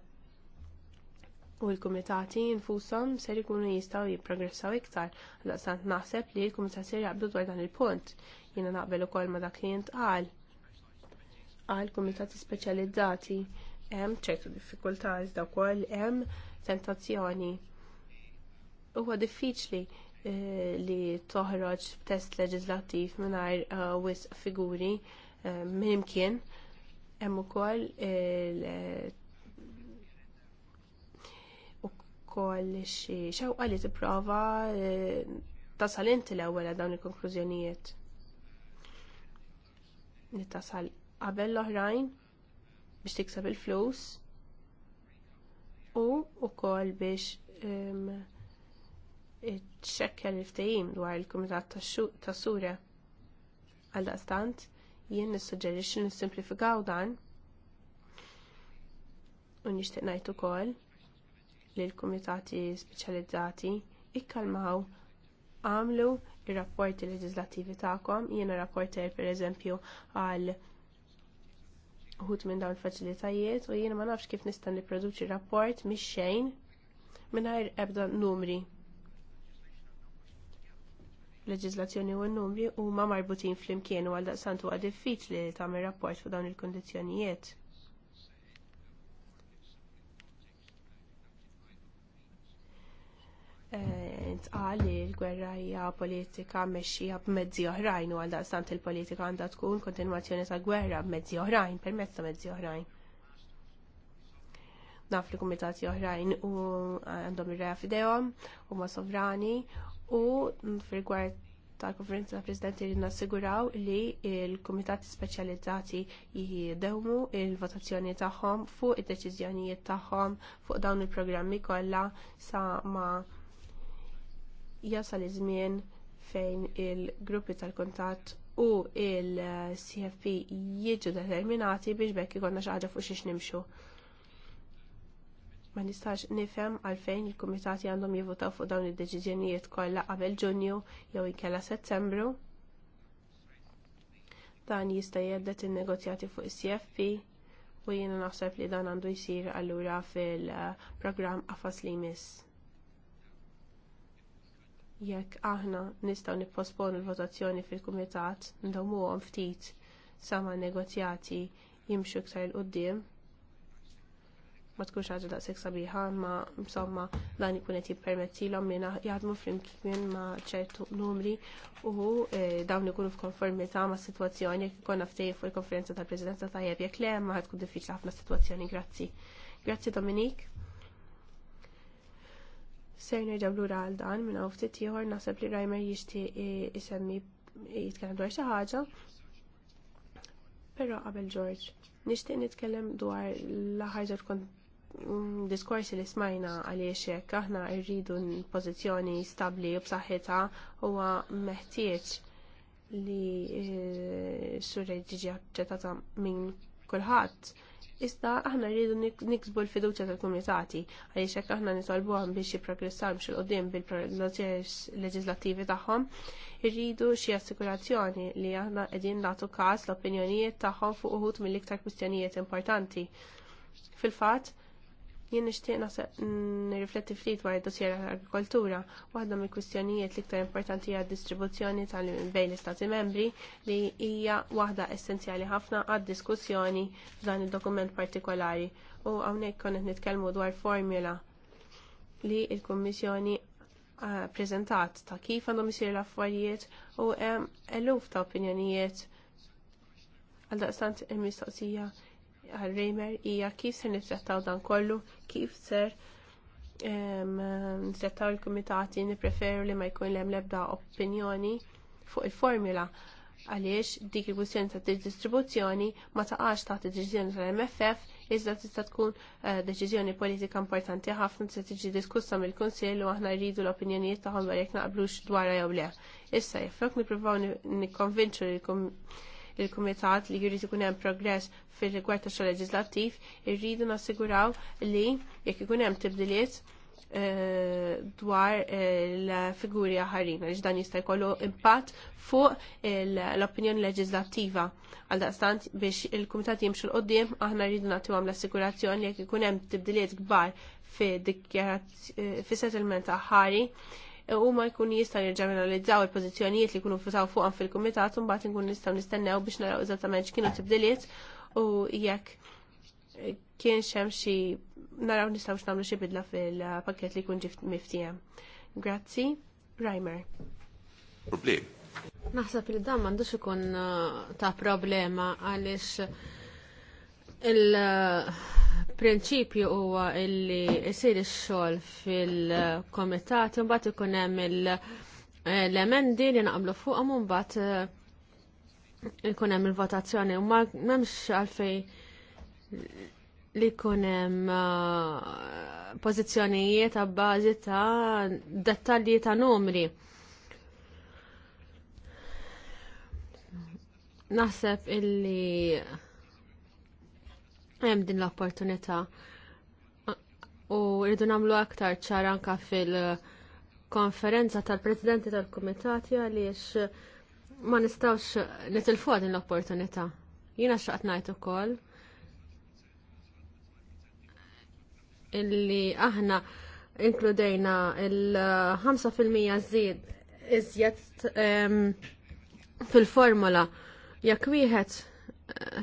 U l-kumitati nfushom ser ikunu jistgħu jipprogressaw iktar, għaldaqstant naħseb li l-kumitati ser jaqbdu dwar dan il-punt, jiena naqbel ukoll ma dak li jintqal. Għal kumitati speċjalizzati hemm ċertu diffikultà iżda wkoll hemm tentazzjoni. Huwa diffiċli Eh, li toħroġ test leġislattiv mingħajr eh, wisq figuri eh, minn hemm ukoll ukoll xi xewqa li tipprova tasal inti l-ewwel dawn il-konklużjonijiet. Li tasal qabel l-oħrajn biex tikseb il-flus u ukoll biex Iċċekkja l-ftehim dwar il-Kumitat ta' Sura. Għaldaqstant, jien nissuġġerixxi nissimplifikaw dan u nixtieq ngħid ukoll li l-kumitati speċjalizzati ikkalmaw għamlu ir-rapporti leġislattivi tagħkom, jiena rapporter pereżempju għal uħud minn dawn il-faċilitajiet u jiena ma nafx kif nista' nipproduċi rapport mix xejn mingħajr ebda numri leġiżlazzjoni u n-numri huma marbutin flimkien u għaldaqstant huwa diffiċli li tagħmel rapport fuq dawn il-kundizzjonijiet. Eh, ntqal li l-gwerra hija politika mexxija b'mezzi oħrajn u għaldaqstant il-politika għandha tkun kontinwazzjoni ta' gwerra b'mezzi oħrajn, permezz ta' mezzi oħrajn naf li kumitati oħrajn u għandhom ir-rea fidejhom huma sovrani u fil gwart tal-konferenza ta' presidenti li nassiguraw li il-komitati speċjalizzati jidewmu il-votazzjoni tagħhom fuq id-deċiżjonijiet tagħhom fuq dawn il-programmi kollha sa ma jasal iż-żmien fejn il-gruppi tal-kuntatt u il-CFP jiġu determinati biex bekk ikonna xi ħaġa fuq xiex nimxu. Ma nistax nifhem għalfejn il-kumitati għandhom jivvotaw fuq dawn id-deċiżjonijiet kollha qabel Ġunju jew inkella Settembru. Dan jista' jeddet in-negozjati fuq is-CFP u jiena naħseb li dan għandu jsir allura fil-programm qafas li jmiss. Jekk aħna nistgħu nipposponu l-votazzjoni fil-kumitat ndawmuhom ftit sama negozjati jimxu iktar il-qudiem, ma tkunx ħaġa daqshekk sabiħa, ma insomma dan ikun qed jippermettilhom li jaħdmu flimkien ma' ċertu numri u eh, dawn ikunu f'konformità ma' sitwazzjoni jekk ikonna ftehim fuq il-konferenza tal-Presidenza tajjeb jekk le ma tkun diffiċli ħafna sitwazzjoni. Grazzi. Grazzi Dominik. Ser nerġa' lura għal dan minn hawn ftit ieħor naħseb li Rajmer jixtieq eh, isemmi eh, jitkellem dwar xi ħaġa. Però qabel George, nixtieq nitkellem dwar l-aħħar kont Mm, diskorsi li smajna għaliex hekk aħna rridu pożizzjoni stabbli u b'saħħitha huwa meħtieġ li xurrej eh, ġiġi aċċettata minn kulħadd. Iżda aħna rridu niksbu l-fiduċja tal-kumitati għaliex hekk aħna nitolbuhom biex jipprogressaw mx qudiem bil-proċess leġislattivi tagħhom, irridu xi assikurazzjoni li aħna qegħdin nagħtu każ l-opinjonijiet tagħhom fuq uħud mill-iktar kwistjonijiet importanti. Fil-fatt, Jien nixtieq naħseb nirrifletti ftit dwar id-dossier agrikoltura. Waħda mill-kwistjonijiet l-iktar importanti hija d-distribuzzjoni tal bejn l-Istati membri li hija waħda essenzjali ħafna għad-diskussjoni f'dan id-dokument partikolari. U hawnhekk qed nitkellmu dwar formula li l kummissjoni ah, prezentat ta' kif għandhom isir l-affarijiet u hemm eluf ta' opinjonijiet għal daqstant il-mistoqsija għal-Rejmer hija kif se nittrattaw dan kollu, kif ser nittrattaw il-komitati nipreferu li ma jkun hemm l-ebda opinjoni fuq il-formula għaliex dik il-kwistjoni ta' distribuzzjoni ma taqax ta' deċiżjoni tal-MFF iżda tista' tkun eh, deċiżjoni politika importanti ħafna se tiġi diskussa mill-Kunsill u aħna rridu l-opinjonijiet tagħhom jekk naqblux dwarha jew le. Issa jekk nippruvaw nikkonvinċu il-Kumitat li jrid ikun hemm progress fir-rigward tax leġislattiv, irridu nassiguraw li jekk ikun hemm tibdiliet eh, dwar il-figuri eh, aħarin, għax dan jista' jkollu impatt fuq l-opinjoni leġislattiva. Għal daqstant biex il-Kumitat jimxu l-qoddim, aħna rridu nagħtu l-assigurazzjoni jekk ikun hemm tibdiliet kbar fi eh, settlement ħari u ma jkun jista' jirġa' il-pożizzjonijiet li jkunu fusaw fuqhom fil-kumitat u mbagħad inkun nistgħu nistennew biex naraw eżattament x'kienu tibdiliet u jekk kien xem xi naraw nistgħu x'nagħmlu xi bidla fil-pakket li jkun ġift miftijem. Grazzi, Reimer. Problem. Naħseb li dan m'għandux ikun uh, ta' problema għaliex il uh, il-prinċipju huwa illi jsir ix-xogħol fil-komitat imbagħad ikun hemm l-emendi li naqblu fuqhom u mbagħad eh, ikun hemm il-votazzjoni u m'hemmx għalfejn li jkun hemm eh, pożizzjonijiet ta' bażi ta' dettalji ta' numri. Naħseb illi hemm din l-opportunità u rridu nagħmlu aktar ċar anka fil-konferenza tal-Presidenti tal kumitat għaliex ma nistawx nitilfu din l-opportunità. Jiena xaqt ngħid ukoll illi aħna inkludejna il-5% żied iżjed ehm, fil-formula jekk wieħed eh,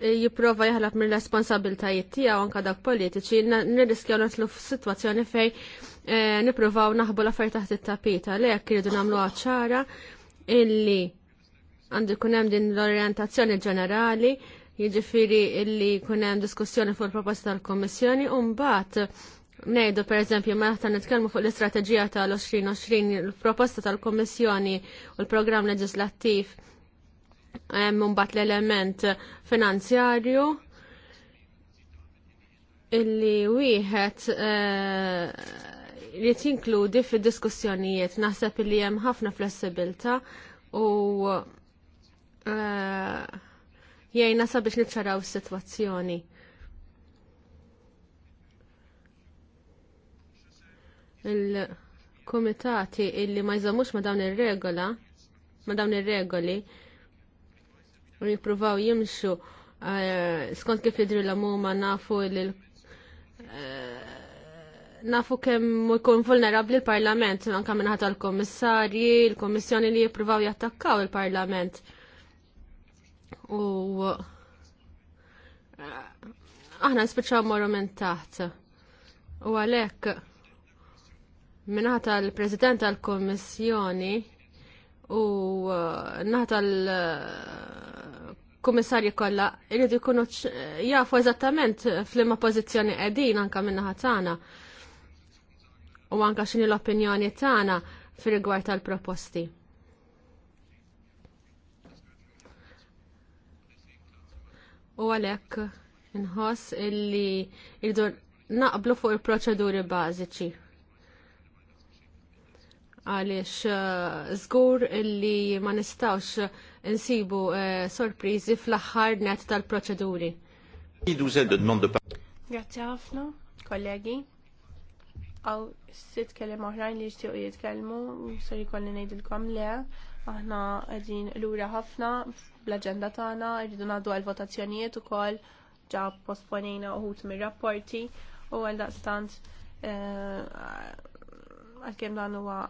jipprova jaħlab mir responsabiltajiet tiegħu anke dak politiċi nirriskjaw naslu f'sitwazzjoni fejn eh, nippruvaw naħbu l-affarijiet taħt it-tapita għalhekk iridu namlu ċara illi għandu jkun hemm din l orientazzjoni ġenerali jiġifieri illi jkun hemm diskussjoni fuq il-proposta tal-Kommissjoni u mbagħad ngħidu pereżempju ma taħt nitkellmu fuq l-istrateġija tal-2020 il-proposta tal-Kommissjoni u l-programm leġislattiv mbagħad l-element finanzjarju illi wieħed li eh, tinkludi fid diskussjonijiet naħseb illi hemm ħafna flessibilità u eh, jgħinna sabiex niċċaraw is-sitwazzjoni. Il-komitati illi ma jżamux ma dawn ir-regola, ma dawn ir-regoli, u jippruvaw jimxu eh, skont kif jidri l-amuma nafu li eh, nafu kemm jkun vulnerabli l-Parlament, anka minn ħata l-Komissarji, l-Komissjoni li jippruvaw jattakkaw il-Parlament. U eh, aħna nispiċċaw morru minn taħt. U għalhekk minn ħata l-President tal-Komissjoni u naħta l- kummissarji kollha jridu jkunu jafu eżattament fl-imma pożizzjoni qegħdin anke minna tagħna u anke x'inhi l-opinjoni tagħna fir-rigward tal-proposti. U għalhekk inħoss illi jridu naqblu fuq il-proċeduri bażiċi għaliex eh, żgur li ma nistawx insibu eh, sorpriżi fl-aħħar net tal-proċeduri. Grazzi ħafna, kollegi. Għaw sitt kellem oħrajn li jixtiequ jitkellmu, sorry kolli ngħidilkom le, aħna qegħdin lura ħafna bl-aġenda tagħna, rridu għaddu għall votazzjonijiet ukoll ġa posponejna uħut mir-rapporti u għal daqstant eh, għal-kem dan huwa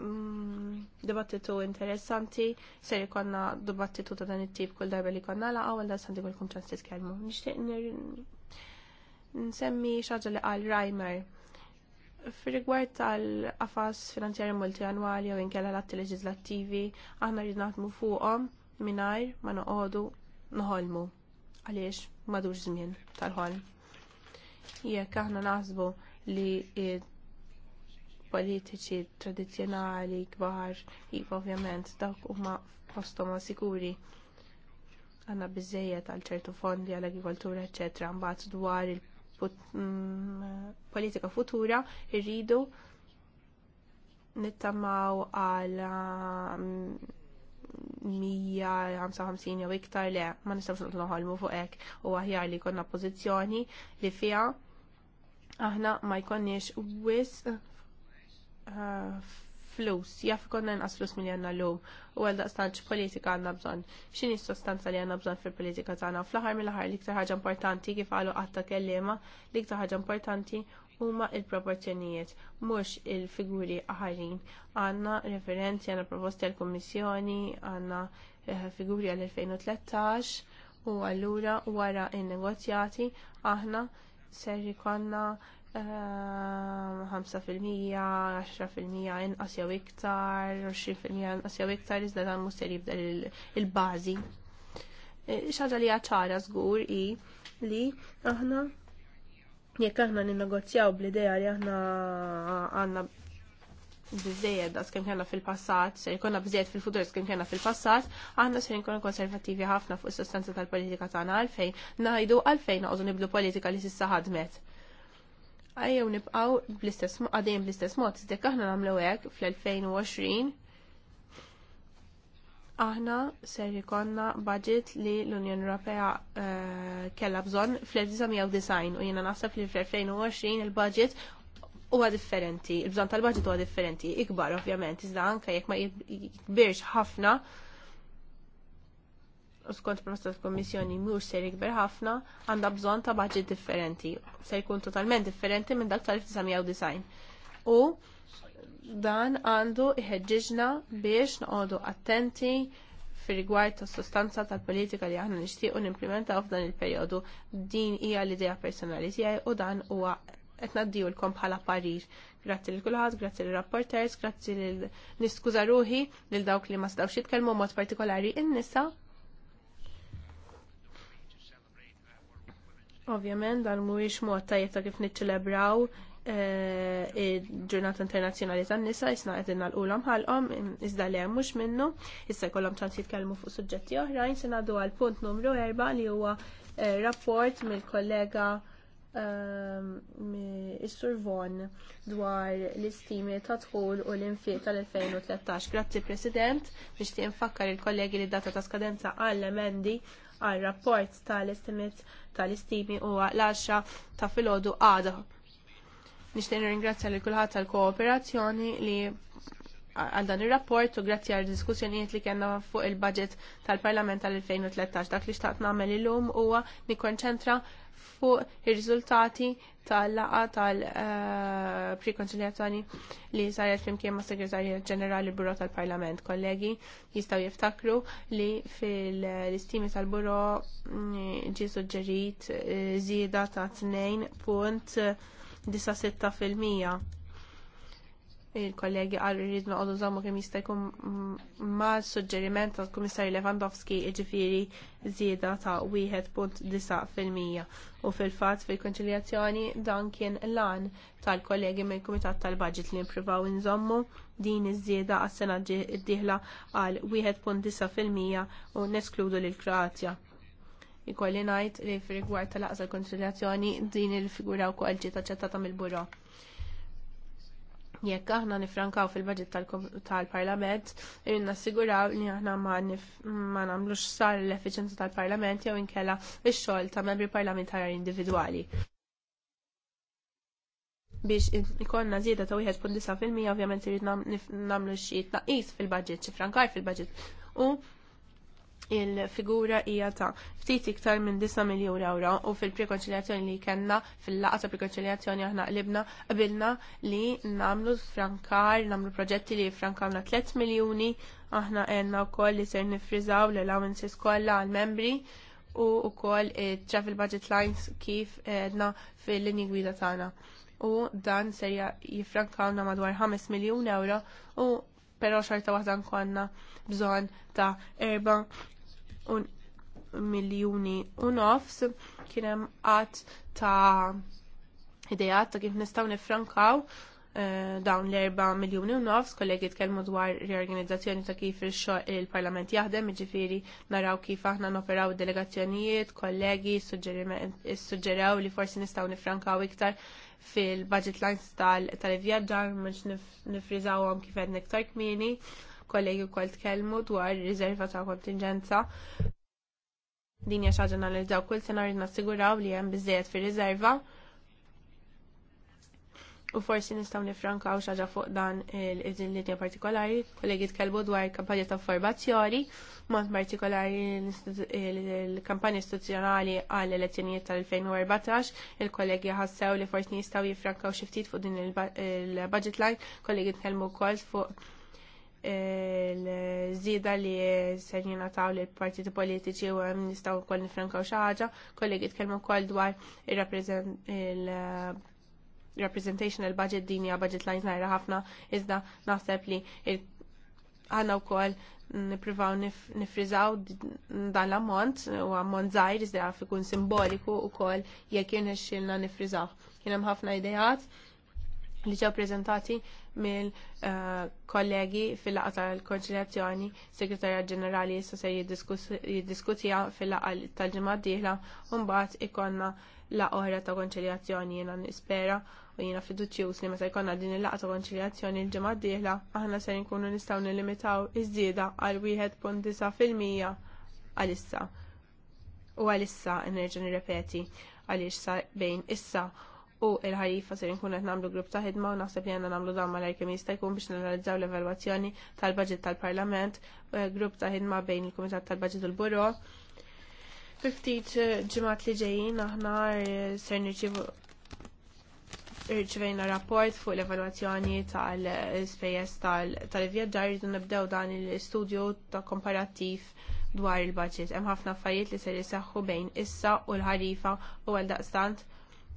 Mm, dibattitu interessanti, ser konna dibattitu ta' dan it-tip kull darba li konna la' għaw għalda santi kull kumċan t-tkelmu. Nishtiq nsemmi xaġa li għal Reimer. Fir-rigward tal-qafas finanzjari multianwali u inkella l-atti leġislattivi, aħna rrid naħdmu fuqhom mingħajr ma noqogħdu noħolmu għaliex madux żmien tal-ħolm. Jekk aħna naħsbu li politiċi tradizzjonali kbar, iva, ovvjament dawk huma fosthom ma sikuri. Għanna biżżejjed għal ċertu fondi għall agrikoltura eċetera, mbagħad dwar il-politika mm, futura irridu nittamaw għal 155 mm, jew iktar le, ma nistax noħolmu fuq hekk u aħjar li jkollna pożizzjoni li fiha aħna ma jkonniex wisq Eh, flus, jaf konna nqas flus mill għanna l-lum u għal daqstanċ politika għanna bżon. Xini sostanza li għanna bżon fil-politika tagħna u fl-ħar mill-ħar li ktar ħaġa importanti kif għalu għatta kellima li ktar ħaġa importanti huma il-proporzjonijiet, mhux il-figuri aħarin. Għanna referenzi għanna proposti għal kummissjoni għanna eh, figuri għal-2013 u allura wara n negozjati aħna ser konna 5%, ehm, 10% inqas jew iktar, 20% inqas jew iktar, iżda dan mhux ser jibda il-bażi. E, xaġa li ċara żgur hi li aħna jekk aħna ninnegozjaw bl-idea li aħna għandna bizzejed għas kem fil-passat, se jkollna bizzejed fil-futur skemm kellna fil-passat, għandna se jkonna konservattivi ħafna fuq is sostanza tal-politika tagħna għalfejn, ngħidu għalfejn naqdu nibdu politika li sissa ħadmet għajjew nibqaw bl-istess għadejn bl-istess mod, iżdek aħna nagħmlu hekk fl-2020 aħna ser ikonna budget li l-Unjoni Europea kella eh, kellha bżonn fl-1990 u jiena naħseb li fl-2020 il-budget huwa differenti, il-bżonn tal-budget huwa differenti, ikbar ovvjament, iżda anke jekk ma jikbirx ħafna u skont proposta tal-Kommissjoni mhux ser ikber ħafna għandha bżonn ta' baġit differenti. Se jkun totalment differenti minn dak tal-1990. U dan għandu iħeġġiġna biex noqogħdu attenti fir rigward tas sostanza tal-politika li aħna nixtiequ nimplementaw f'dan il-perjodu. Din hija l-idea personali tiegħi u dan huwa qed lkom bħala parir. Grazzi lil kulħadd, grazzi lil rapporters, grazzi lil niskuża ruħi lil dawk li ma stgħux jitkellmu mod partikolari in-nisa Ovvjament, dan mhuwiex mod tajjeb ta' kif niċċelebraw eh, il-ġurnata internazzjonali tan nisa jisna qed innalqula mħalqhom iżda li hemm mhux minnu, issa jkollhom ċans jitkellmu fuq suġġetti oħrajn se ngħadu għal punt numru 4 li huwa eh, rapport mill-kollega ehm, is Von dwar l-istimi ta' dħul u l infiet tal-2013. Grazzi President, nixtieq nfakkar il-kollegi li data ta' skadenza għall-emendi għal rapport tal-istimiet tal-istimi huwa l ta' filgħodu għada. Nixtieq ringrazzja lil kulħadd tal-kooperazzjoni li għal dan ir-rapport u grazzi għal diskussjonijiet li kellna fuq il-budget tal-Parlament tal-2013. Dak li xtaqt nagħmel illum huwa nikkonċentra fuq ir-riżultati tal-laqa tal-prekonsiljazzjoni li saret flimkien ma' Segretarju Ġenerali l Buro tal-Parlament. Kollegi jistgħu jiftakru li fil-istimi tal-Buro mm, ġie suġġerit żieda eh, ta' 2.96 eh, fil-mija il-kollegi għal rrid noqogħdu żommu kemm jista' jkun ma' suġġeriment tal-Kummissarju Lewandowski jiġifieri żieda ta' 1.9% u fil-fatt fil-konċiljazzjoni dan kien lan tal-kollegi mill-Kumitat tal-Baġit li nippruvaw inżommu din iż-żieda għas-sena d-dieħla għal 1.9 fil-mija u neskludu l Kroatja. Ikolli ngħid li fir-rigward tal-aqsa konċiljazzjoni din il-figura wkoll ġiet aċċettata mill-Buro Jekk aħna nifrankaw fil-budget tal-Parlament, irin nassiguraw li aħna ma, nagħmlux sar l-effiċenza tal-Parlament jew inkella ix-xogħol ta' membri parlamentari individwali. Biex ikonna żieda ta' 1.9% ovvjament irid nagħmlu xi tnaqqis fil-budget, xi frankar fil-budget. U il-figura hija ta' ftit iktar minn 9 miljun euro u fil-prekonċiljazzjoni li kellna fil laqgħa ta' prekonċiljazzjoni aħna qlibna qabilna li nagħmlu frankar, nagħmlu proġetti li frankawna 3 miljuni, aħna għenna wkoll li ser nifrizaw l-allowances kollha għal-membri u wkoll travel budget lines kif għedna fil-linji gwida tagħna. U dan ser jifrankawna madwar 5 miljun euro u pero xorta waħda nkonna bżon ta' erba un miljuni u nofs kienem għat ta' idejat ta' kif nistaw nifrankaw eh, dawn l-4 miljoni u nofs, kollegi tkellmu dwar riorganizzazzjoni ta' kif il-parlament jaħdem, ġifiri naraw kif aħna noperaw delegazzjonijiet, kollegi s-sugġeraw li forsi nistaw nifrankaw iktar fil-budget lines tal-vjaġġar mux nifrizaw għom kifed nektar kmini, kollegi kol tkellmu dwar ir-riżerva ta' kontingenza. Dinja xi ħaġa daw kull sena rridna nassiguraw li hemm biżżejjed fir riżerva u forsi nistgħu nifrankaw xaġa fuq dan il izin linja partikolari, kollegi tkellmu dwar kampanja ta' formazzjoni, mod partikolari l-kampanja istituzjonali għall elezzjonijiet tal-2014, il-kollegi ħassew li forsi nistgħu jifranka xi ftit fuq din il-budget line, kollegi tkellmu wkoll fuq eh, l żida li ser jingħataw lill partiti politiċi u għem nistgħu wkoll nifrankaw xi ħaġa, kollegi tkellmu wkoll dwar il-rappreżent il rappresent il representational budget din hija budget lines najra ħafna iżda naħseb li għanna wkoll nippruvaw nifrizaw dan l-ammont u ammont żgħir iżda jaf ikun simboliku wkoll jekk jirnexxielna nifriżaw. Kien hemm ħafna idejat li ġew prezentati mill-kollegi eh, fil laqgħa tal-konċiljazzjoni, segretarja ġenerali issa se jiddiskutija fil laqgħa tal-ġimgħa d-dieħla u mbagħad ikonna la oħra ta' konċiljazzjoni jiena nispera u jiena fiduċjuż li meta jkollna din il-laqgħa ta' konċiljazzjoni l-ġimgħa d-dieħla aħna se nkunu nistgħu nilimitaw iż-żieda għal 1.9 fil-mija għalissa. U għalissa nerġa' nirrepeti għaliex sa bejn issa u il-ħarifa ser nkun qed nagħmlu grupp ta' ħidma u naħseb li għandna nagħmlu dan mal-arkim jista' jkun biex nanalizzaw l-evalwazzjoni tal-baġit tal-Parlament, eh, grupp ta' ħidma bejn il-Kumitat tal-Baġit u l-Buro Fiftit eh, ġimat li ġejjin aħna eh, ser nirċivu rapport fuq l evalwazzjoni tal-spejjeż tal-vjaġġar rridu nibdew dan l-istudju ta' komparattiv dwar il-budget. Hemm ħafna affarijiet li ser jiseħħu bejn issa u l-ħarifa u għal daqstant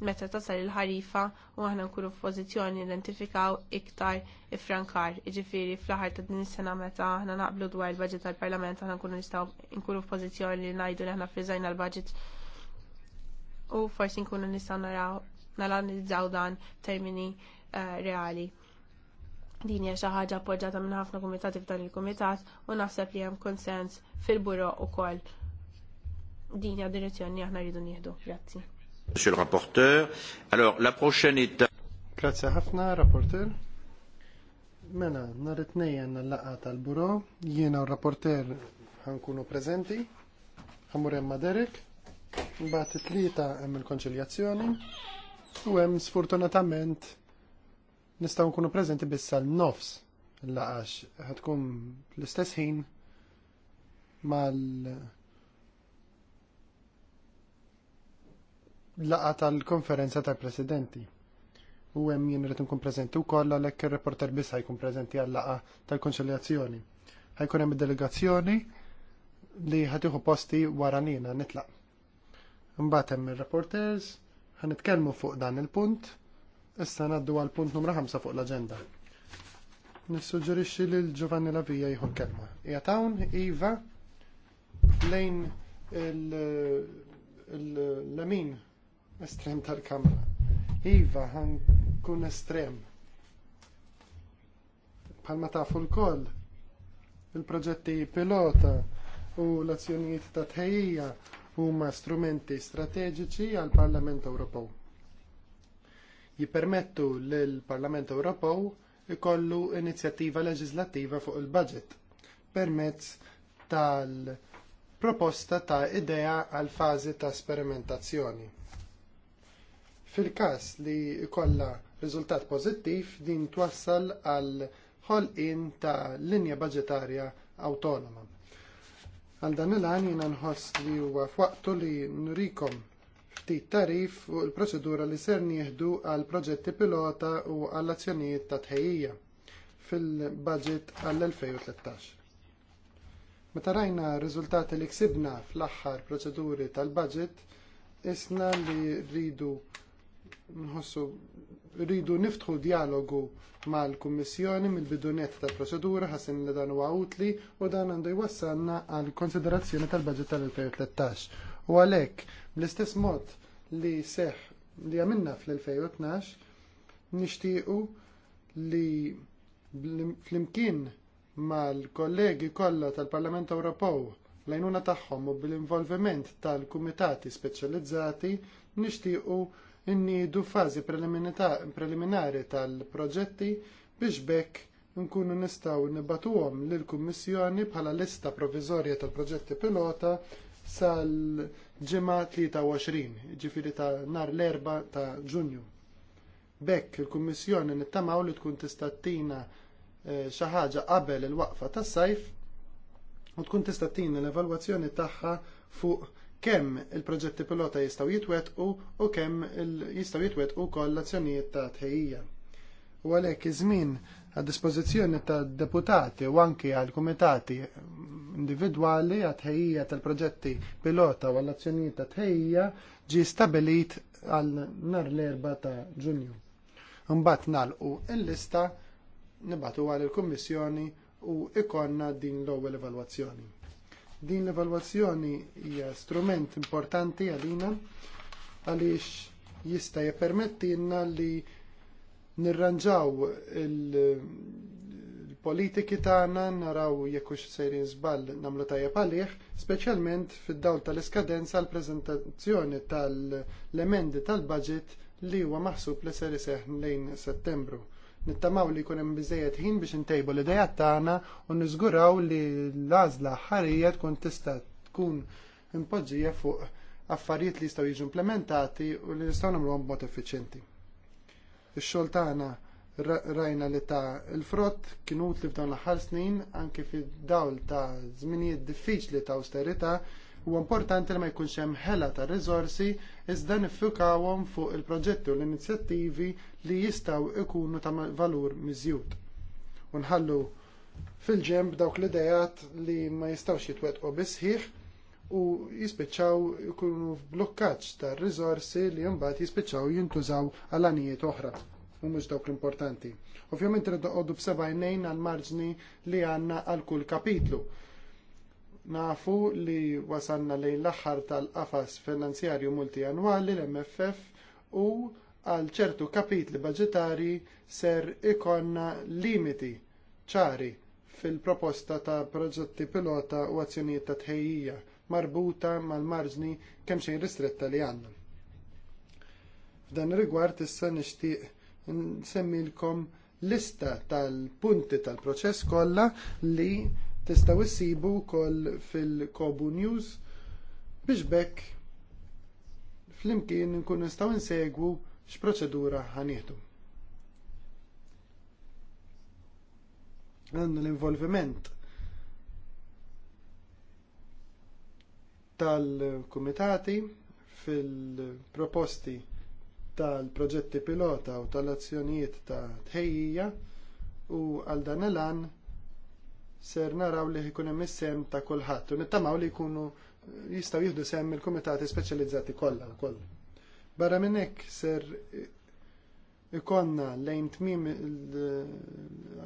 meta tasal il-ħarifa u aħna nkunu f'pożizzjoni identifikaw iktar ifrankar. Iġifieri fl-aħħar ta' din is-sena meta aħna naqblu dwar il-budget tal-Parlament aħna nkunu nistgħu nkunu f'pożizzjoni li ngħidu li aħna friżajna l-budget u forsi nkunu nistgħu naraw nalanizzaw dan termini eh, reali. Din hija xi ħaġa appoġġjata minn ħafna kumitati f'dan il-kumitat u naħseb li hemm konsens fil-buro wkoll. Din hija direzzjoni aħna rridu nieħdu. Grazzi. Monsieur le rapporteur, alors la prochaine étape. Grazie ħafna, rapporteur. Mela, nhar it-tnejn għandna l-laqgħa tal-buro, jiena u rapporter ħankunu preżenti, ħamur hemm Derek, b'at it-tlieta hemm il-konċiljazzjoni u hemm sfortunatament nistgħu nkunu preżenti biss nofs il-laqax ħatkun l-istess ħin mal laqa tal-konferenza tal-presidenti. U hemm jien rrid nkun preżenti wkoll għalhekk ir-reporter biss ħajkun preżenti għall laqa tal-konċiljazzjoni. Ħajkun hemm delegazzjoni li ħatiħu posti wara nina nitlaq. Imbagħad hemm ir-reporters, ħan nitkellmu fuq dan il-punt, issa ngħaddu għall punt numru 5 fuq l-aġenda. Nissuġġerixxi lil Giovanni Lavija jieħu kelma Hija tawn Iva lejn il lemin estrem tal-kamra. Iva, għan kun estrem. Palma ta' l il-proġetti pilota u l-azzjonijiet ta' tħejja huma strumenti strateġiċi għall parlament Ewropew. Jippermettu lill parlament Ewropew ikollu inizjattiva leġislattiva fuq il-budget permezz tal-proposta ta' idea għal fażi ta' sperimentazzjoni fil każ li jkollha riżultat pożittiv din twassal għal ħolqien ta' linja budgetarja awtonoma. Għal dan il-għan jiena nħoss li huwa f'waqtu li nurikom ftit tarif u l-proċedura li ser nieħdu għal proġetti pilota u għall azzjonijiet ta' tħejjija fil-budget għall-2013. Meta rajna r riżultati li ksibna fl-aħħar proċeduri tal-budget, isna li rridu nħossu rridu niftħu dialogu mal-Kummissjoni mill-bidunet tal procedura ħassin li dan huwa utli u dan għandu jwassalna għal konsiderazzjoni tal-budget tal-2013. U għalhekk bl-istess mod li seħ li għamilna fl-2012 nixtiequ li flimkien mal-kollegi kollha tal-Parlament Ewropew l-għajnuna tagħhom u bl-involviment tal-kumitati speċjalizzati nixtiequ du fażi preliminari tal-proġetti biex bekk nkunu nistgħu nibatuhom lill-Kummissjoni bħala lista proviżorja tal-proġetti pilota sal-ġimgħa 23, ġifieri ta' nhar l-erba ta' Ġunju. Bekk il-Kummissjoni nittamaw li tkun tista' tina eh, xi ħaġa qabel il-waqfa tas-sajf u tkun tista' tina l-evalwazzjoni tagħha fuq kemm il-proġetti pilota jistgħu jitwettqu u kemm jistgħu jitwettqu wkoll l-azzjonijiet ta' tħejjija. U għalhekk iż-żmien għad-dispożizzjoni ta' deputati u anki għal kumitati individwali għat tħejjija tal-proġetti pilota u għall-azzjonijiet ta' tħejjija ġie stabilit għal nhar l-4 ta' Ġunju. Mbagħad nagħlqu l-lista nibatu għal il-Kummissjoni u ikonna din l-ewwel evalwazzjoni. Din l-evalwazzjoni hija strument importanti għalina għaliex jista' jippermettilna li nirranġaw il-politiki tagħna naraw jekk hux sejrin żball nagħmlu tajjeb għalih, speċjalment fid-dawl tal-iskadenza għall preżentazzjoni tal-emendi tal-budget li huwa maħsub li ser iseħħ lejn Settembru. Nittamaw li jkun hemm biżejjed ħin biex intejbu l dajat tagħna u niżguraw li l-għażla ħarija tkun tista' tkun impoġġija fuq affarijiet li jistgħu jiġu implementati u li jistgħu nagħmluhom bot effiċenti. Ix-xogħol tagħna rajna li ta' il-frott kienu utli f'dawn l-aħħar snin anke fid-dawl ta' żminijiet diffiċli ta' austerita' Huwa importanti li ma jkunx hemm ħela ta' riżorsi iżda niffukawhom fuq il-proġetti u l-inizjattivi li jistgħu jkunu ta' valur miżjud. U nħallu fil-ġemb dawk l-idejat li ma jistgħux jitwettqu bisħiħ u jispiċċaw ikunu f'blukkaġġ ta' riżorsi li mbagħad jispiċċaw jintużaw għal anijiet oħra u mhux dawk l-importanti. Ovvjament irridu qogħdu b'seba' għal marġni li għandna għal kull kapitlu Nafu li wasanna lejn l-aħħar tal-qafas finanzjarju multijanwali l-MFF u għal ċertu kapitli budġetari ser ikonna limiti ċari fil-proposta ta' proġetti pilota u azzjonijiet ta' tħejjija marbuta mal-marġni kemm xejn ristretta li għandna. F'dan rigward issa nixtieq nsemmilkom lista tal-punti tal-proċess kollha li Tistgħu issibu wkoll fil-Kobu News biex bekk flimkien nkun nistgħu insegwu x'proċedura ħanieħdu. Għandna l-involviment tal-kumitati fil-proposti tal-proġetti pilota u tal-azzjonijiet ta' tħejjija u għal dan il-an ser naraw li jkun hemm is-sem ta' kulħadd u nittamaw li jkunu jistgħu jieħdu sem il-kumitati speċjalizzati kollha wkoll. Barra minn hekk ser ikonna lejn tmiem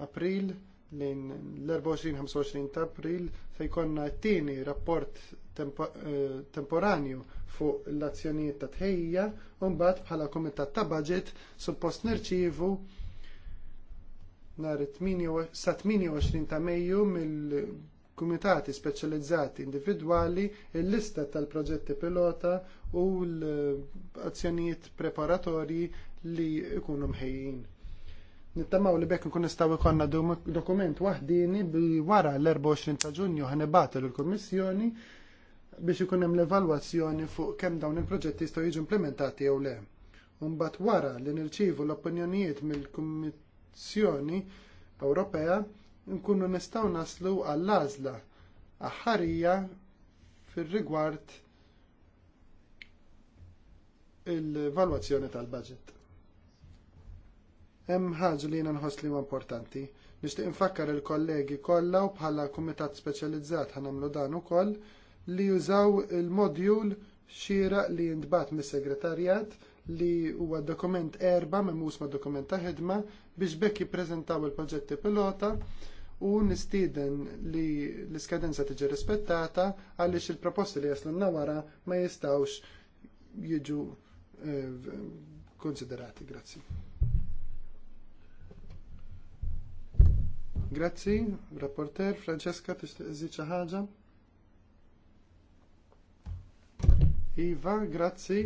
april lejn l-24-25 ta' april se jkollna t-tieni rapport temporanju fuq l-azzjonijiet ta' tħejja u mbagħad bħala kumitat ta' budget suppost nirċievu nhar sa 28 ta' Mejju mill-kumitati speċjalizzati individwali il-lista tal-proġetti pilota u l-azzjonijiet preparatorji li jkunu mħejjin. Nittamaw li bekk nkun jistgħu jkollna dokument waħdini bi wara l-24 ta' Ġunju ħanebatu l-Kummissjoni biex ikun hemm l-evalwazzjoni fuq kemm dawn il-proġetti jistgħu jiġu implementati jew le. Mbagħad wara li nirċievu l-opinjonijiet mill-kummit l Ewropea nkunu nistgħu naslu għall-għażla aħħarija fir-rigward il-valwazzjoni tal-budget. Hemm ħaġa li jiena nħoss li huwa importanti. Nixtieq infakkar il-kollegi kollha u bħala kumitat speċjalizzat ħanamlu dan ukoll li jużaw il-modjul xieraq li jintbagħat mis-segretarjat li huwa dokument erba memus ma' dokument ta' ħidma biex bekk jippreżentaw il-proġetti pilota u nistieden li l-iskadenza tiġi rispettata għaliex il-proposti li jaslunna wara ma jistawx jiġu eh, konsiderati. Grazzi. Grazzi, rapporter Francesca, tixtieq ħaġa? Iva, grazzi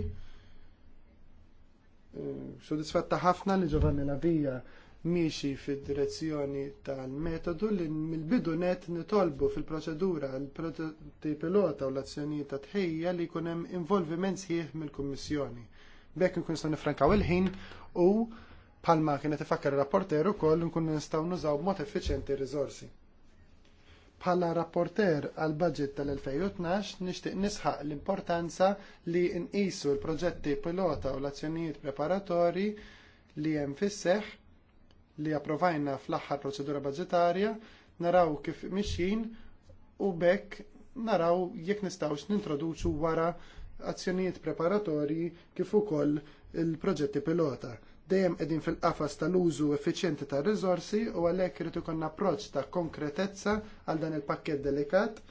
sodisfatta ħafna li Giovanni Lavija miexi fid-direzzjoni tal-metodu li mill-bidu net nitolbu fil-proċedura l-prodotti pilota u l-azzjonijiet ta' tħejja li jkun hemm involviment sħiħ mill-Kummissjoni. Bekk nkun stani nifrankaw il-ħin u palma kienet ifakkar il-rapporteru kol nkun nistgħu nużaw b'mod effiċenti r Bħala rapporter għal budget tal-2012 nixtieq nisħaq l-importanza li nqisu l-proġetti pilota u l-azzjonijiet preparatorji li hemm fis-seħħ li approvajna fl-aħħar proċedura budgetarja, naraw kif mixin u bekk naraw jekk nistgħux nintroduċu wara azzjonijiet preparatorji kif ukoll il-proġetti pilota dejjem qegħdin fil-qafas tal-użu effiċjenti tar riżorsi u għalhekk irid ikun approċċ ta' konkretezza għal dan il-pakkett delikat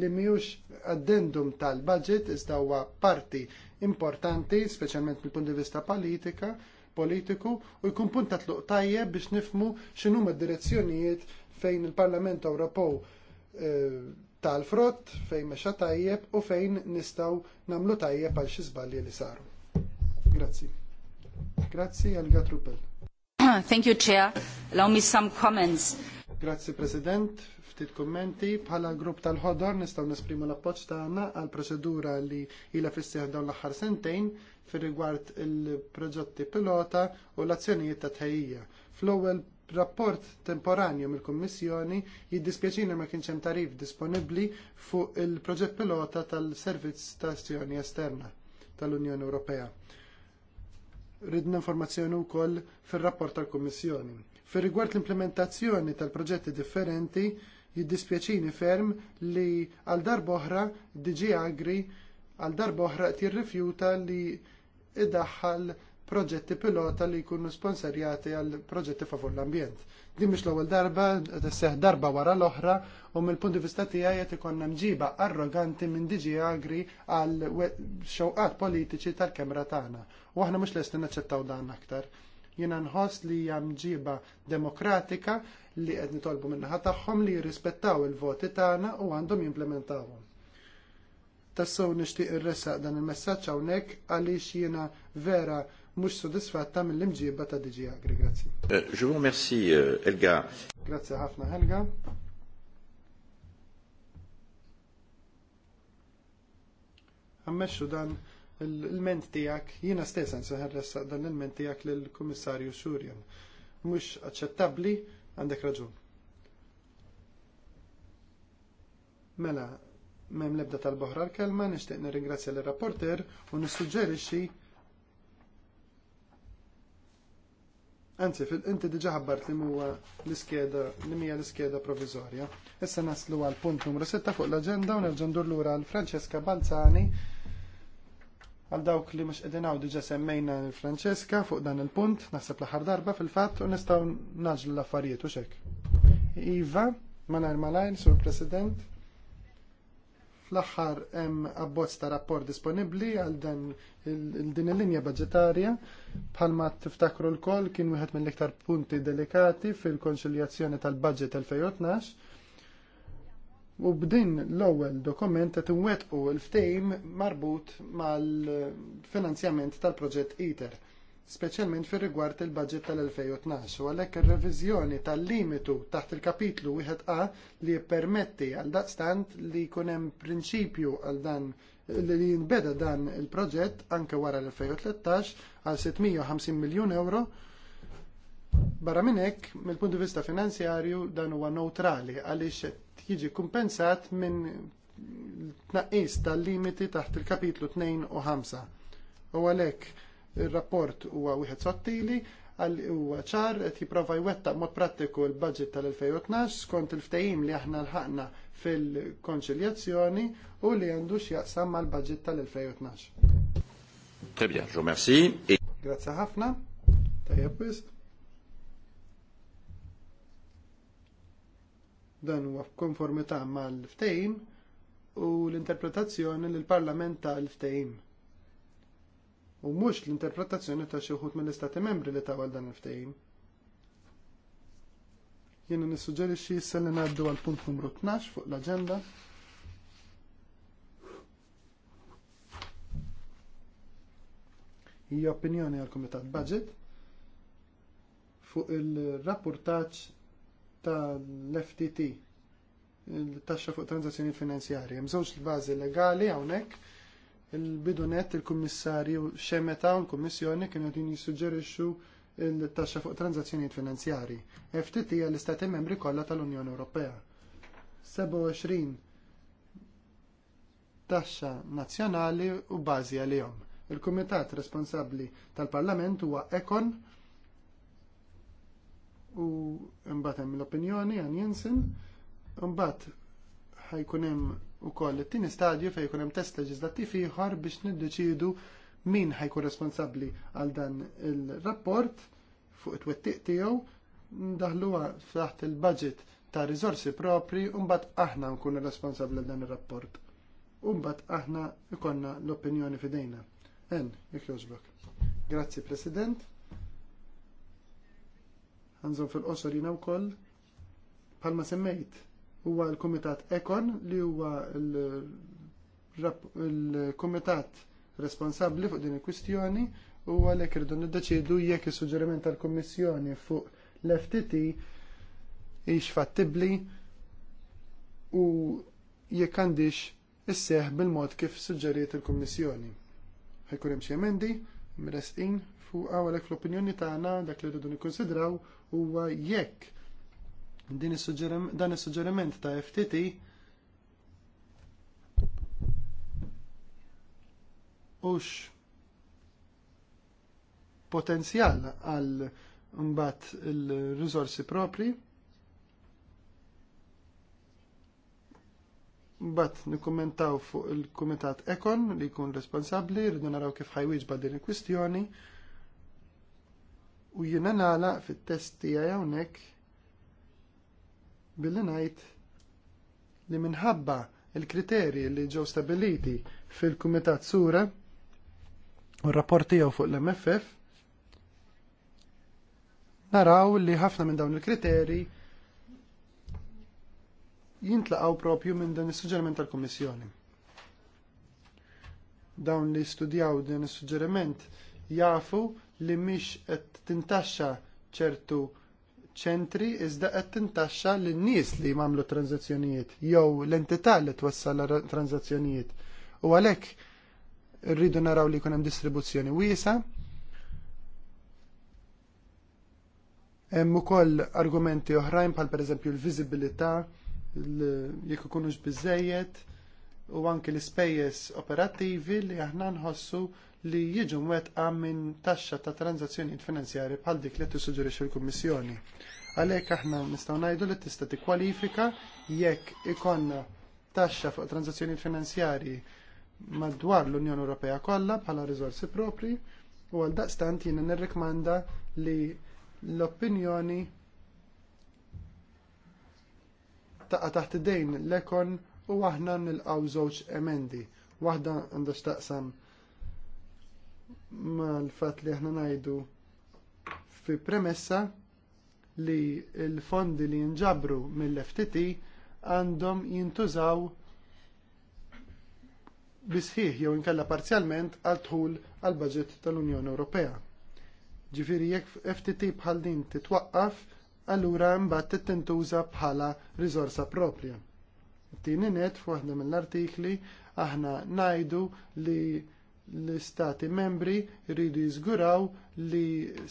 li mhijiex addendum tal-budget iżda huwa parti importanti, speċjalment mill punt di vista politika, politiku, u jkun punt ta' tluq tajjeb biex nifmu x'inhuma d-direzzjonijiet fejn il-Parlament Ewropew eh, tal-frott, fejn mexa tajjeb u fejn nistgħu nagħmlu tajjeb għal xi żbalji li saru. Grazzi. Grazzi għal Truppel. Thank you, Chair. Allow me some comments. Grazzi, President. Ftit kommenti. Bħala grupp tal-ħodor nistaw nesprimu l-appoċ tagħna għal proċedura li ilha fissieħ dawn l-aħħar sentejn fir rigward il-proġetti pilota u l-azzjonijiet ta' tħejjija. Fl-ewwel rapport temporanju mill-Kummissjoni jiddispjaċina ma kienx hemm tarif disponibbli fuq il-proġett pilota tal-Servizz ta' Azzjoni Esterna tal-Unjoni Ewropea ridna informazzjoni wkoll fir-rapport tal-Kummissjoni. Fir-rigward l-implementazzjoni tal-proġetti differenti, jiddispjaċini ferm li għal oħra DG Agri għal darboħra tirrifjuta li idaħħal proġetti pilota li jkunu sponsorjati għal proġetti favur l-ambjent. Din mhix l-ewwel darba, seħħ darba wara l-oħra u mill-punt di vista tiegħi qed ikollna mġiba arroganti minn Diġi Agri għal xewqat politiċi tal-Kemra tagħna. U aħna mhux lesti naċċettaw dan aktar. Jiena nħoss li hija mġiba demokratika li qed nitolbu min-naħa tagħhom li jirrispettaw il-voti tagħna u għandhom jimplementawhom tassew nixtieq irressaq dan il-messaġġ hawnhekk għaliex jiena vera mhux sodisfatta mill-imġiba ta' DG Agri. Grazzi. Eh, je vous remercie, eh, Helga. Grazzi ħafna, Helga. Ammexxu dan il ment tiegħek, jiena stessa nseħħar dan il ment tiegħek lill-Kummissarju Surjan. Mhux aċċettabbli għandek raġun. Mela, mem lebda tal-boħra l-kelma, nishtiq nirringrazzja l-rapporter u nissuġġerixxi Anzi, inti diġa ħabbart li huwa l-iskeda li mija l-iskeda provizorja. Issa naslu għal punt numru 6 fuq l-aġenda u nerġa' ndur lura għal Francesca Balzani għal dawk li mux qegħdin hawn diġa semmejna l fuq dan il-punt, naħseb l-aħħar darba fil-fatt u nistgħu naġlu l-affarijiet u xek. Iva, manar malajn, sur President. Fl-aħħar hemm abbozz ta' rapport disponibbli għal dan din il-linja budgetarja bħalma tiftakru l-koll kien wieħed mill-iktar punti delikati fil-konċiljazzjoni tal-budget 2012. U b'din l-ewwel dokument qed inwettqu l-ftehim marbut mal-finanzjament tal-proġett ITER speċjalment fir rigward il-budget tal-2012 u għalhekk ir-reviżjoni tal-limitu taħt il-kapitlu wieħed a li jippermetti għal daqstant li jkun hemm prinċipju għal dan li jinbeda dan il-proġett anke wara l-2013 għal 650 miljun euro Barra minn hekk, mill-punt vista finanzjarju dan huwa neutrali għaliex jiġi kumpensat minn tnaqqis tal-limiti taħt il-kapitlu 2 u 5. U għalhekk Il-rapport huwa wieħed sottili, għal huwa ċar qed jipprova jwettaq mod prattiku l-budget tal-2012 skont il-ftehim li aħna lħaqna fil-konċiljazzjoni u li għandu x'jaqsam mal-budget tal-2012. Très bien, je vous remercie. Grazie ħafna. Tajjeb Dan huwa f'konformità mal-ftehim u l-interpretazzjoni l-Parlament tal-ftehim u mhux l-interpretazzjoni ta' xi wħud mill-istati membri li tawal dan il-ftehim. Jiena nissuġġerixxi issa li ngħaddu għal punt numru 12 fuq l-aġenda hija opinjoni għal Kumitat Budget fuq il-rapportaġġ tal-FTT, il-taxxa fuq transazzjoni finanzjarji. Hemm żewġ bażi legali hawnhekk il-bidunet il-kummissarju xemeta u l-kummissjoni kienu din jissuġġerixxu il-taxxa fuq tranzazzjonijiet finanzjarji. FTT hija l-istati membri kollha tal-Unjoni Ewropea. 27 taxxa nazzjonali u bażi għalihom. Il-Kumitat responsabbli tal-Parlament huwa Ekon u mbagħad hemm l-opinjoni għan Jensen, mbagħad ħajkun hemm ukoll it-tieni stadju fejn kunem hemm test leġislattiv ieħor biex niddeċidu min ħajkun responsabbli għal dan il-rapport fuq it wettiq tiegħu ndaħluha taħt il-budget ta' riżorsi propri u mbagħad aħna nkunu responsabbli għal dan ir-rapport. U mbagħad aħna ikonna l-opinjoni f'idejna. En, jekk jogħġbok. Grazzi President. Għanżon fil-qosor jina wkoll palma semmejt huwa l-Kumitat Ekon li huwa l-Kumitat responsabbli fuq din il-kwistjoni u għalhekk irdu niddeċiedu jekk is-suġġeriment tal-Kummissjoni fuq l-FTT ix fattibbli u jekk għandix isseħ bil-mod kif suġġeriet il-Kummissjoni. Ħajkun hemm xi emendi mresqin fuq għalhekk fl-opinjoni tagħna dak li rridu nikkonsidraw huwa jekk Din dan is-suġġeriment ta' FTT ux potenzjal għal mbagħad il-riżorsi propri. Mbagħad nikkumentaw fuq il-Kumitat Ekon li jkun responsabbli, rridu naraw kif ħajwieġba din il-kwistjoni. U jiena nagħlaq fit-test tiegħi hawnhekk billi ngħid li minħabba il-kriterji li ġew stabiliti fil-Kumitat Sura u r-rapport tiegħu fuq l-MFF naraw li ħafna minn dawn il-kriterji jintlaqgħu propju minn dan is-suġġeriment tal-Kummissjoni. Dawn li studjaw dan is-suġġeriment jafu li mhix qed tintaxxa ċertu ċentri iżda qed tintaxxa lin-nies li jagħmlu tranzazzjonijiet jew l-entità li twassal tranzazzjonijiet. U għalhekk irridu naraw li jkun hemm distribuzzjoni wiesa. Hemm ukoll argumenti oħrajn bħal pereżempju l-viżibilità jekk ikunux biżejjed u anke l-ispejjeż operattivi li aħna nħossu li jiġu mwettqa minn taxxa ta' tranzazzjonijiet finanzjarji bħal dik li tissuġġerixxi l-Kummissjoni. Għalhekk aħna nistgħu ngħidu li tista' tikkwalifika jekk ikonna taxxa fuq tranzazzjonijiet finanzjarji madwar l-Unjoni Ewropea kollha bħala riżorsi propri u għal daqstant jiena nirrikmanda li l-opinjoni taqa taħt id-dejn l-ekon u aħna nilqaw żewġ emendi. Waħda għandha x'taqsam mal-fat li aħna najdu fi premessa li l-fondi li nġabru mill-FTT għandhom jintużaw bisħiħ jew inkella parzjalment għal dħul għal budget tal-Unjoni Ewropea. Ġifieri jekk FTT bħal din titwaqqaf, allura mbagħad tintuża bħala riżorsa proprja. Tieni net f'waħda mill-artikli aħna ngħidu li l-istati membri jridu jiżguraw li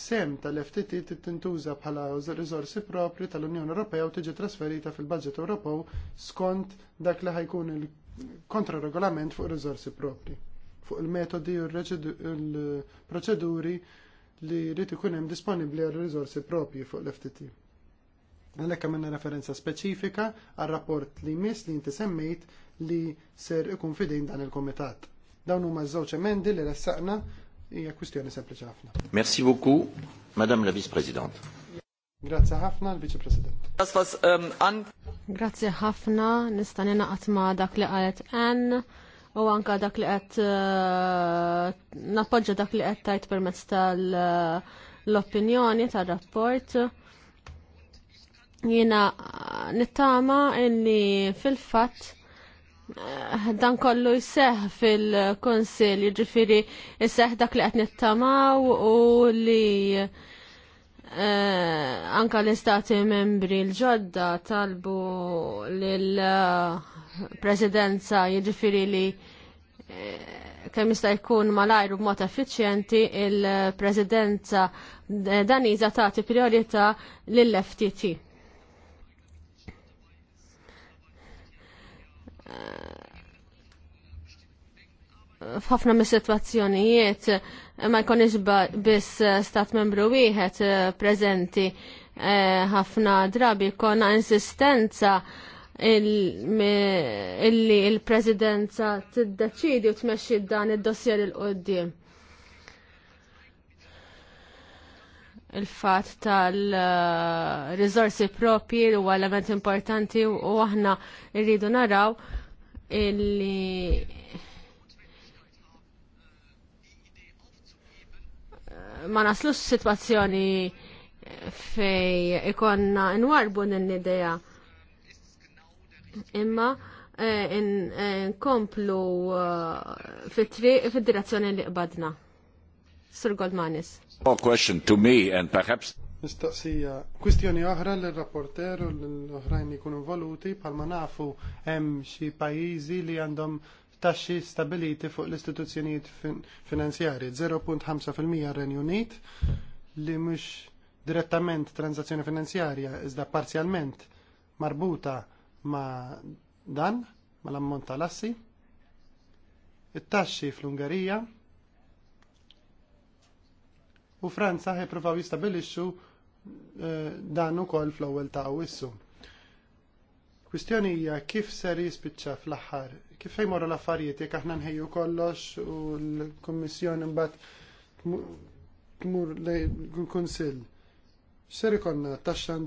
sem tal-FTT tintuża bħala riżorsi propri tal-Unjoni Ewropea u tiġi trasferita fil-Budget Ewropew skont dak li ħajkun il-kontraregolament fuq riżorsi propri fuq il-metodi u l-proċeduri li jrid ikun hemm disponibbli għal riżorsi propri fuq l-FTT. Għalhekk għamilna referenza speċifika għal rapport li jmiss li inti semmejt li ser ikun fidejn dan il kumitat Dawn huma żewġ emendi li ressaqna hija kwistjoni sempliċi ħafna. Merci beaucoup, Madame la Vice-President. Grazie ħafna l-Vice President. Ähm, Grazie ħafna, nista' ninaqat ma' dak li qalet Ann u anka dak li qed äh, nappoġġa dak li qed tajt permezz tal-opinjoni tar-rapport. Jiena äh, nittama illi fil-fatt dan kollu jseħ fil-konsil, ġifiri jseħ dak li għetni t-tamaw u li eh, anka l-istati membri l-ġodda talbu l-presidenza jġifiri li eh, kemm jista' jkun malajru b'mod effiċjenti il-presidenza eh, daniża tagħti priorità lill-FTT. f'ħafna mis situazzjonijiet ma jkunx biss eh, stat membru wieħed eh, preżenti eh, ħafna drabi jkollna insistenza illi il-presidenza tiddeċidi u tmexxi dan id-dossier il qoddim il-fat tal-rizorsi propri u element importanti u aħna rridu naraw illi ma naslux situazzjoni fej ikonna nwarbu n-idea. Imma eh, eh, nkomplu eh, fit-direzzjoni li qbadna. Sir Goldmanis. Oh, question to me and perhaps Mistaqsija, kwistjoni oħra l rapporter u l-oħrajn ikunu involuti bħalma nafu hemm xi pajjiżi li għandhom taxxi stabiliti fuq l-istituzzjonijiet finanzjarji 0.5% Renju Unit li mhux direttament transazzjoni finanzjarja iżda parzjalment marbuta ma' dan, ma' l-ammont tal-assi. It-taxxi fl-Ungarija u Franza provaw jistabilixxu Eh, dan ukoll fl-ewwel ta' Wissu. Kwistjoni hija kif ser jispiċċa fl-aħħar, kif fejn morru l-affarijiet jekk aħna nħejju kollox u l-Kummissjoni mbagħad tmur l-Kunsill. Ser ikonna taxxa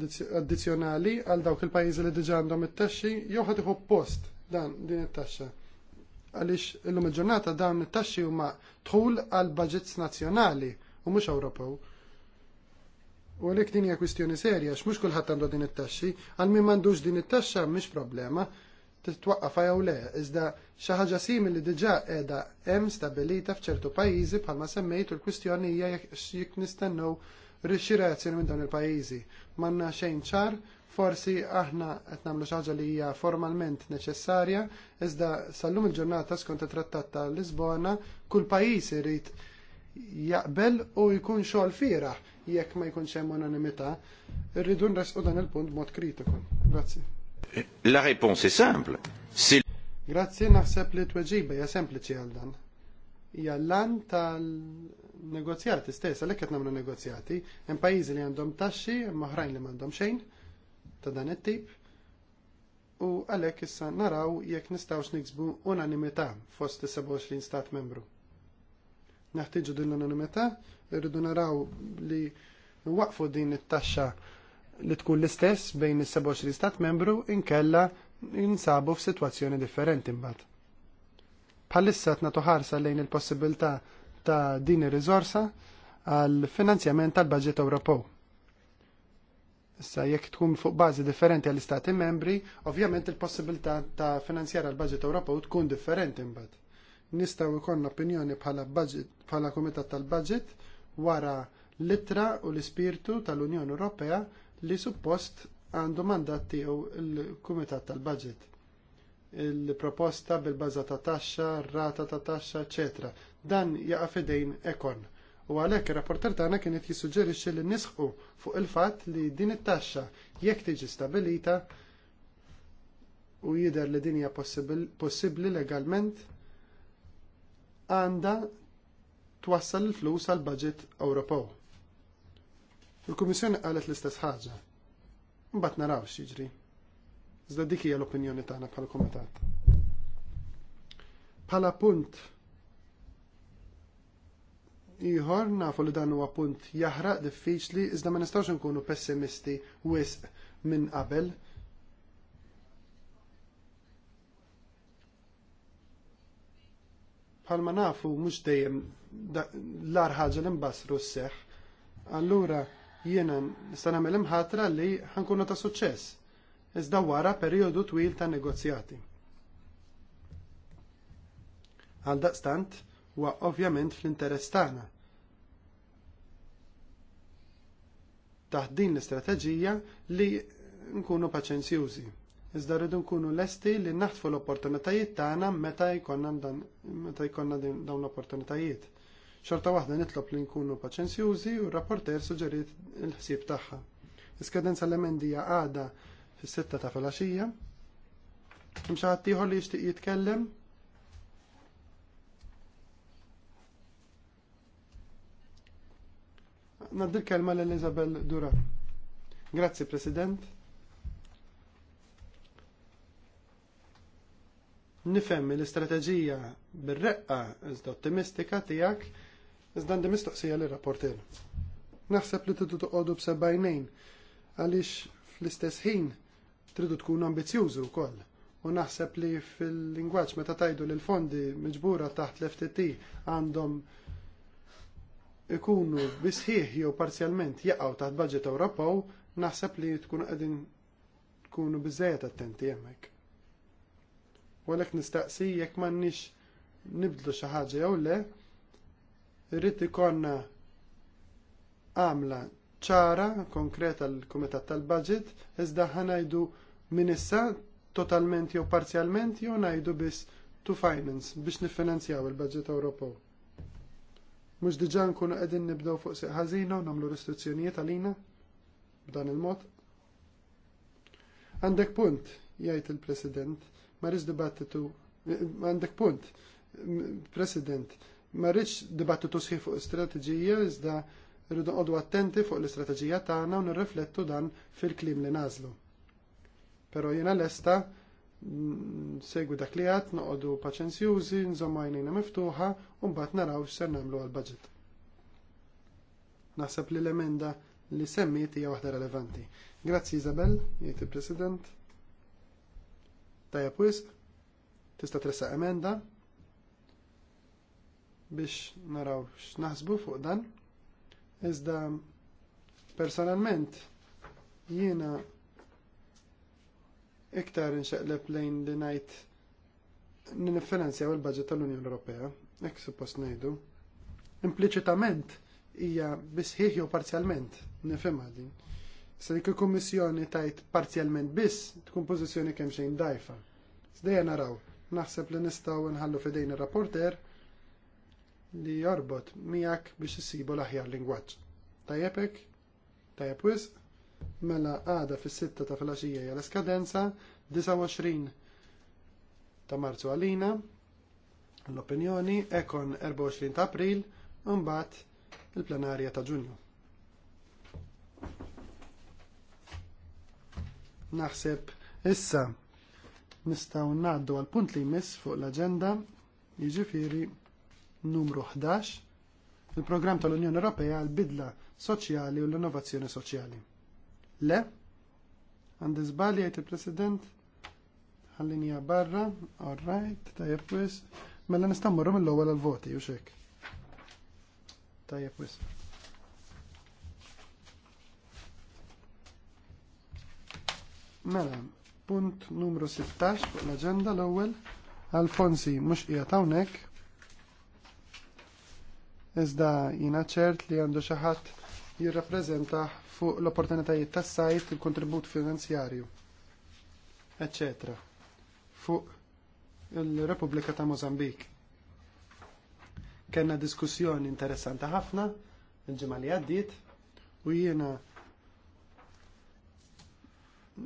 addizzjonali għal dawk il-pajjiżi li diġà għandhom it-taxxi jew ħad post dan din it-taxxa. Għaliex illum il-ġurnata dawn it-taxxi huma tħul għal budgets nazzjonali u mhux Ewropew. U għalek din hija kwistjoni serja, x'mhux kulħadd għandu din it-taxxi, għal min m'għandux din it-taxxa mhix problema, titwaqqafa jew le, iżda xi ħaġa simili diġà qiegħda hemm stabilita f'ċertu pajjiżi bħalma semmejt u l-kwistjoni hija jekk nistennew rixxi reazzjoni minn dawn il-pajjiżi. M'għandna xejn ċar, forsi aħna qed nagħmlu xi ħaġa li hija formalment neċessarja, iżda sal-lum il-ġurnata skont it-Trattat ta' Lisbona kull pajjiż irid jaqbel u jkun xogħol fieraħ jekk ma jkunx hemm unanimità, irridu nresqu dan il-punt mod kritiku. Grazzi. La réponse est simple. Grazzi naħseb li t tweġiba hija sempliċi għal dan. l lan tal-negozjati stess, għalhekk għetna nagħmlu negozjati, hemm pajjiżi li għandhom taxxi, hemm oħrajn li m'għandhom xejn ta' dan it-tip u għalhekk issa naraw jekk nistgħux niksbu unanimità fost 27 stat membru. Naħtiġu din l-anonimità, irridu naraw li waqfu din it-taxxa li tkun l-istess bejn is-27 stat membru inkella insabu f'sitwazzjoni differenti mbagħad. Bħalissa tnatu ħarsa lejn il-possibilità ta' din ir-riżorsa għal finanzjament tal budget Ewropew. Issa jekk tkun fuq bażi differenti għall istati membri, ovvjament il-possibilità ta' finanzjar għall baġġet Ewropew tkun differenti mbagħad nistgħu jkollna opinjoni bħala budget bħala kumitat tal-budget wara l-ittra u l-ispirtu tal-Unjoni Ewropea li suppost għandu mandat tiegħu l-Kumitat tal-Budget. Il-proposta bil-baża ta' taxxa, rata ta' taxxa, eċetera. Dan jaqa' fidejn ekon. U għalhekk ir-rapporter tagħna kien qed jissuġġerixxi li nisħu fuq il-fatt li din it-taxxa jekk tiġi stabilita u jidher li din hija possibbli legalment għandha twassal il-flus għal budget Ewropew. Il-Kummissjoni qalet l-istess ħaġa. Mbagħad naraw x'jiġri. Iżda dik hija l-opinjoni tagħna bħala kumitat. Bħala punt ieħor nafu li dan huwa punt jaħraq diffiċli iżda ma nistgħux nkunu pessimisti wisq minn qabel bħalma nafu mhux dejjem l-ar ħaġa li nbassru s-seħ. Allura jiena me nagħmel imħatra li ħankunu ta' suċċess. Iżda wara perjodu twil ta' negozjati. Għaldaqstant huwa ovvjament fl-interess tagħna. Taħt din l-istrateġija li nkunu paċenzjużi iżda rridu nkunu lesti li naħtfu l-opportunitajiet tagħna meta jkollna meta jkollna dawn l-opportunitajiet. Xorta waħda nitlob li nkunu paċenzjużi u r-rapporter suġġeriet il-ħsieb tagħha. Iskadenza l-emendija għada fis-sitta ta' filgħaxija. Hemm xi ħadd li jixtieq jitkellem? Naddi l-kelma l-Elizabel Dura. Grazzi, President. nifhem l-istrateġija bir-reqqa iżda ottimistika tiegħek iżda għandi mistoqsija lir rapporter Naħseb li tridu toqogħdu b'sebgħinejn għaliex fl-istess ħin tridu tkun ambizjużi wkoll. U naħseb li fil-lingwaġġ meta tajdu li l-fondi miġbura taħt l-FTT għandhom ikunu bisħieħ jew parzjalment jaqgħu taħt budget Ewropew, naħseb li tkun qegħdin tkunu biżejjed attenti hemmhekk u nistaqsi jekk m'għandniex nibdlu xi ħaġa jew le, irrid ikonna għamla ċara, konkreta l-Kumitat tal-Budget, iżda ħanajdu minn issa totalment jew parzjalment jew ngħidu biss to finance biex niffinanzjaw il-budget Ewropew. Mhux diġà nkunu qegħdin nibdew fuq seq ħażina u nagħmlu restrizzjonijiet għalina b'dan il-mod. Għandek punt, jgħid il-President, ma rridx dibattitu għandek punt, President, ma rridx dibattitu sħi fuq strategija, iżda rridu nqogħdu attenti fuq l-istrateġija tagħna u nirriflettu dan fil-klim li nażlu. Però jiena lesta mm, segwi dak li għat, noqogħdu paċenzjużi, nżommu għajnejna miftuħa u mbagħad naraw x'ser nagħmlu għall-budget. Naħseb li l-emenda li semmiet hija waħda relevanti. Grazzi Isabel, jgħid president Tajja wisq, tista tressa emenda biex naraw x'naħsbu fuq dan. Iżda personalment jiena iktar inxaqleb lejn li ngħid ninfinanzjaw il-budget tal-Unjoni Ewropea, hekk suppost ngħidu. Impliċitament hija bisħiħ jew parzjalment nifhimha din. Se dik il kommissjoni tajt parzjalment biss tkun pożizzjoni kemm xejn dajfa. Sdejja naraw, naħseb li nistgħu nħallu fidejn ir-rapporter li jorbot miegħek biex issibu l-aħjar lingwaġġ. Tajepek, tajep Tajjeb wisq? Mela għada fis-sitta ta' filgħaxija hija skadenza 29 ta' Marzu għalina, l-opinjoni ekon 24 ta' April, mbagħad il-plenarja ta' Ġunju. Naħseb issa nistgħu ngħaddu għal punt li jmiss fuq l-aġenda jiġifieri numru 11 il-programm tal-Unjoni Ewropea għal bidla soċjali u l-innovazzjoni soċjali. Le? Għandi zbali jgħid il-President għallini barra, all right, tajjeb wis, mela nistammurru mill-ewwel għal-voti u xek. Tajjeb wis. Mela, punt numru 16 fuq l-agenda l-ewwel. Alfonsi mhux qiegħed hawnhekk. Iżda jiena ċert li għandu xi ħadd jirrappreżenta fuq l-opportunitajiet tas-sajt, il-kontribut finanzjarju, eċċetera, fuq il-Repubblika ta' Mozambik. Kenna diskussjoni interessanti ħafna il-ġimgħa li għaddiet u jiena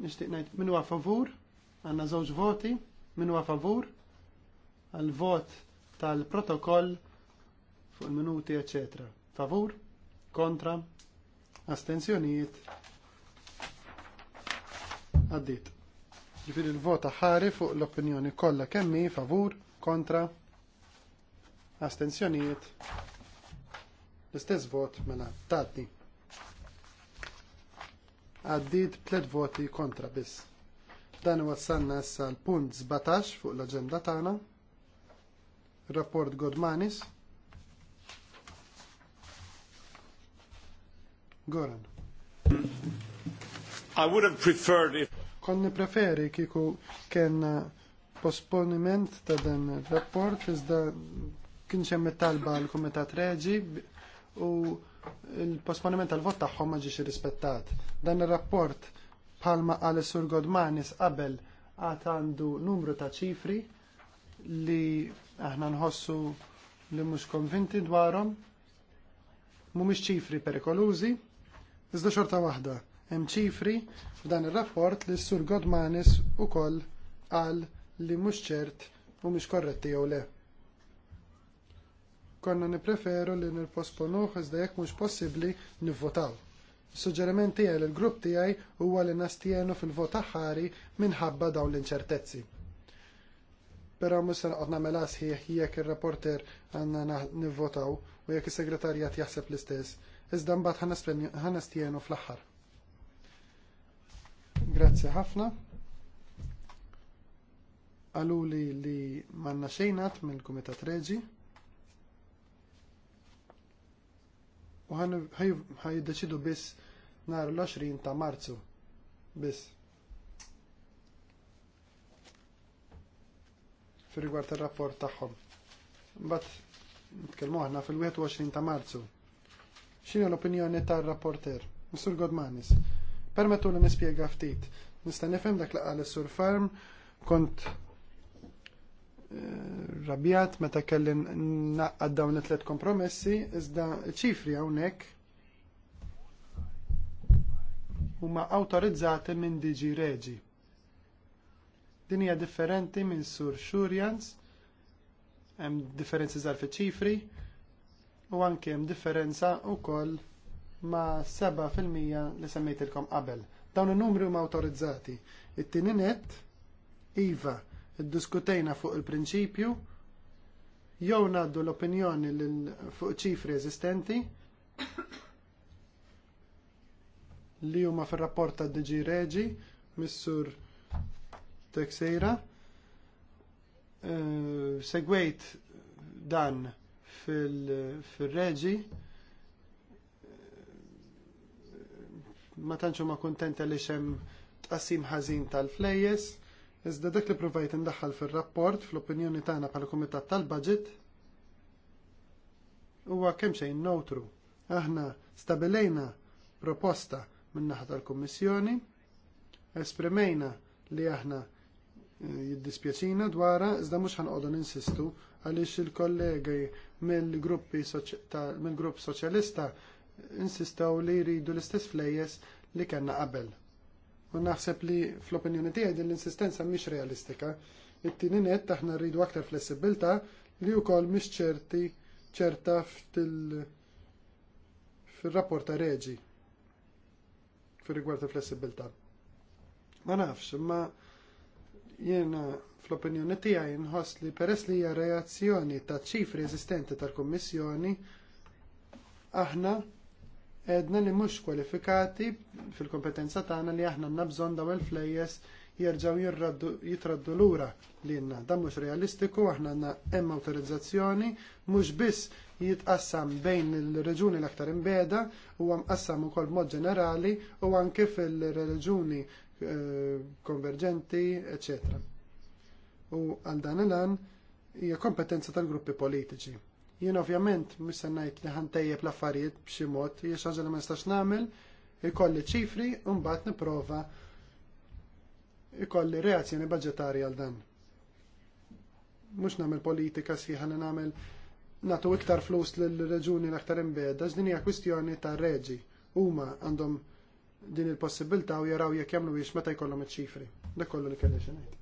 nixtieq ngħid min huwa favur, għandna żewġ voti, min huwa favur għal vot tal-protokoll fuq il-minuti, eċetera. Favur, kontra, astensjonijiet, għaddit. Ġifiri l vota ħari fuq l-opinjoni kollha kemmi favur, kontra, astensjonijiet, l-istess vot mela tati għaddit tliet voti kontra biss. Dan wassalna issa l-punt 17 fuq l-aġenda tagħna. Rapport Godmanis. Goran. I would have preferred if Konni preferi kiku kien uh, posponiment ta' dan il-rapport iżda kien xemmet talba l-Kumitat Reġi u il-posponiment tal-vot tagħhom ma ġiex irrispettat. Dan ir-rapport bħalma għal sur Godmanis qabel għad għandu numru ta' ċifri li aħna nħossu li mhux konvinti dwarhom mhumiex ċifri perikolużi, iżda xorta waħda. Hemm ċifri f'dan ir-rapport li s-Sur Godmanis ukoll qal li mhux ċert u mhux korretti jew le konna nipreferu li nipposponuh iżda jekk mhux possibbli nivvotaw. Suġġeriment tiegħi lill grupp tiegħi huwa li nastienu fil-vot aħħari minħabba dawn l-inċertezzi. Però mhux se noqgħod nagħmel sħiħ jekk ir-rapporter għandna nivvotaw u jekk is-segretarjat jaħseb l-istess, iżda mbagħad ħanastienu fl-aħħar. Grazzi ħafna għaluli li manna xejnat mill-Kumitat Reġi. u ħajdeċidu biss nhar l-20 ta' Marzu biss. Fi rigward ir-rapport tagħhom. Mbagħad nitkellmu aħna fil-21 ta' Marzu. X'inhi l-opinjoni tar-rapporter? Mr. Godmanis. Permettu li nispjega ftit. Nista' nifhem dak li qal is-Sur Farm kont rabjat meta kelli naqqad dawn it tliet kompromessi, iżda ċifri hawnhekk huma awtorizzati minn DG Reġi. Din hija differenti minn Sur Shurians, hemm differenzi żgħar fiċ-ċifri u anke hemm differenza wkoll ma' 7% li semmejtilkom qabel. Dawn in-numri huma awtorizzati. It-tieni Iva iddiskutejna fuq il-prinċipju jew ngħaddu l-opinjoni fuq ċifri eżistenti li huma fir-rapport ta' DG Reġi, Missur Texeira. Uh, eh, segwejt dan fil-reġi fil eh, ma tantx ma kontenta li xem tqassim ħażin tal flejes Iżda dak li provajt indaħħal fil-rapport fl-opinjoni tagħna bħala kumitat tal-budget huwa kemm xejn notru. Aħna stabilejna proposta minn naħa tal-Kummissjoni, esprimejna li aħna eh, jiddispjaċina dwara, iżda mhux ħanqodu ninsistu għaliex il-kollegi mill-grupp mill grupp soċjalista insistaw li jridu l-istess flejjes li kellna qabel. U naħseb li fl-opinjoni tiegħi din l-insistenza mhix realistika. It-tieni nett aħna rridu aktar flessibilità li wkoll mhix ċerti ċerta fil-rapport ta' reġi fir-rigward il-flessibilità. Ma nafx, imma jiena fl-opinjoni tiegħi nħoss li peress li hija reazzjoni ta' ċifri eżistenti tal-Kummissjoni aħna edna li mhux kwalifikati fil-kompetenza tagħna li aħna għandna bżonn daw il-flejjes jerġgħu jitraddu lura lilna. Dan mhux realistiku, aħna għandna hemm awtorizzazzjoni mhux biss jitqassam bejn il-reġuni l-aktar imbeda u mqassam ukoll b'mod ġenerali u anke fil-reġuni eh, konverġenti, eccetera. U għal dan il-għan hija kompetenza tal-gruppi politiċi. Jien ovvjament missa ngħid li ħantejjeb l-affarijiet b'xi mod li ma nistax nagħmel, ikolli ċifri u mbagħad nipprova ikolli reazzjoni budġetarja għal dan. Mhux nagħmel politika sħiħa li nagħmel natu iktar flus lill-reġuni l-aktar imbeda, din hija kwistjoni tar reġi. Huma għandhom din il-possibilità u jaraw jekk jagħmlu biex meta jkollhom iċ-ċifri. Dak kollu li kelli ngħid.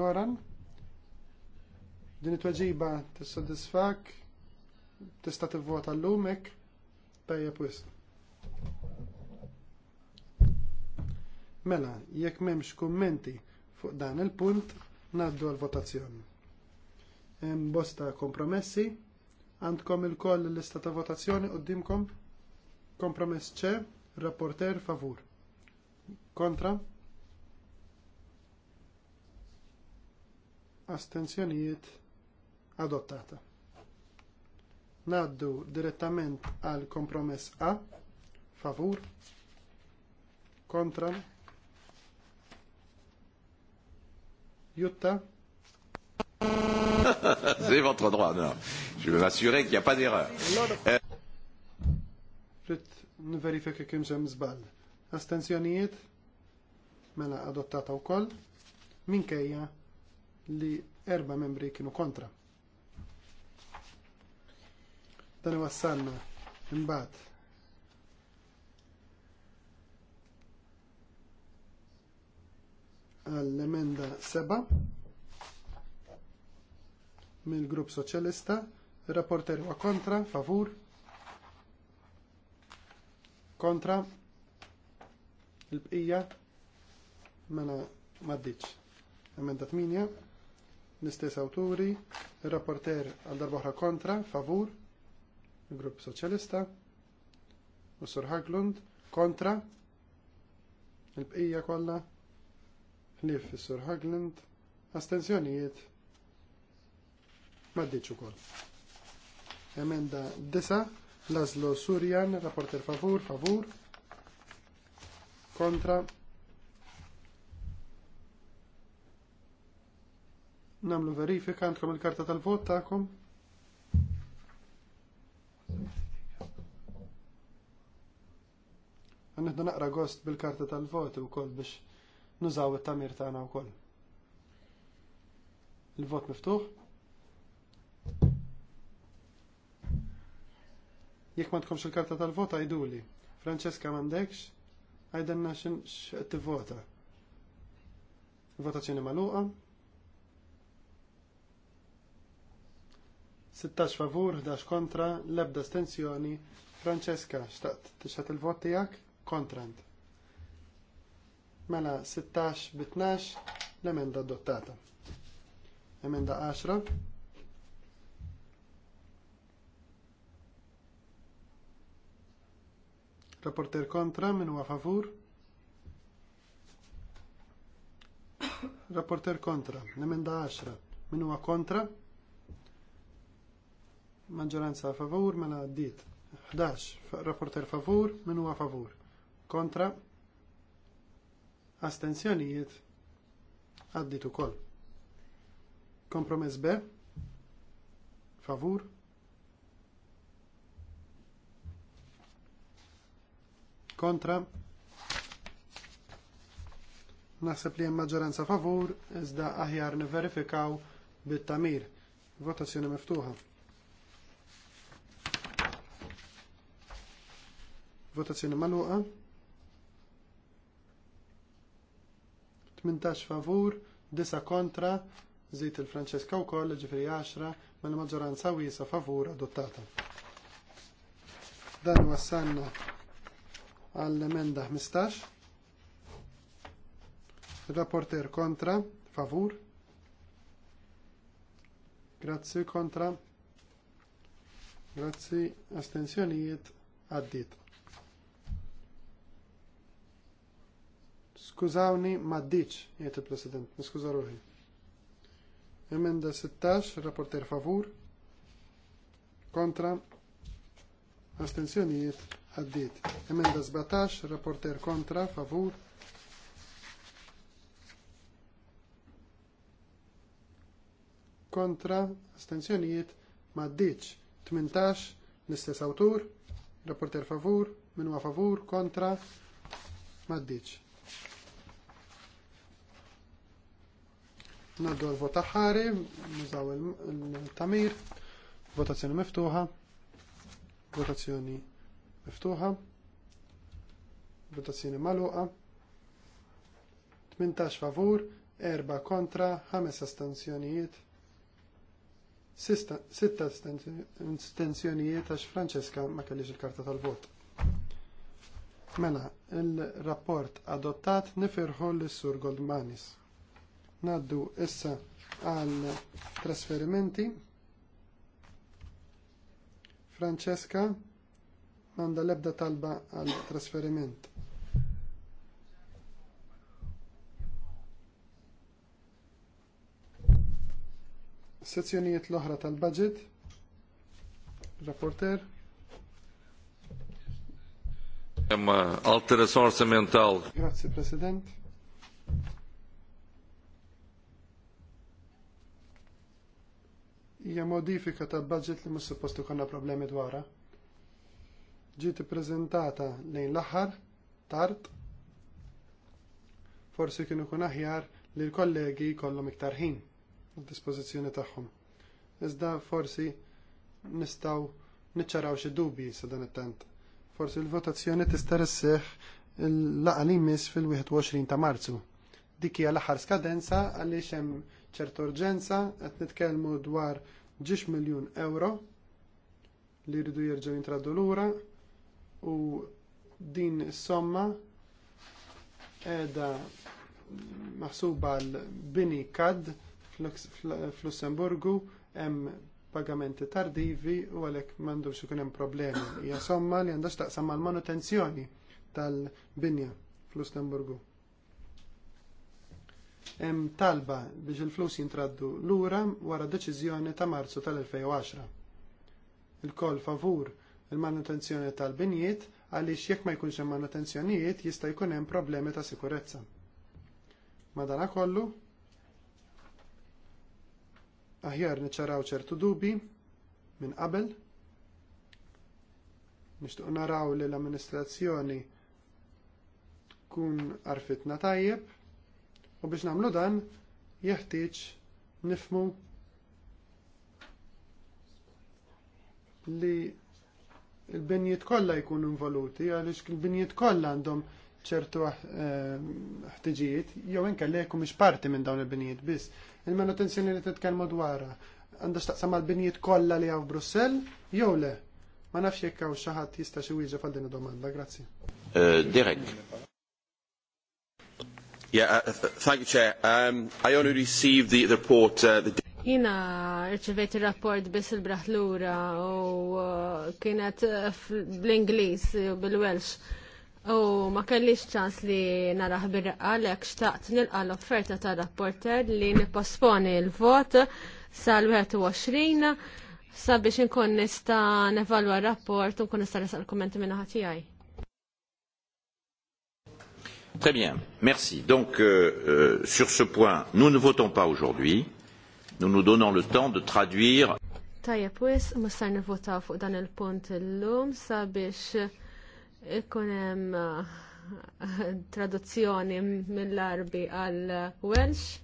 Goran? Din it-tweġiba tissodisfak, tista' tivvota l-lumek, tajja wisq. Mela, jekk m'hemmx kummenti fuq dan il-punt, naddu għal votazzjoni bosta kompromessi, għandkom il-koll l-lista ta' votazzjoni dimkom Kompromess ċe, rapporter favur. Kontra? Astenzjonijiet adottata. Naddu direttament għal kompromess A, favur, kontra, jutta. C'est votre droit, non. Je veux m'assurer qu'il n'y a pas d'erreur. Frit nverifika kim xem zbal. Astenzjonijiet mela adottata wkoll minkejja li erba membri kienu kontra dan wassalna imbagħad. għall-emenda 7 mill-Grupp Soċjalista, rapporter wa kontra, favur, kontra, il-bqija, mela maddiċ. Emenda 8, l-istess awturi, rapporter għal darbohra kontra, favur, il-Grupp Soċjalista, u Sur Haglund kontra il-bqija kollha ħlief is-Sur Haglund astenzjonijiet m'għaddiċ ukoll. Emenda disa' Lazlo Surjan, rapporter favur, favur, kontra namlu verifika għandkom il-karta tal-vot ta'kom. Nħedna naqra gost bil-karta tal-voti wkoll biex nużaw it-tamir tagħna wkoll. Il-vot miftuħ. Jekk ma tkomx il-karta tal-vota għajduli. Francesca m'għandekx, għajdenna x'qed tivvota. Votazzjoni magħluqa. 16 favur, 11 kontra, l-ebda stenzjoni. Francesca xtaqt tixħat il-vot tiegħek? kontrant. Mela 16 bi 12 l-emenda adottata. Emenda 10. Rapporter kontra min huwa favur. Rapporter kontra, l-emenda 10. Min huwa kontra? Maġġoranza favur mela dit. 11. Rapporter favur, min huwa favur kontra astenzjonijiet għaddit ukoll. Kompromess B favur kontra Naħseb li hemm maġġoranza favur iżda aħjar verifikaw bit-tamir. Votazzjoni miftuħa. Votazzjoni magħluqa. 18 favur, 9 kontra, zit il-Franċeska u koll, ġifri 10, mal mela maġġoranza wisa favur adottata. Dan wassanna għall-emenda 15. Il-rapporter kontra, favur. Grazzi kontra. Grazzi, astensjonijiet, għaddit. Skużawni maddiċ, jiet il-President, niskuża ruħi. Emenda 16, rapporter favur. Kontra. jiet għaddit. Emenda 17, rapporter kontra, favur. Kontra, astenzjonijiet, maddiċ. 18, nistess autur, rapporter favur, minua favur, kontra, maddiċ. Naddu l-vota ħari, nużaw il-tamir, votazzjoni miftuħa, votazzjoni miftuħa, votazzjoni maluqa, 18 favur, 4 kontra, 5 astensjonijiet, 6 astensjonijiet għax Franceska ma kellix il-karta tal-vot. Mela, il-rapport adottat nifirħu l-Sur Goldmanis. Naddu issa għal trasferimenti. Francesca manda lebda talba għal trasferiment. Sezzjonijiet l-oħra tal-budget. Rapporter. Alterazzjoni orçamental. Grazie, President. hija modifika ta' budget li mhux suppost ikolna problemi dwarha. Ġiet ippreżentata lejn l-aħħar tard. Forsi kienu kun aħjar li l-kollegi jkollhom iktar ħin dispożizzjoni tagħhom. Iżda forsi nistgħu niċċaraw xi dubji sa dan it tent Forsi l-votazzjoni tista' isseħħ l-laqa li jmiss fil-21 ta' Marzu. Dik hija l-aħħar skadenza għaliex hemm ċerta urġenza qed nitkellmu dwar ġiex miljun euro li jridu jerġgħu jintraddu lura u din is-somma qiegħda maħsuba għal bini kad fl-Lussemburgu hemm pagamenti tardivi u għalhekk m'għandux ikun hemm problemi. Hija somma li għandha x'taqsam mal-manutenzjoni tal-binja fl-Lussemburgu hemm talba biex il-flus jintraddu lura wara deċiżjoni ta' Marzu tal-2010. Il-koll favur il-manutenzjoni tal-binjiet għaliex jekk ma jkunx hemm manutenzjonijiet jista' jkun hemm problemi ta' sikurezza. Madanakollu, aħjar niċċaraw ċertu dubi minn qabel, nixtieq naraw li l-amministrazzjoni kun arfitna tajjeb, U biex nagħmlu dan jeħtieġ nifmu li l-binjiet kollha jkunu involuti għaliex il-binjiet kollha għandhom ċertu eh, ħtiġijiet, jew li jkun mhix parti minn dawn il-binijiet biss. Il-manutenzjoni li titkellmu dwarha għandha x'taqsam mal-binijiet kollha li hawn Brussell jew le. Ma nafx jekk hawn xi ħadd jista' xi wieġeb għal din id-domanda, grazzi. Eh, Direkt. Yeah, uh, th thank you, Chair. Um, I only received the, the report uh, the Jina rċivejt il-rapport biss il braħlura u uh, kienet bl-Inglis uh, u uh, bil-Welsh u ma kellix ċans li naraħ bil-raqqa xtaqt nilqa l-offerta ta' rapporter li niposponi l-vot sal-21 sabiex nkun nista nevalwa rapport u nkun nista resaq l-kommenti minna ħatijaj. Très bien, merci. Donc, euh, euh, sur ce point, nous ne votons pas aujourd'hui. Nous nous donnons le temps de traduire. wis, ma mustar nivvotaw fuq dan il-punt l-lum sabiex ikunem eh, traduzzjoni mill-arbi għal Welsh.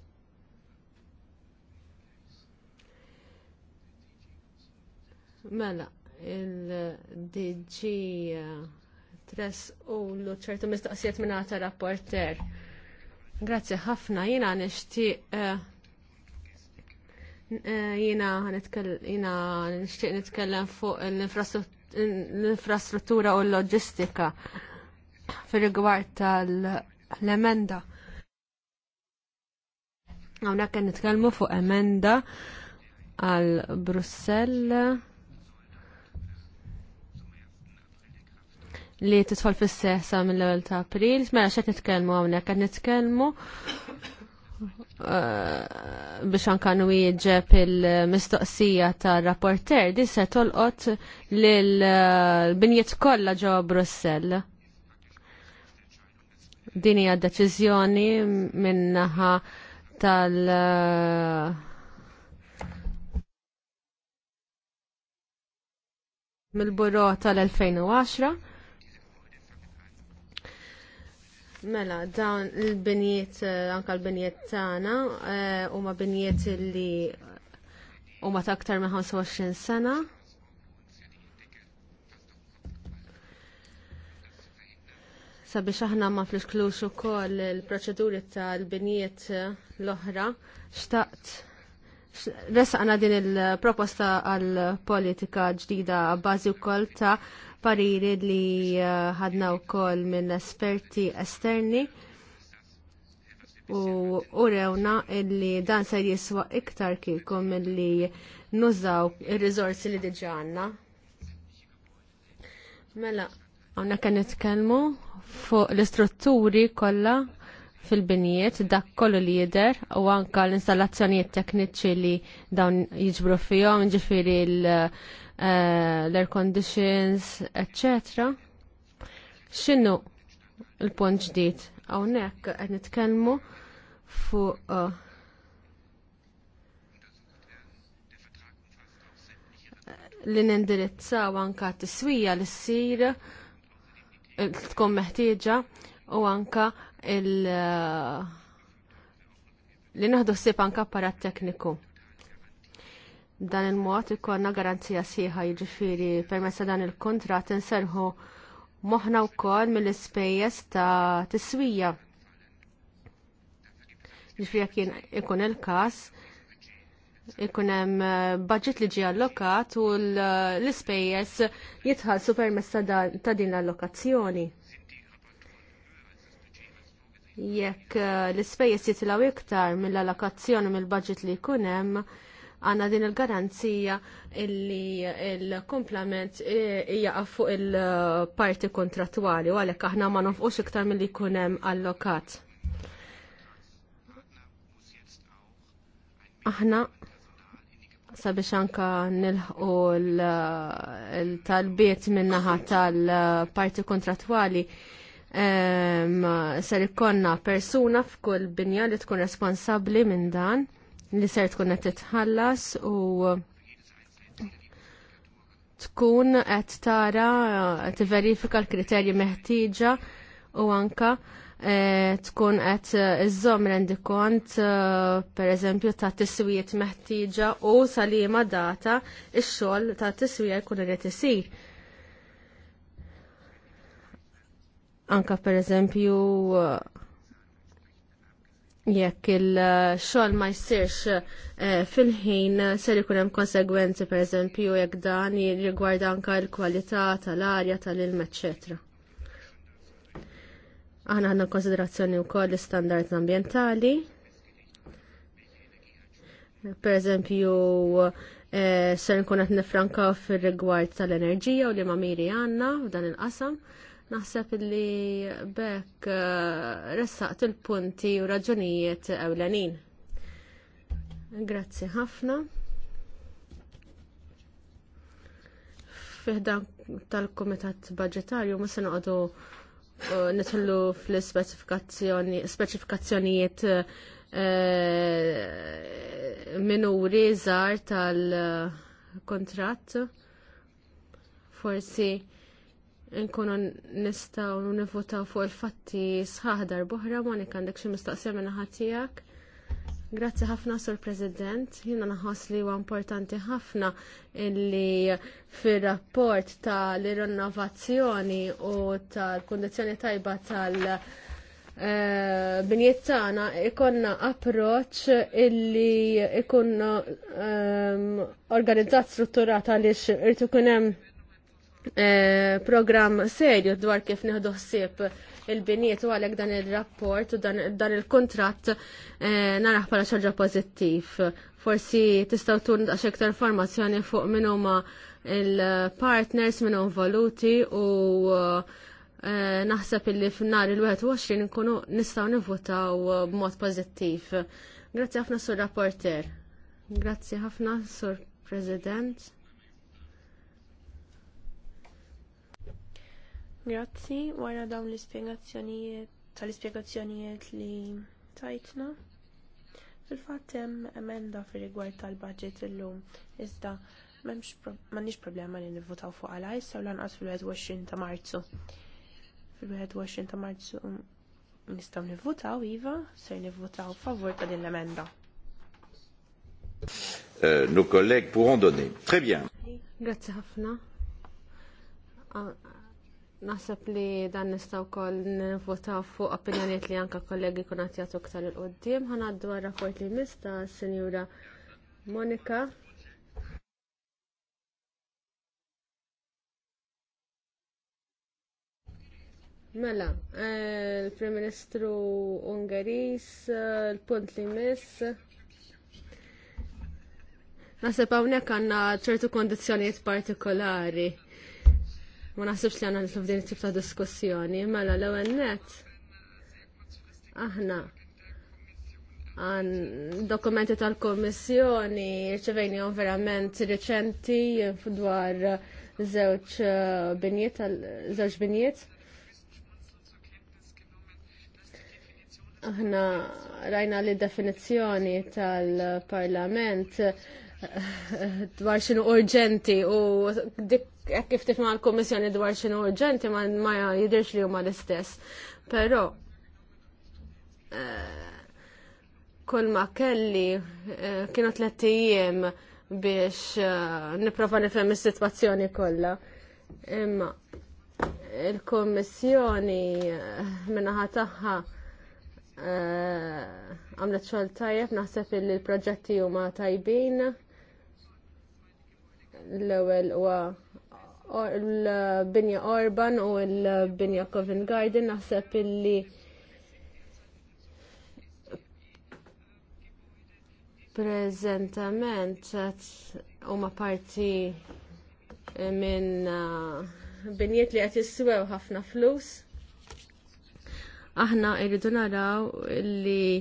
Mela, il-DG eh, tres u ċertu mistaqsijiet għata rapporter. Grazie ħafna, jina nishti eh, eh, jina nishti nitkellem fuq l-infrastruttura u l-loġistika fil rigward tal-emenda. Għawna kan nitkellmu fuq emenda għal Brussell li titħol fis-seħ sa mill-ewwel ta' April, mela x'qed nitkellmu hawnhekk qed nitkellmu eh, biex anka wieġeb il-mistoqsija tar rapporter di se tolqot l eh, binjiet kollha ġewwa Brussell. Din hija deċiżjoni minnaħa tal- eh, mill-buro tal-2010 Mela, dawn il-binijiet, eh, anka l-binijiet tagħna eh, huma binijiet li huma ta' aktar ma 25 sena. sabiex aħna ma fl-isklux u koll il-proċeduri tal-binijiet eh, l-oħra, xtaqt, resaqna din il-proposta għal-politika ġdida bazi u koll ta' pariri li eh, ħadna wkoll minn esperti esterni u urewna illi dan se jiswa iktar kiekom illi nużaw il-rizorsi li diġanna. Mela, għamna kan nitkelmu fuq l-istrutturi kolla fil-binijiet, dak kollu li jider, u anka l-installazzjonijiet tekniċi li dawn jiġbru fihom, ġifiri l- Eh, l-air conditions, etc. x'innu l-punt ġdid hawnhekk qed nitkellmu fuq eh, li nindirizzaw anka t-swija li s-sir tkun meħtieġa u anka il- eh, li naħdu s sip anka parat tekniku dan il-mod ikkonna garanzija sieħa jiġifieri permessa dan il-kontrat inserħu moħna wkoll mill-ispejjeż ta' tiswija. Ġifieri jekk jien ikun il-każ ikun hemm eh, budget li ġie allokat u eh, l-ispejjeż jitħallsu permessa ta' din l-allokazzjoni. Jekk eh, l-ispejjeż jitilgħu iktar mill-allokazzjoni mill-budget li jkun hemm, għanna din il-garanzija illi il-komplement hija fuq il-parti kontrattwali u għalhekk aħna ma nofqux iktar milli jkun hemm allokat. Aħna sabiex anka nilħu l-talbiet minnaħa tal-parti kontratwali ser ikonna persuna f'kull binja li tkun responsabli minn dan li ser tkun qed titħallas u tkun qed tara tiverifika l-kriterji meħtieġa u anka e, tkun qed iżżomm rendi kont e, pereżempju ta' tiswijiet meħtieġa u salima data ix-xogħol ta' tiswija jkun irid isir. Anka pereżempju jekk il-xogħol ma jsirx eh, fil-ħin eh, ser ikun hemm konsegwenzi pereżempju jekk dan jirrigwarda anke l-kwalità tal-arja tal-ilm eċċetera. Aħna għandna konsiderazzjoni wkoll l-istandards ambjentali, Pereżempju eh, ser nkun qed nifrankaw fir-rigward tal-enerġija u li miri għandna f'dan il-qasam. Naħseb li bekk eh, ressaqt il-punti u raġunijiet ewlenin. Grazzi ħafna. dan tal-Komitat Budgetarju ma se noqogħdu eh, nitħallu fl-speċifikazzjonijiet eh, minuri żgħar tal-kontratt. Forsi nkunu nistgħu nifutaw fuq il-fatti sħaħ darbohra ma għandek xi mistaqsija minna ħatijak. Grazzi ħafna sur President, jiena naħoss li huwa importanti ħafna illi fir-rapport tal-rinnovazzjoni u tal-kundizzjoni tajba tal- eh, binjiet tagħna ikonna approċ illi ikun ehm, organizzat strutturata għaliex irid ikun hemm Eh, program serju dwar kif neħdu ħsieb il-biniet u għalek dan il-rapport u dan il-kontrat eh, naraħ pala ċaġa pozittiv. Forsi tistaw tun għax iktar informazzjoni fuq minn huma il-partners minn voluti u eh, naħseb illi f'nar il-21 nkunu nistaw nivvotaw b'mod pozittiv. Grazzi ħafna sur rapporter. Grazzi ħafna sur President. Grazzi, wara dawn l-ispjegazzjonijiet tal-ispjegazzjonijiet li tajtna. Fil-fatt hemm emenda fir-rigward tal-budget illum iżda m'għandniex problema li nivvotaw fuq għal issa u lanqas fil-21 ta' Marzu. Fil-21 ta' Marzu nistgħu nivvotaw iva, ser nivvotaw favur ta' din l-emenda. Euh, nos collègues pourront donner. Très bien. Grazie ħafna. Ah, Naħseb li dan nistgħu wkoll nivvotaw fuq opinjoniet li anke kollegi kun jagħtu aktar il-qoddim. Ħanaddu għal-rapport li mista Sinjura Monika. Mela, il-Prim eh, Ministru Ungaris, il-punt eh, li miss. Nasib hawnhekk għandna ċertu kundizzjonijiet partikolari ma naħsibx li għanna nitlu f'din tip ta' diskussjoni, mela l-ewwel net aħna għan dokumenti tal-Komissjoni rċevejni għon verament reċenti dwar zewċ binjiet, zewċ binjiet. Aħna rajna li definizjoni tal-Parlament dwar xinu urġenti u dik hekk kif tifma l-Kummissjoni dwar xinu urġenti ma jidirx li huma l-istess. Però eh, kull ma kelli eh, kienu tlet ijiem biex eh, nipprova nifhem is-sitwazzjoni kollha. Imma il-Kummissjoni minnaħa tagħha għamlet xogħol tajjeb naħseb li l-proġetti huma tajbin l-ewwel huwa l-binja Orban u l-binja Covent Garden naħseb illi prezentament huma parti minn uh, binjiet li qed ħafna flus. Aħna irridu naraw li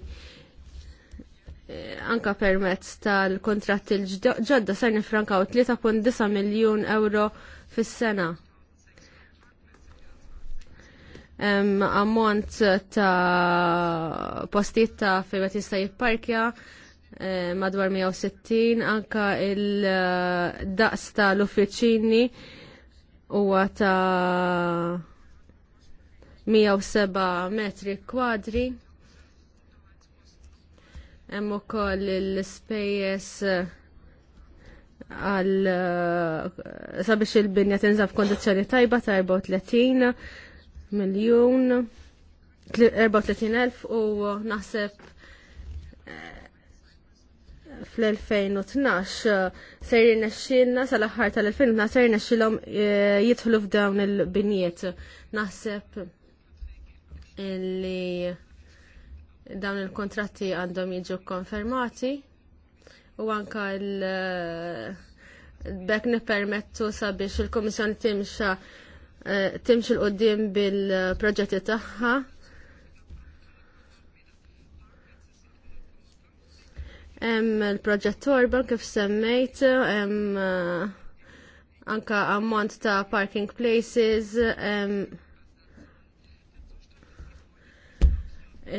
eh, anka permezz tal-kontratti il ġodda ser nifrankaw 3.9 miljun euro fis-sena. Ammont ta' postijiet ta' fejn qed jista' jipparkja eh, madwar 160 anka il-daqs ta' l-uffiċini huwa ta' 107 metri kwadri hemm ukoll l-ispejjeż għal eh, sabiex il-binja tinżaf kondizjoni tajba ta' 34 miljon 34.000 u naħseb eh, fl-2012 eh, sejri nesċilna sal-aħħar tal-2012 sejri nesċilom jidħlu f'dawn il-binjiet. Naħseb li dawn il-kontratti għandhom jiġu konfermati u anka l- eh, bekk nippermettu sabiex il-Komissjoni timxa eh, timx il-qoddim bil-proġetti tagħha. Hemm il-proġett Orban kif semmejt, hemm eh, anka ammont ta' parking places,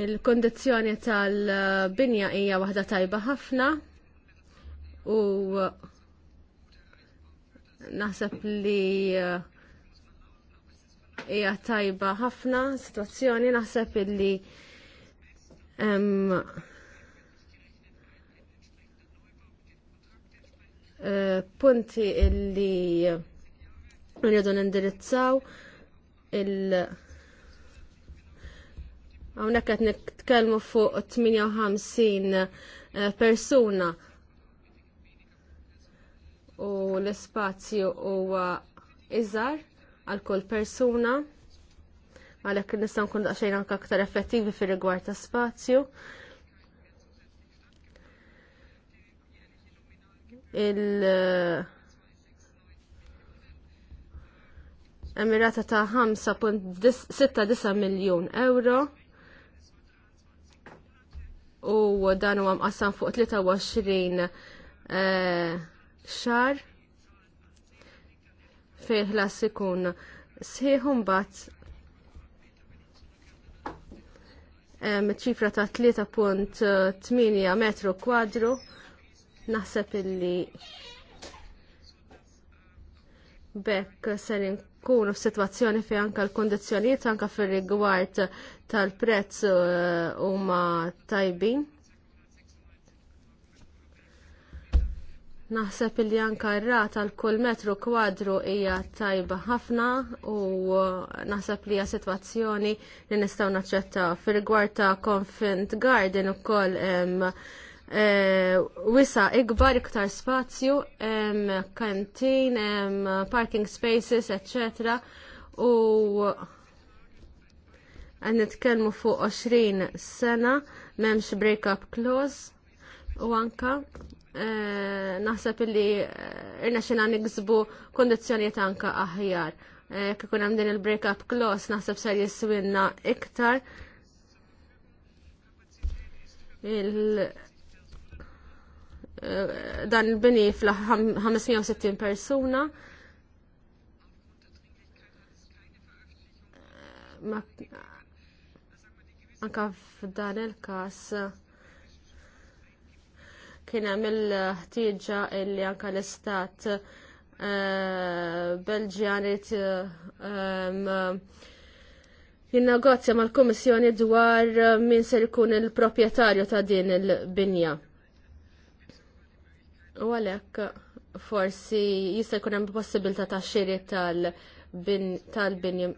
il-kondizzjoni tal-binja hija waħda tajba ħafna u uh, naħseb li uh, hija tajba ħafna situazzjoni naħseb illi uh, punti illi rridu nindirizzaw il hawnhekk qed nitkellmu fuq 58 persuna u l-ispazju huwa iżgħar għal kull persuna għalhekk nista' nkun daqsxejn anke aktar effettivi fir-rigward ta' spazju. Il- emirata ta' 5.69 miljon euro u dan huwa mqassam fuq 23 eh, xar fejn ħlas ikun sħiħu mbagħad ċifra ta' 3.8 metru kwadru naħseb illi bekk ser nkunu f'sitwazzjoni fejn anke l-kondizzjonijiet anke fir-rigward tal-prezz eh, huma tajbin. Naħseb li anka r-rata kull metru kwadru hija tajba ħafna u naħseb li hija sitwazzjoni li nistgħu naċċettaw. Fir-rigward ta' Confint Garden ukoll hemm e, wisa ikbar iktar spazju, hemm kantin, hemm parking spaces, etc. U għan nitkellmu fuq 20 sena, m'hemmx break-up clause u anka Eh, naħseb illi eh, xena niksbu kondizzjonijiet anka aħjar. Eh, kikun hemm din il-break-up clause naħseb ser jiswinna iktar. Il dan il-bini fl-560 persuna. Ma anka f'dan il-kas kien hemm il-ħtieġa li anke l-istat eh, Belġjan ehm, jinnegozja mal-Kummissjoni dwar min se jkun il-proprjetarju ta' din il-binja. U għalhekk forsi jista' jkun hemm possibilità ta' xiri tal-binja